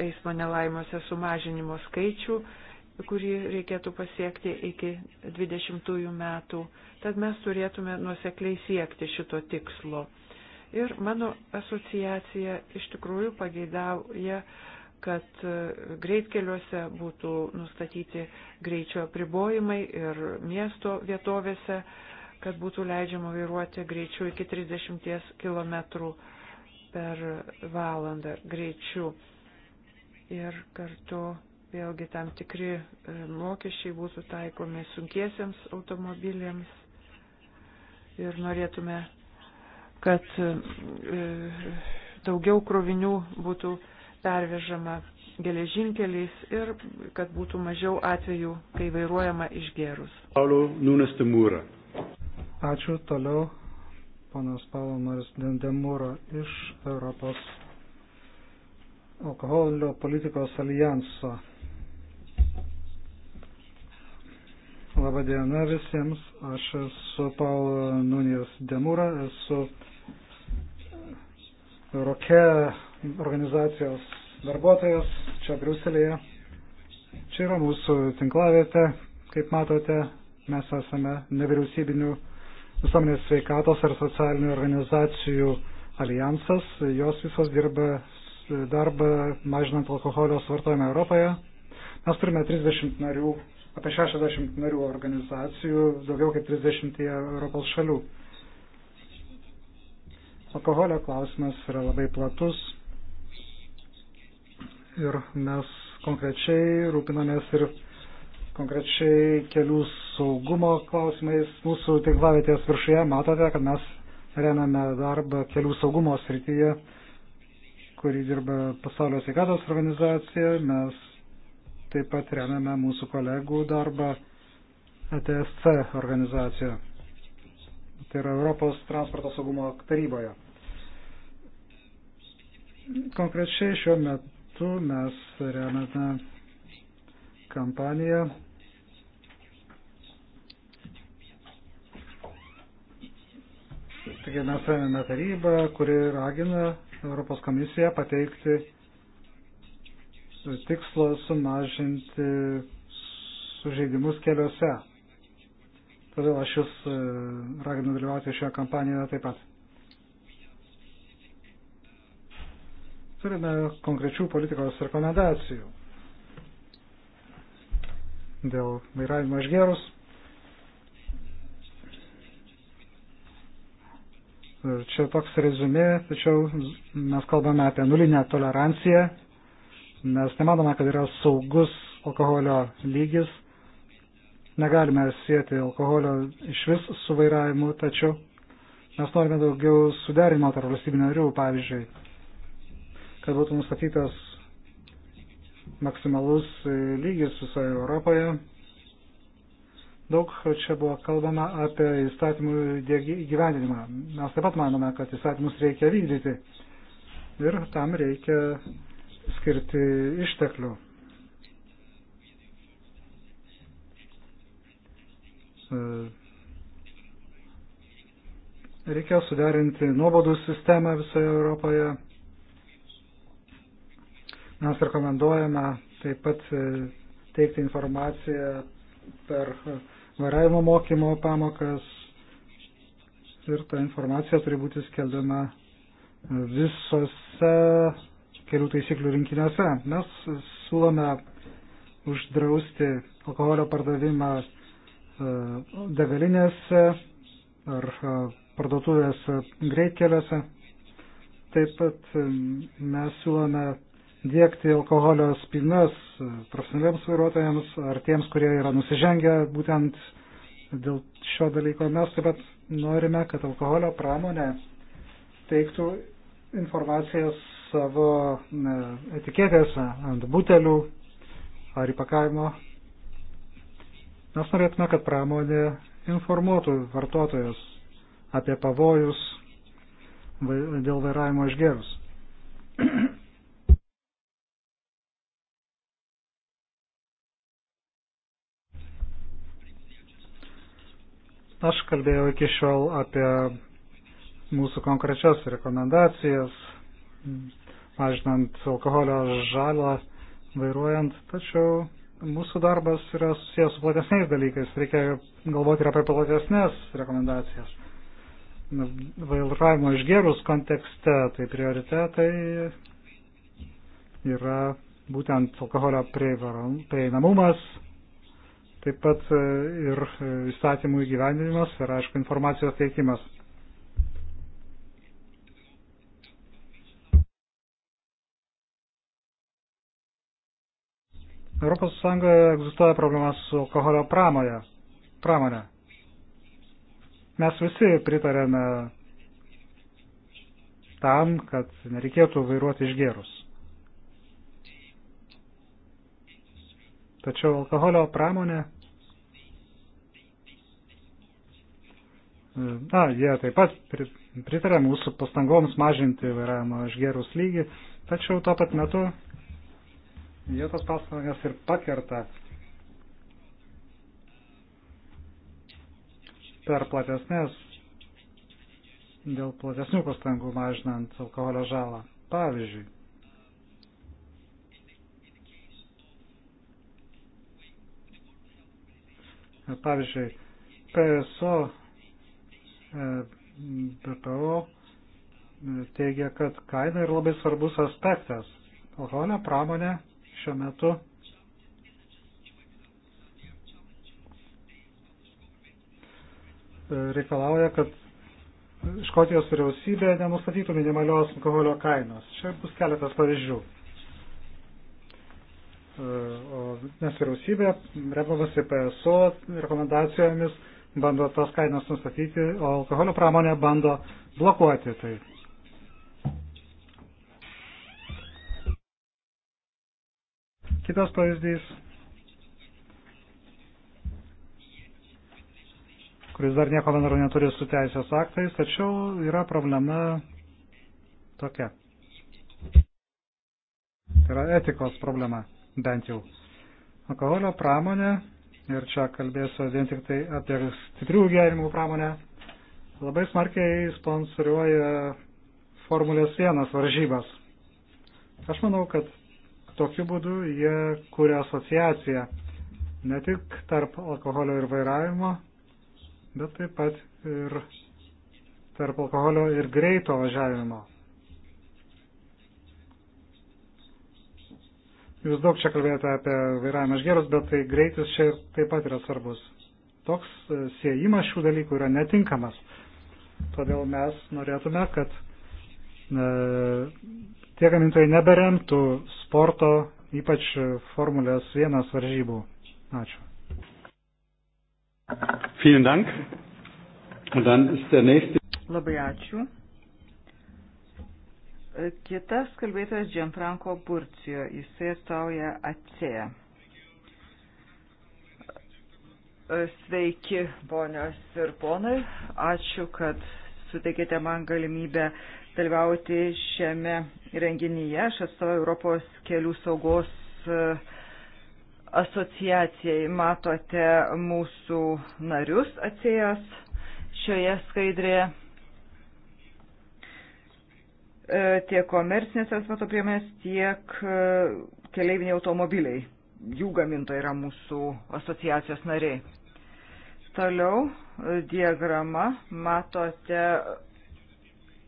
eismo nelaimose sumažinimo skaičių, kurį reikėtų pasiekti iki 20 metų. Tad mes turėtume nuosekliai siekti šito tikslo. Ir mano asociacija iš tikrųjų pageidauja kad e, greitkeliuose būtų nustatyti greičio apribojimai ir miesto vietovėse, kad būtų leidžiama vairuoti greičiu iki 30 km per valandą greičiu. Ir kartu vėlgi tam tikri e, mokesčiai būtų taikomi sunkiesiems automobiliams. Ir norėtume, kad e, daugiau krovinių būtų pervežama geležinkeliais ir kad būtų mažiau atvejų, kai vairuojama išgerus. Paulo Nunes Temūra. Ačiū toliau, ponas Paulonas Dendemūra iš Europos alkoholio politikos alijanso. Labadiena visiems, aš esu Paulo Nunijas Demūra, esu Euroke organizacijos darbuotojas čia Briuselėje. Čia yra mūsų tinklavietė. Kaip matote, mes esame nevyriausybinių visuomenės sveikatos ar socialinių organizacijų alijansas. Jos visos dirba darbą mažinant alkoholio svartojimą Europoje. Mes turime 30 narių, apie 60 narių organizacijų, daugiau kaip 30 Europos šalių. Alkoholio klausimas yra labai platus, ir mes konkrečiai rūpinamės ir konkrečiai kelių saugumo klausimais. Mūsų tinklavietės viršuje matote, kad mes remiame darbą kelių saugumo srityje, kurį dirba pasaulio sveikatos organizacija. Mes taip pat remiame mūsų kolegų darbą ETSC organizacijoje. Tai yra Europos transporto saugumo taryboje. Konkrečiai šiuo metu metu mes remiame kampaniją Taigi mes remiame tarybą, kuri ragina Europos komisiją pateikti tikslo sumažinti sužeidimus keliuose. Todėl aš jūs e, raginu dalyvauti šioje kampanijoje taip pat. Turime konkrečių politikos rekomendacijų dėl vairavimo išgerus. Čia toks rezumė, tačiau mes kalbame apie nulinę toleranciją, nes nemanome, kad yra saugus alkoholio lygis. Negalime sėti alkoholio iš vis su vairavimu, tačiau mes norime daugiau suderimo tarp valstybių narių, pavyzdžiui, kad būtų nustatytas maksimalus lygis visoje Europoje. Daug čia buvo kalbama apie įstatymų įgyvendinimą. Mes taip pat manome, kad įstatymus reikia vykdyti ir tam reikia skirti išteklių. Reikia suderinti nuobodų sistemą visoje Europoje Mes rekomenduojame taip pat e, teikti informaciją per e, vairavimo mokymo pamokas ir ta informacija turi būti skelbiama e, visose kelių taisyklių rinkiniuose. Mes siūlome uždrausti alkoholio pardavimą degalinėse ar parduotuvės greitkeliuose. Taip pat mes siūlome dėkti alkoholio spynas profesionaliams vairuotojams ar tiems, kurie yra nusižengę būtent dėl šio dalyko. Mes taip pat norime, kad alkoholio pramonė teiktų informaciją savo etiketėse ant butelių ar įpakavimo. Mes norėtume, kad pramonė informuotų vartotojus apie pavojus dėl vairavimo išgerus. Aš kalbėjau iki šiol apie mūsų konkrečias rekomendacijas, mažinant alkoholio žalą vairuojant, tačiau mūsų darbas yra susijęs su platesniais dalykais, reikia galvoti ir apie platesnės rekomendacijas. Vairavimo išgerus kontekste, tai prioritetai yra būtent alkoholio prieinamumas, taip pat e, ir e, įstatymų įgyvendinimas ir, aišku, informacijos teikimas. Europos Sąjungoje egzistuoja problema su alkoholio pramoje, pramonė. Mes visi pritarėme tam, kad nereikėtų vairuoti išgėrus. Tačiau alkoholio pramonė Na, jie taip pat pritarė mūsų pastangoms mažinti vairavimo išgerus lygį, tačiau tuo pat metu jie tas pastangas ir pakerta per platesnės, dėl platesnių pastangų mažinant alkoholio žalą. Pavyzdžiui, Pavyzdžiui, PSO E, BPO e, teigia, kad kaina yra labai svarbus aspektas. Alkoholio pramonė šiuo metu reikalauja, kad Škotijos vyriausybė nenustatytų minimalios alkoholio kainos. Čia bus keletas pavyzdžių. E, o, nes vyriausybė, remdamasi PSO rekomendacijomis, bando tos kainas nustatyti, o alkoholio pramonė bando blokuoti tai. Kitas pavyzdys, kuris dar nieko bendro neturi su teisės aktais, tačiau yra problema tokia. Tai yra etikos problema, bent jau. Alkoholio pramonė ir čia kalbėsiu vien tik tai apie stiprių gėrimų pramonę, labai smarkiai sponsoriuoja Formulės 1 varžybas. Aš manau, kad tokiu būdu jie kuria asociaciją ne tik tarp alkoholio ir vairavimo, bet taip pat ir tarp alkoholio ir greito važiavimo. Jūs daug čia kalbėjote apie vairavimą išgerus, bet tai greitis čia taip pat yra svarbus. Toks e, siejimas šių dalykų yra netinkamas. Todėl mes norėtume, kad e, tie gamintojai neberemtų sporto, ypač Formulės 1 varžybų. Ačiū. Vielen Dank. Und dann ist der nächste. Labai ačiū. Kitas kalbėtojas Gianfranco Burcijo, jisai atstovauja ACEA. E. Sveiki, ponios ir ponai, ačiū, kad suteikėte man galimybę dalyvauti šiame renginyje. Aš atstovauju Europos kelių saugos e, asociacijai. Matote mūsų narius ACEAS šioje skaidrėje E, tiek komercinės transporto priemonės, tiek e, keleiviniai automobiliai. Jų gamintojai yra mūsų asociacijos nariai. Toliau e, diagrama matote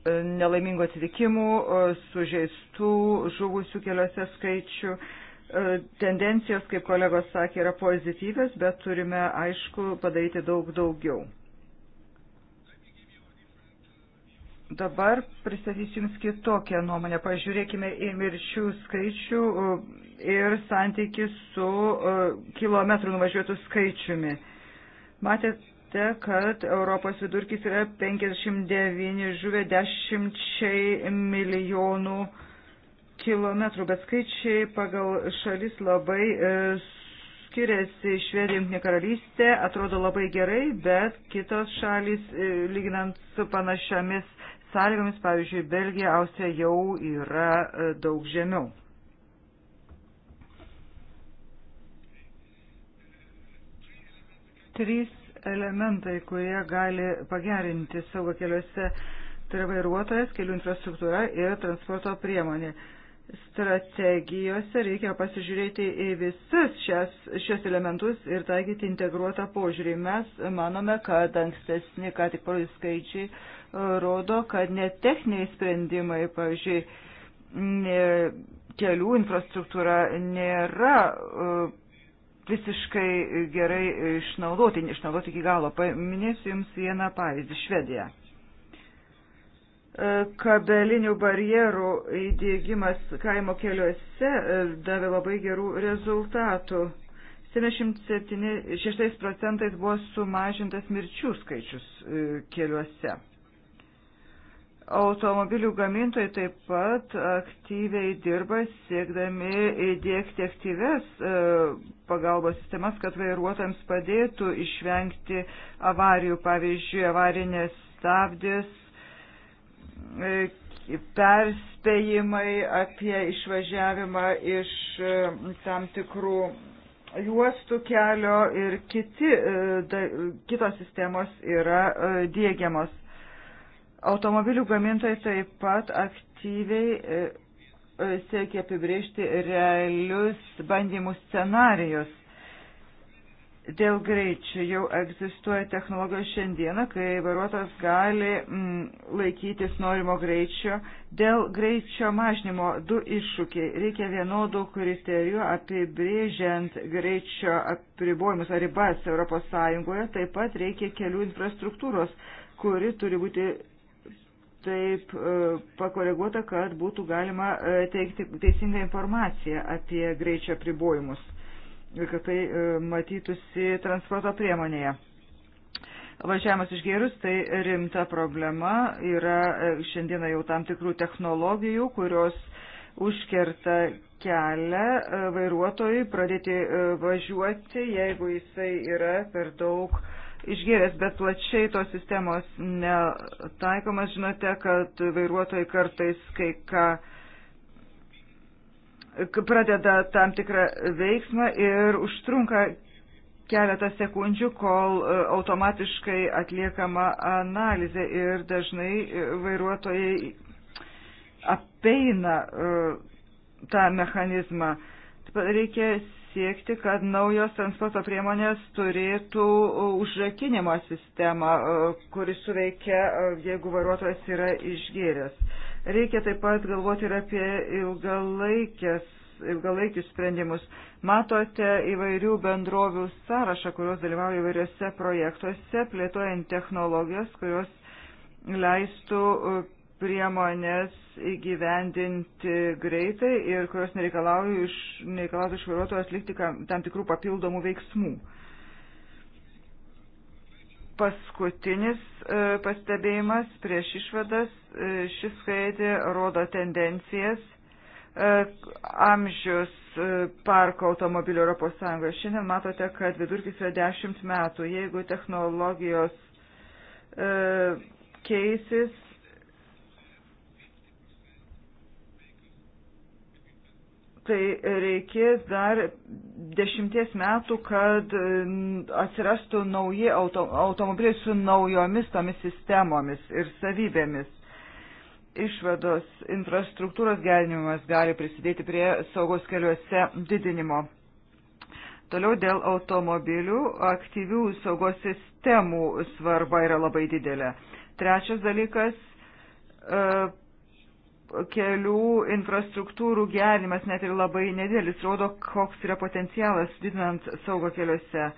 nelaimingų atsitikimų, sužeistų, žuvusių keliuose skaičių. Tendencijos, kaip kolegos sakė, yra pozityvios, bet turime aišku padaryti daug daugiau. Dabar pristatysiu Jums kitokią nuomonę. Pažiūrėkime į mirčių skaičių e, ir santykį su e, kilometrų nuvažiuotų skaičiumi. Matėte, kad Europos vidurkis yra 59 žuvę 10 milijonų kilometrų, bet skaičiai pagal šalis labai e, skiriasi Švedija, Junktinė karalystė, atrodo labai gerai, bet kitos šalis, lyginant su panašiamis sąlygomis, pavyzdžiui, Belgija, Austrija jau yra e, daug žemiau. Trys elementai, kurie gali pagerinti savo keliuose, tai yra vairuotojas, kelių infrastruktūra ir transporto priemonė strategijose reikia pasižiūrėti į visus šias, šios elementus ir taikyti integruotą požiūrį. Mes manome, kad ankstesni, ką tik parodys skaičiai, rodo, kad net techniniai sprendimai, pavyzdžiui, kelių infrastruktūra nėra e, visiškai gerai išnaudoti, išnaudoti iki galo. Paminėsiu Jums vieną pavyzdį - Švediją e, kabelinių barjerų įdėgymas kaimo keliuose e, davė labai gerų rezultatų. 76 procentais buvo sumažintas mirčių skaičius keliuose. Automobilių gamintojai taip pat aktyviai dirba siekdami įdėkti aktyves e, pagalbos sistemas, kad vairuotojams padėtų išvengti avarijų, pavyzdžiui, avarinės stabdis, e, perspėjimai apie išvažiavimą iš e, tam tikrų juostų kelio ir kiti, kitos sistemos yra dėgiamos Automobilių gamintojai taip pat aktyviai e, e, siekia apibriežti realius bandymų scenarius. Dėl greičio jau egzistuoja technologijos šiandieną, kai vairuotojas gali mm, laikytis norimo greičio. Dėl greičio mažnymo du iššūkiai. Reikia vienodų kriterijų apibrėžiant greičio apribojimus ar ribas ES. Taip pat reikia kelių infrastruktūros, kuri turi būti taip e, pakoreguota, kad būtų galima e, teikti teisingą informaciją apie greičio pribojimus ir kad tai e, matytųsi transporto priemonėje. Važiavimas išgėrus tai rimta problema, yra šiandieną jau tam tikrų technologijų, kurios užkerta kelią vairuotojui pradėti važiuoti, jeigu jisai yra per daug uh, išgėręs, bet plačiai tos sistemos netaikomas. Žinote, kad vairuotojai kartais kai ką pradeda tam tikrą veiksmą ir užtrunka keletą sekundžių, kol e, automatiškai atliekama analizė ir dažnai e, vairuotojai apeina e, tą mechanizmą. Taip pat reikia siekti, kad naujos transporto priemonės turėtų uh, užrakinimo sistemą, uh, kuris suveikia, uh, jeigu vairuotojas yra išgėręs. Reikia taip pat galvoti ir apie ilgalaikės ilgalaikius sprendimus. Matote įvairių bendrovių sąrašą, kurios dalyvauja įvairiuose projektuose, plėtojant technologijas, kurios leistų priemonės įgyvendinti greitai ir kurios nereikalauja iš, nereikalauja iš vairuotojo atlikti tam tikrų papildomų veiksmų. Paskutinis e, pastebėjimas prieš išvadas, e, šis skaitė rodo tendencijas e, amžius parko automobilio Europos Sąjungoje. Šiandien matote, kad vidurkis yra 10 metų. Jeigu technologijos keisis, tai reikės dar dešimties metų, kad atsirastų nauji auto, automobiliai su naujomis tomis sistemomis ir savybėmis. Išvados infrastruktūros gerinimas gali prisidėti prie saugos keliuose didinimo. Toliau dėl automobilių aktyvių saugos sistemų svarba yra labai didelė. Trečias dalykas e, kelių infrastruktūrų gerinimas, net ir labai nedėlis, rodo, koks yra potencialas didinant saugą keliuose.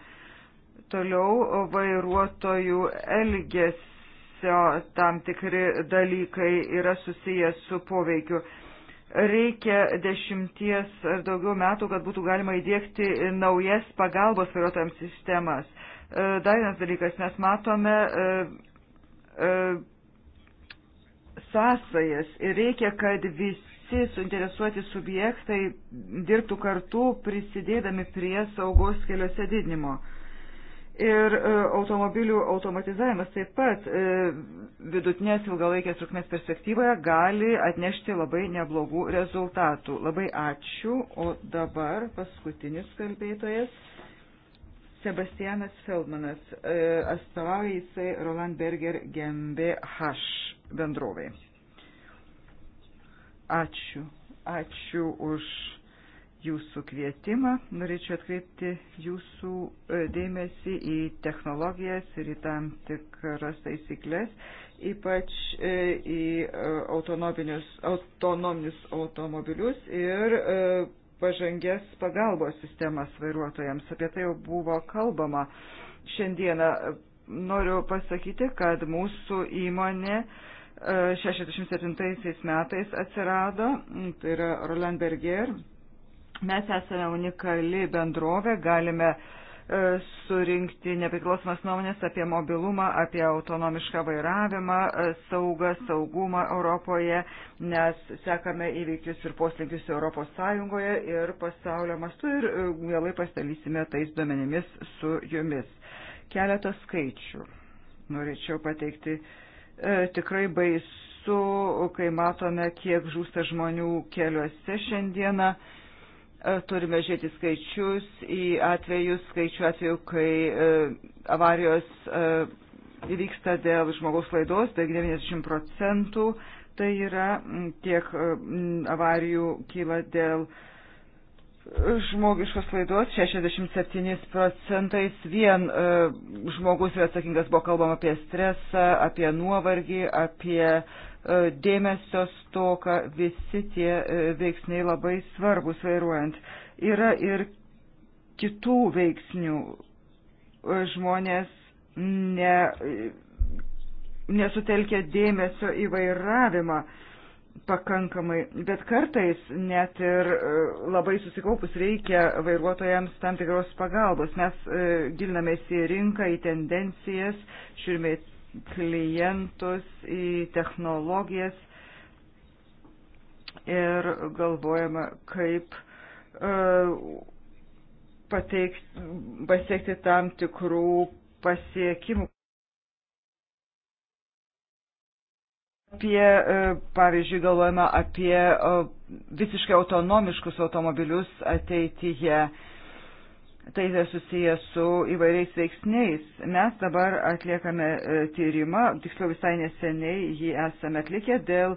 Toliau vairuotojų elgesio tam tikri dalykai yra susijęs su poveikiu. Reikia dešimties ar daugiau metų, kad būtų galima įdėkti naujas pagalbos vairuotojams sistemas. E, dar vienas dalykas, mes matome e, e, sąsajas ir reikia, kad visi suinteresuoti subjektai dirbtų kartu prisidėdami prie saugos keliuose didinimo. Ir e, automobilių automatizavimas taip pat e, vidutinės ilgalaikės trukmės perspektyvoje gali atnešti labai neblogų rezultatų. Labai ačiū. O dabar paskutinis kalbėtojas Sebastianas Feldmanas e, atstovauja jisai Roland Berger GmbH bendrovai. Ačiū. Ačiū už jūsų kvietimą. Norėčiau atkreipti jūsų e, dėmesį į technologijas ir į tam tikras taisyklės, ypač e, į autonominius, autonominius automobilius ir pažangės pagalbos sistemas vairuotojams. Apie tai jau buvo kalbama šiandieną. E, noriu pasakyti, kad mūsų įmonė 67 e, metais atsirado, tai yra Roland Berger. Mes esame unikali bendrovė, galime uh, E, surinkti nepriklausomas nuomonės apie mobilumą, apie autonomišką vairavimą, e, saugą, saugumą Europoje, nes sekame įvykius ir poslinkius Europos Sąjungoje ir pasaulio mastu ir e, mielai pasidalysime tais duomenimis su jumis. Keletas skaičių norėčiau pateikti. E, tikrai baisu, kai matome, kiek žūsta žmonių keliuose šiandieną. E, E, turime žiūrėti skaičius į atvejus, skaičių atveju, kai e, avarijos e, įvyksta dėl žmogaus klaidos, beveik tai 90 procentų tai yra tiek avarijų kyla dėl žmogiškos klaidos 67 procentais vien e, žmogus yra atsakingas, buvo kalbama apie stresą, apie nuovargį, apie E, dėmesio stoka, visi tie e, veiksniai labai svarbus vairuojant. Yra ir kitų veiksnių. E, žmonės ne, nesutelkia dėmesio į vairavimą pakankamai, bet kartais net ir labai susikaupus reikia vairuotojams tam tikros pagalbos. Mes gilinamės į rinką, į tendencijas, žiūrime į klientus, į technologijas ir galvojama, kaip e, pateikti, pasiekti tam tikrų pasiekimų. Apie, e, pavyzdžiui, galvojama apie e, visiškai autonomiškus automobilius ateityje Tai yra susijęs su įvairiais veiksniais. Mes dabar atliekame e, tyrimą, tiksliau visai neseniai jį esame atlikę dėl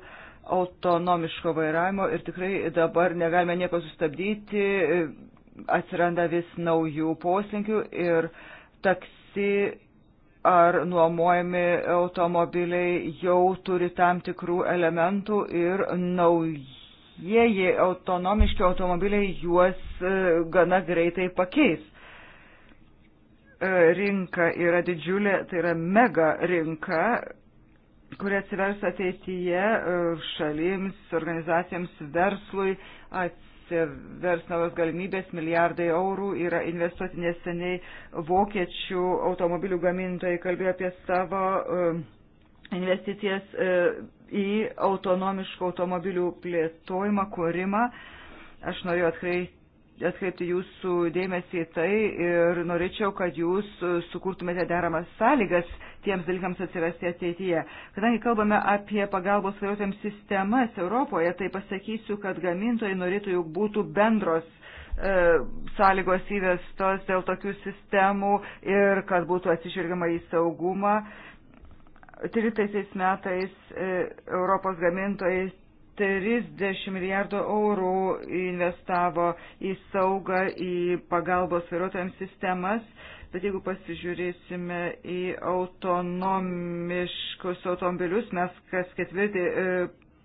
autonomiško vairavimo ir tikrai dabar negalime nieko sustabdyti, e, atsiranda vis naujų poslinkių ir taksi ar nuomojami automobiliai jau turi tam tikrų elementų ir naujų naujieji autonomiški automobiliai juos e, gana greitai pakeis. E, rinka yra didžiulė, tai yra mega rinka, kurie atsivers ateityje e, šalims, organizacijams, verslui, atsivers naujos galimybės, milijardai eurų yra investuoti neseniai vokiečių automobilių gamintojai, kalbėjo apie savo investicijas į autonomišką automobilių plėtojimą, kūrimą. Aš norėjau atkreipti atkreipti jūsų dėmesį į tai ir norėčiau, kad jūs sukurtumėte deramas sąlygas tiems dalykams atsirasti ateityje. Kadangi kalbame apie pagalbos vairuotėms sistemas Europoje, tai pasakysiu, kad gamintojai norėtų, jog būtų bendros e, sąlygos įvestos dėl tokių sistemų ir kad būtų atsižvelgiama į saugumą. E, 13 metais e, Europos gamintojai 30 milijardų eurų investavo į saugą, į pagalbos vairuotojams sistemas, bet jeigu pasižiūrėsime į autonomiškus automobilius, mes kas ketvirtį e,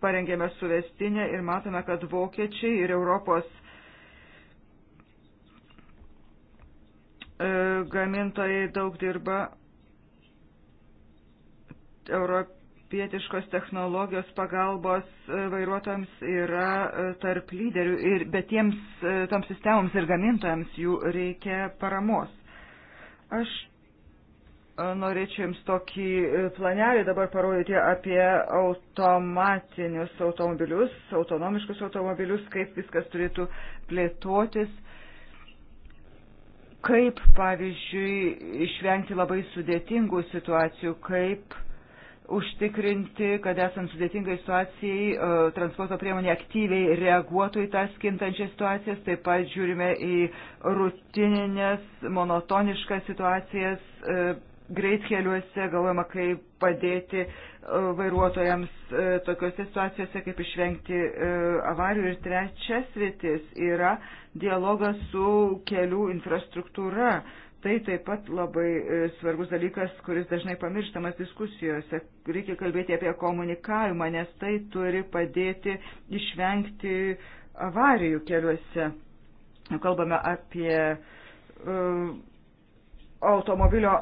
parengėme suvestinę ir matome, kad vokiečiai ir Europos e, gamintojai daug dirba europietiškos technologijos pagalbos e, vairuotojams yra e, tarp lyderių, ir, bet tiems, e, toms sistemoms ir gamintojams jų reikia paramos. Aš norėčiau Jums tokį planelį dabar parodyti apie automatinius automobilius, autonomiškus automobilius, kaip viskas turėtų plėtotis kaip, pavyzdžiui, išvengti labai sudėtingų situacijų, kaip užtikrinti, kad esant sudėtingai situacijai, e, transporto priemonė aktyviai reaguotų į tas kintančias situacijas, taip pat žiūrime į rutininės, monotoniškas situacijas e, greitkeliuose, galvojama, kaip padėti e, vairuotojams tokiuose situacijose, kaip išvengti avarijų. Ir trečias rytis yra dialogas su kelių infrastruktūra Tai taip pat labai e, svarbus dalykas, kuris dažnai pamirštamas diskusijose. Reikia kalbėti apie komunikavimą, nes tai turi padėti išvengti avarijų keliuose. Kalbame apie uh, automobilio,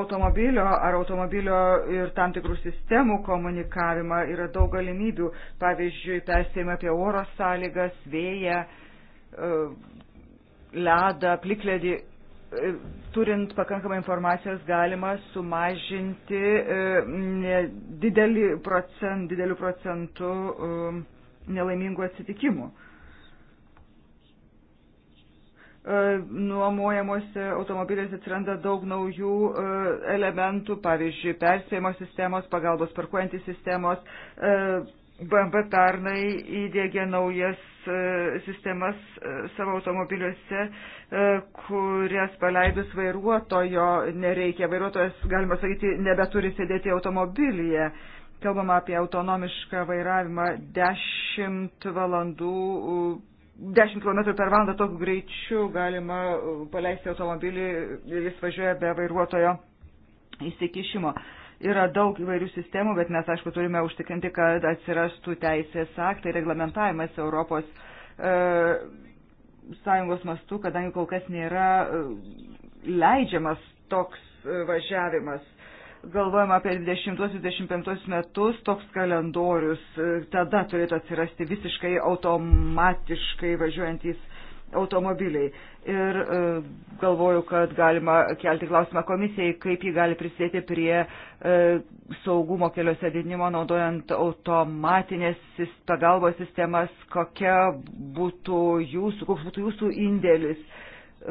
automobilio ar automobilio ir tam tikrų sistemų komunikavimą. Yra daug galimybių. Pavyzdžiui, persėjame apie oro sąlygas, vėją, uh, ledą, plikledį turint pakankamai informacijos galima sumažinti e, didelį procent, dideliu procentu e, nelaimingų atsitikimų. E, nuomojamuose automobiliuose atsiranda daug naujų elementų, pavyzdžiui, persėjimo sistemos, pagalbos parkuojantys sistemos, BMP tarnai įdėgė naujas e, sistemas e, savo automobiliuose, e, kurias paleidus vairuotojo nereikia. Vairuotojas, galima sakyti, nebeturi sėdėti automobilyje. Kalbama apie autonomišką vairavimą 10 valandų 10 km per valandą tokiu greičiu galima paleisti automobilį ir jis važiuoja be vairuotojo įsikišimo. Yra daug įvairių sistemų, bet mes, aišku, turime užtikrinti, kad atsirastų teisės aktai, reglamentavimas Europos e, Sąjungos mastu, kadangi kol kas nėra e, leidžiamas toks e, važiavimas. Galvojama apie 20-25 metus toks kalendorius, e, tada turėtų atsirasti visiškai automatiškai važiuojantys automobiliai. Ir e, galvoju, kad galima kelti klausimą komisijai, kaip ji gali prisidėti prie e, saugumo keliuose didinimo, naudojant automatinės pagalbos sistemas, kokia būtų jūsų, koks būtų jūsų indėlis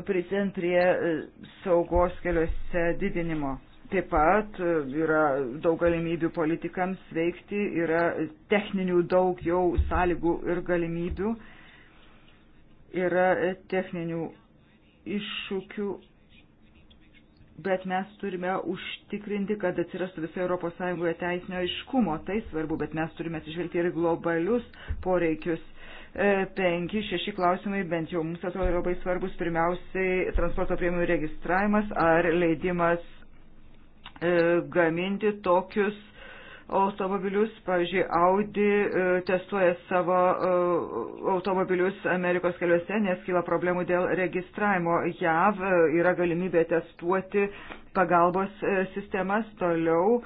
prisidant prie e, saugos keliuose didinimo. Taip pat e, yra daug galimybių politikams veikti, yra techninių daug jau sąlygų ir galimybių. E, yra techninių iššūkių, bet mes turime užtikrinti, kad atsirastų visoje ES teisinio iškumo. Tai svarbu, bet mes turime atsižvelgti ir globalius poreikius. E, penki, šeši klausimai bent jau mums atrodo labai svarbus. Pirmiausiai, transporto priemonių registravimas ar leidimas e, gaminti tokius automobilius, pavyzdžiui, Audi e, testuoja savo e, automobilius Amerikos keliuose, nes kyla problemų dėl registravimo. JAV e, yra galimybė testuoti pagalbos sistemas, toliau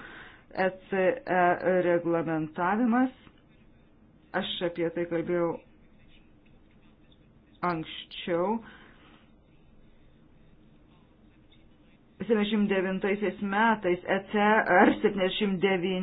ECE reglamentavimas. Aš apie tai kalbėjau anksčiau. 79 metais ECR 79 e,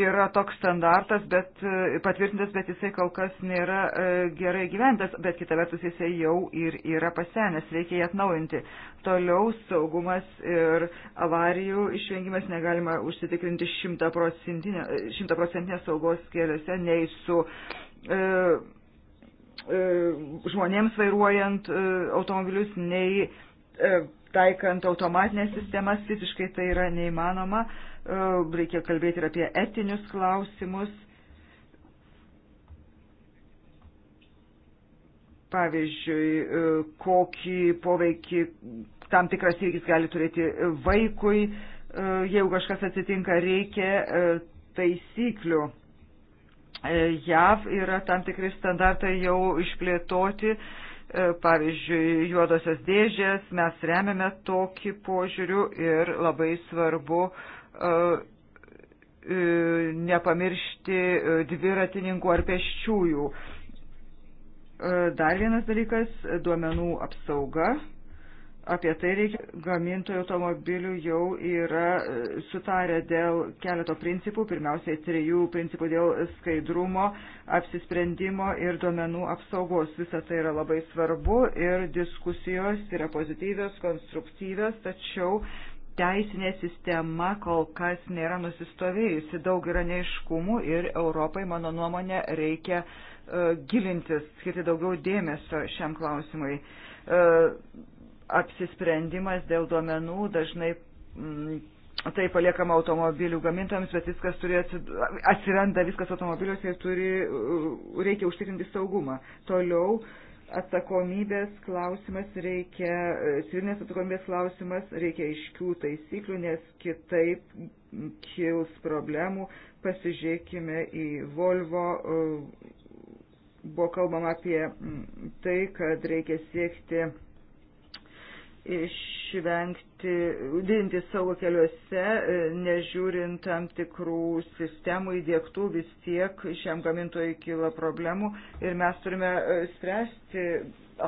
yra toks standartas, bet e, patvirtintas, bet jisai kol kas nėra e, gerai gyventas, bet kita vertus jisai jau ir yra pasenęs, reikia jį atnaujinti. Toliau saugumas ir avarijų išvengimas negalima užsitikrinti šimtaprocentinės saugos keliuose, nei su e, e, žmonėms vairuojant e, automobilius, nei e, taikant automatinės sistemas fiziškai tai yra neįmanoma. E, reikia kalbėti ir apie etinius klausimus. Pavyzdžiui, e, kokį poveikį tam tikras įvykis gali turėti vaikui, e, jeigu kažkas atsitinka, reikia taisyklių. JAV yra tam tikri standartai jau išplėtoti E, pavyzdžiui, juodosios dėžės, mes remiame tokį požiūrių ir labai svarbu e, e, nepamiršti dviratininkų ar pėsčiųjų. Dar vienas dalykas - duomenų apsauga apie tai reikia. Gamintojų automobilių jau yra e, sutarę dėl keleto principų. Pirmiausiai trijų principų dėl skaidrumo, apsisprendimo ir duomenų apsaugos. Visa tai yra labai svarbu ir diskusijos yra pozityvios, konstruktyvios, tačiau teisinė sistema kol kas nėra nusistovėjusi. Daug yra neiškumų ir Europai, mano nuomonė, reikia e, gilintis, skirti daugiau dėmesio šiam klausimui e, apsisprendimas dėl duomenų dažnai m, mm, tai paliekama automobilių gamintams, bet viskas turi atsiranda, viskas automobiliuose ir turi, reikia užtikrinti saugumą. Toliau atsakomybės klausimas reikia, civilinės atsakomybės klausimas reikia iškių taisyklių, nes kitaip kils problemų. Pasižiūrėkime į Volvo buvo kalbama apie tai, kad reikia siekti išvengti, didinti savo keliuose, e, nežiūrint tam tikrų sistemų įdėktų, vis tiek šiam gamintojui kyla problemų ir mes turime e, spręsti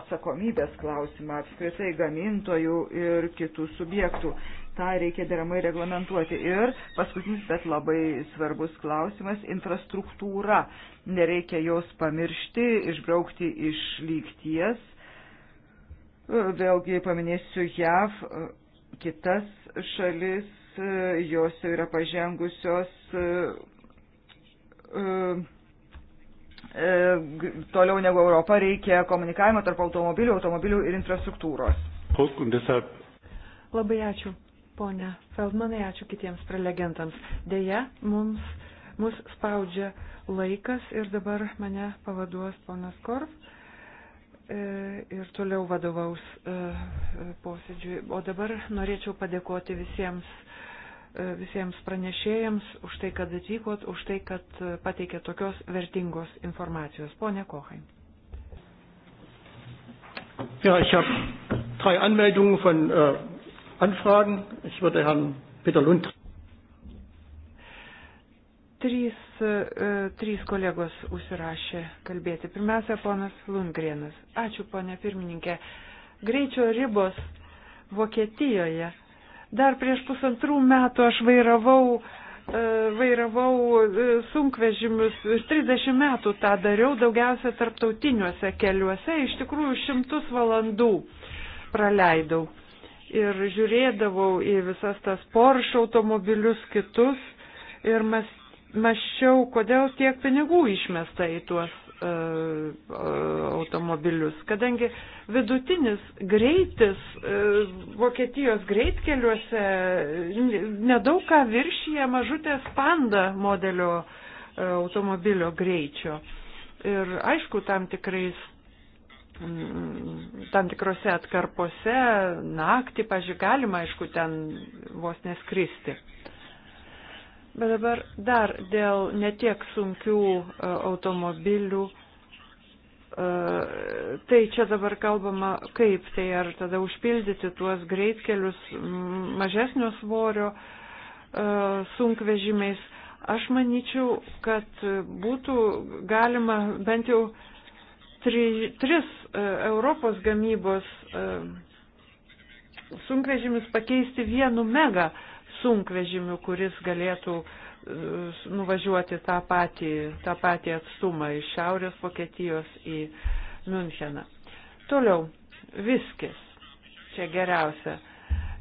atsakomybės klausimą apskritai gamintojų ir kitų subjektų. Ta reikia deramai reglamentuoti. Ir paskutinis, bet labai svarbus klausimas - infrastruktūra. Nereikia jos pamiršti, išbraukti iš lygties Vėlgi paminėsiu JAV, kitas šalis, jos jau yra pažengusios e, toliau negu Europa reikia komunikavimo tarp automobilių, automobilių ir infrastruktūros. Labai ačiū, ponia Feldmanai, ačiū kitiems prelegentams. Deja, mums, mus spaudžia laikas ir dabar mane pavaduos ponas Korf. E, ir toliau vadovaus e, e, posėdžiui. O dabar norėčiau padėkoti visiems, visiems pranešėjams už tai, kad atvykot, už tai, kad pateikė tokios vertingos informacijos. Pone Kohai. Ja, ich habe drei Anmeldungen von äh, Anfragen. Ich würde Herrn Peter Lund Trys, e, trys kolegos užsirašė kalbėti. Pirmiausia, ponas Lundgrienas. Ačiū, ponė pirmininkė. Greičio ribos Vokietijoje. Dar prieš pusantrų metų aš vairavau, e, vairavau e, sunkvežimius. 30 metų tą dariau, daugiausia tarptautiniuose keliuose. Iš tikrųjų, šimtus valandų praleidau. Ir žiūrėdavau į visas tas Porsche automobilius kitus ir mąstydavau mačiau, kodėl tiek pinigų išmesta į tuos e, e, automobilius, kadangi vidutinis greitis e, Vokietijos greitkeliuose nedaug ką viršyje mažutės panda modelio e, automobilio greičio. Ir aišku, tam tikrais mm, tam tikrose atkarpose naktį, pažiūrėjau, galima, aišku, ten vos neskristi. Uh, Bet dabar dar dėl netiek sunkių e, automobilių. E, tai čia dabar kalbama, kaip tai ar tada užpildyti tuos greitkelius mažesnio svorio e, sunkvežimiais. Aš manyčiau, kad būtų galima bent jau tri, tris Europos gamybos sunkvežimis pakeisti vienu mega sunkvežimių, kuris galėtų e, nuvažiuoti tą patį, tą patį atstumą iš Šiaurės Vokietijos į Müncheną. Toliau, viskis. Čia geriausia,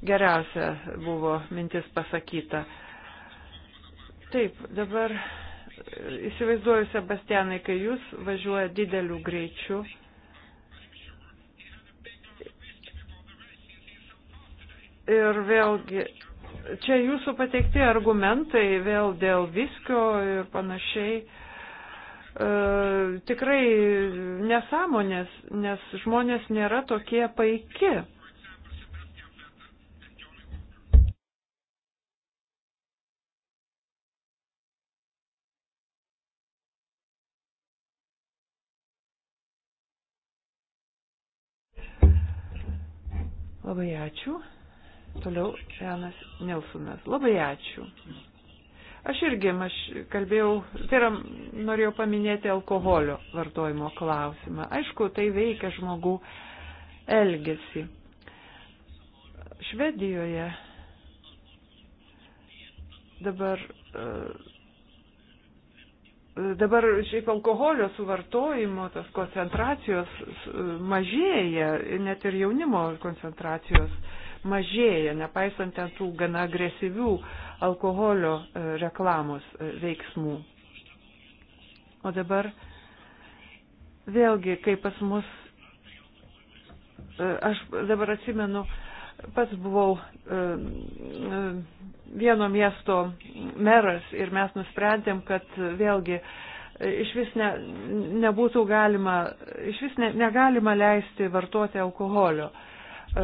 geriausia buvo mintis pasakyta. Taip, dabar e, įsivaizduoju, Sebastianai, kai jūs važiuoja dideliu greičiu, ir vėlgi čia jūsų pateikti argumentai vėl dėl viskio ir panašiai. E, tikrai nesąmonės, nes žmonės nėra tokie paiki. Labai ačiū. Toliau Janas Nilsonas. Labai ačiū. Aš irgi aš kalbėjau, tai yra, norėjau paminėti alkoholio vartojimo klausimą. Aišku, tai veikia žmogų elgesį. Švedijoje dabar, e, dabar šiaip alkoholio suvartojimo, tas koncentracijos e, mažėja, net ir jaunimo koncentracijos mažėja, nepaisant ten tų gana agresyvių alkoholio e, reklamos e, veiksmų. O dabar vėlgi, kai pas mus, e, aš dabar atsimenu, pats buvau vieno miesto meras ir mes nusprendėm, kad vėlgi iš vis ne, nebūtų galima, iš vis ne, negalima leisti vartoti alkoholio. E,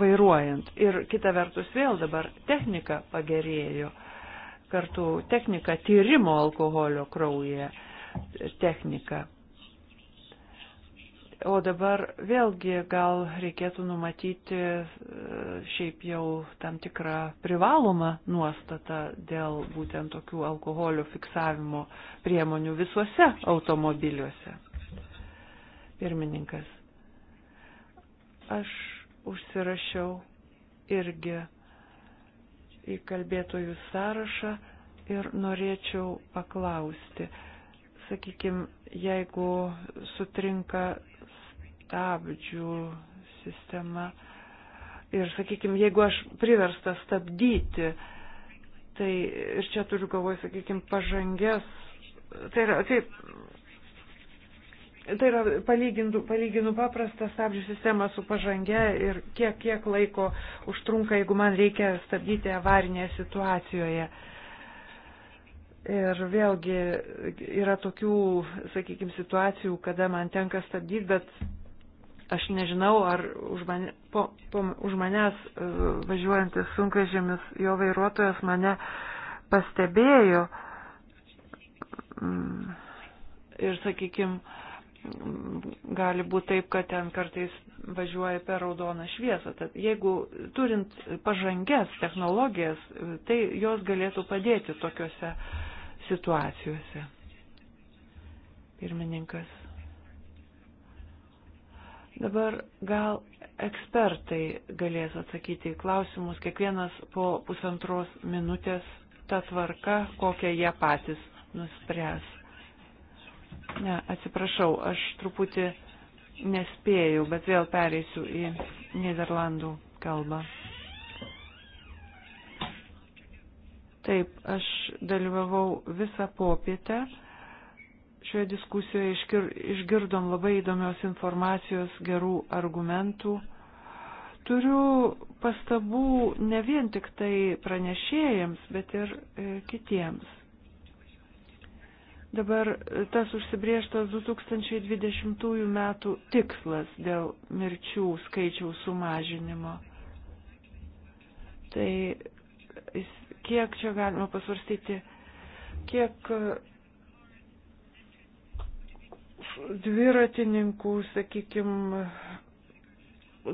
vairuojant. Ir kita vertus vėl dabar technika pagerėjo. Kartu technika tyrimo alkoholio kraujyje technika. O dabar vėlgi gal reikėtų numatyti e, šiaip jau tam tikrą privalomą nuostatą dėl būtent tokių alkoholio fiksavimo priemonių visuose automobiliuose. Pirmininkas. Aš užsirašiau irgi į kalbėtojų sąrašą ir norėčiau paklausti, sakykime, jeigu sutrinka stabdžių sistema ir, sakykime, jeigu aš priversta stabdyti, tai ir čia turiu galvoj, sakykime, pažangės, tai yra, taip, Tai yra palyginu, palyginu paprastą stabdžių sistemą su pažangia ir kiek, kiek laiko užtrunka, jeigu man reikia stabdyti avarinėje situacijoje. Ir vėlgi yra tokių, sakykime, situacijų, kada man tenka stabdyti, bet aš nežinau, ar už, mane, po, po, už manęs e, važiuojantis sunkvežimis jo vairuotojas mane pastebėjo. Mm. Ir, sakykime, gali būti taip, kad ten kartais važiuoja per raudoną šviesą. Tad jeigu turint pažangias technologijas, tai jos galėtų padėti tokiuose situacijose. Pirmininkas. Dabar gal ekspertai galės atsakyti į klausimus, kiekvienas po pusantros minutės tą tvarką, kokią jie patys nuspręs. Ne, atsiprašau, aš truputį nespėjau, bet vėl pereisiu į Niderlandų kalbą. Taip, aš dalyvavau visą popietę. Šioje diskusijoje išgir, išgirdom labai įdomios informacijos, gerų argumentų. Turiu pastabų ne vien tik tai pranešėjams, bet ir e, kitiems Dabar tas užsibrieštas 2020 metų tikslas dėl mirčių skaičiaus sumažinimo. Tai kiek čia galima pasvarstyti, kiek dviratininkų, sakykime,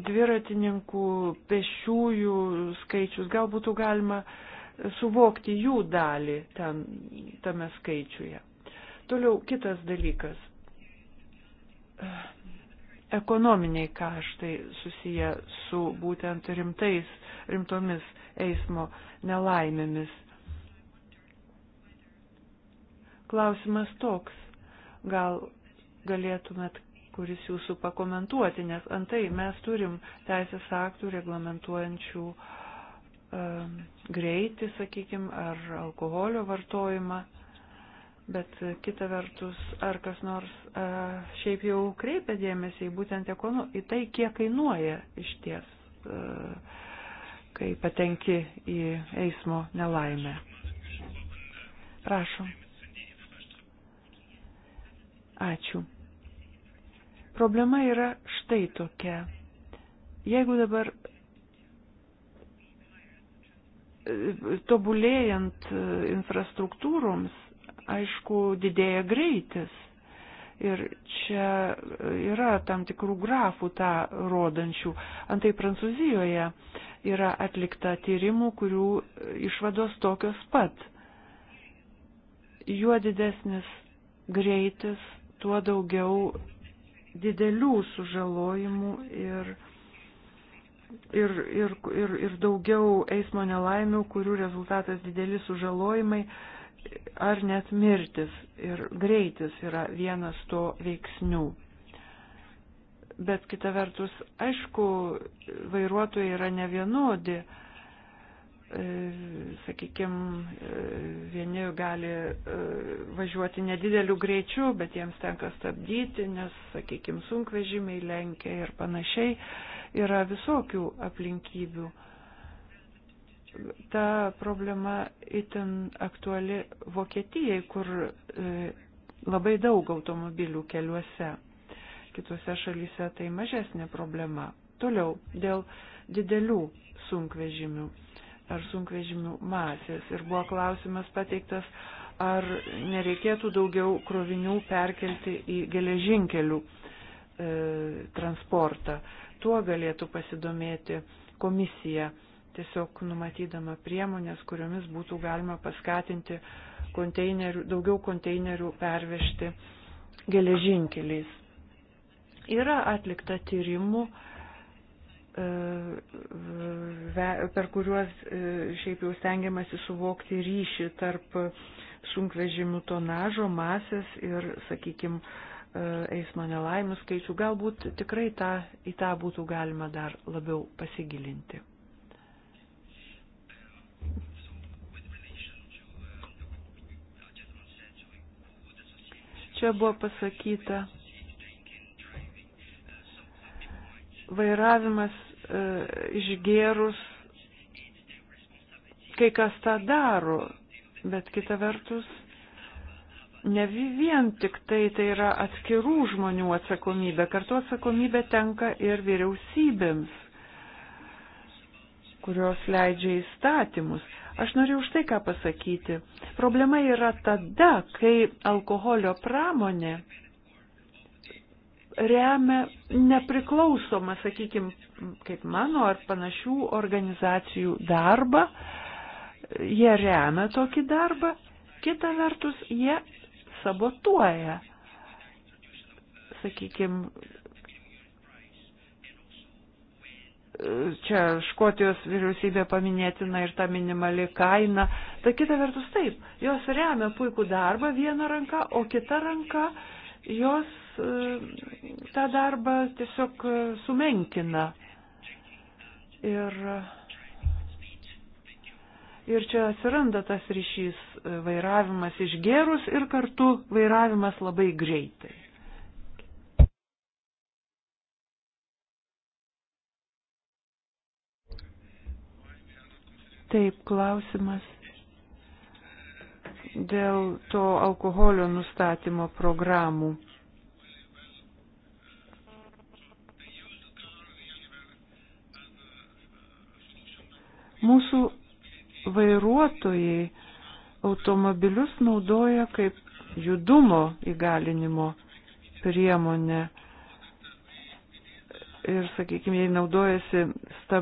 dviratininkų, pešiųjų skaičius, gal būtų galima suvokti jų dalį ten, tame skaičiuje. Toliau kitas dalykas. Ekonominiai kaštai susiję su būtent rimtais, rimtomis eismo nelaimėmis. Klausimas toks, gal galėtumėt kuris jūsų pakomentuoti, nes antai mes turim teisės aktų reglamentuojančių um, greitį, sakykime, ar alkoholio vartojimą. Bet e, kita vertus, ar kas nors a, e, šiaip jau kreipia dėmesį į būtent ekonu, į tai, kiek kainuoja iš ties, a, e, kai patenki į eismo nelaimę. Prašom. Ačiū. Problema yra štai tokia. Jeigu dabar tobulėjant infrastruktūroms, aišku, didėja greitis. Ir čia yra tam tikrų grafų tą rodančių. Antai Prancūzijoje yra atlikta tyrimų, kurių išvados tokios pat. Juo didesnis greitis, tuo daugiau didelių sužalojimų ir, ir, ir, ir, ir daugiau eismo nelaimių, kurių rezultatas dideli sužalojimai ar net mirtis ir greitis yra vienas to veiksnių. Bet kita vertus, aišku, vairuotojai yra ne vienodi. E, sakykime, vieni gali e, važiuoti nedideliu greičiu, bet jiems tenka stabdyti, nes, sakykime, sunkvežimiai lenkia ir panašiai. Yra visokių aplinkybių ta problema itin aktuali Vokietijai, kur e, labai daug automobilių keliuose. Kitose šalyse tai mažesnė problema. Toliau, dėl didelių sunkvežimių ar sunkvežimių masės. Ir buvo klausimas pateiktas, ar nereikėtų daugiau krovinių perkelti į geležinkelių e, transportą. Tuo galėtų pasidomėti komisija. E, tiesiog numatydama priemonės, kuriomis būtų galima paskatinti konteinerių, daugiau konteinerių pervežti geležinkeliais. Yra atlikta tyrimų, e, per kuriuos e, šiaip jau stengiamasi suvokti ryšį tarp sunkvežimių tonažo, masės ir, sakykime, eismo nelaimių skaičių. Galbūt tikrai tą, į tą būtų galima dar labiau pasigilinti. Čia buvo pasakyta, vairavimas e, išgėrus, kai kas tą daro, bet kita vertus, ne vien tik tai tai yra atskirų žmonių atsakomybė, kartu atsakomybė tenka ir vyriausybėms kurios leidžia įstatymus. Aš noriu už tai ką pasakyti. Problema yra tada, kai alkoholio pramonė remia nepriklausomą, sakykime, kaip mano ar panašių organizacijų darbą, jie remia tokį darbą, kita vertus jie sabotuoja, sakykime, čia Škotijos vyriausybė paminėtina ir ta minimali kaina. Ta kita vertus taip, jos remia puikų darbą vieną ranką, o kita ranka jos e, tą darbą tiesiog e, sumenkina. Ir, ir čia atsiranda tas ryšys e, vairavimas išgerus ir kartu vairavimas labai greitai. Taip, klausimas dėl to alkoholio nustatymo programų. Mūsų vairuotojai automobilius naudoja kaip judumo įgalinimo priemonę. Ir, sakykime, jei naudojasi stab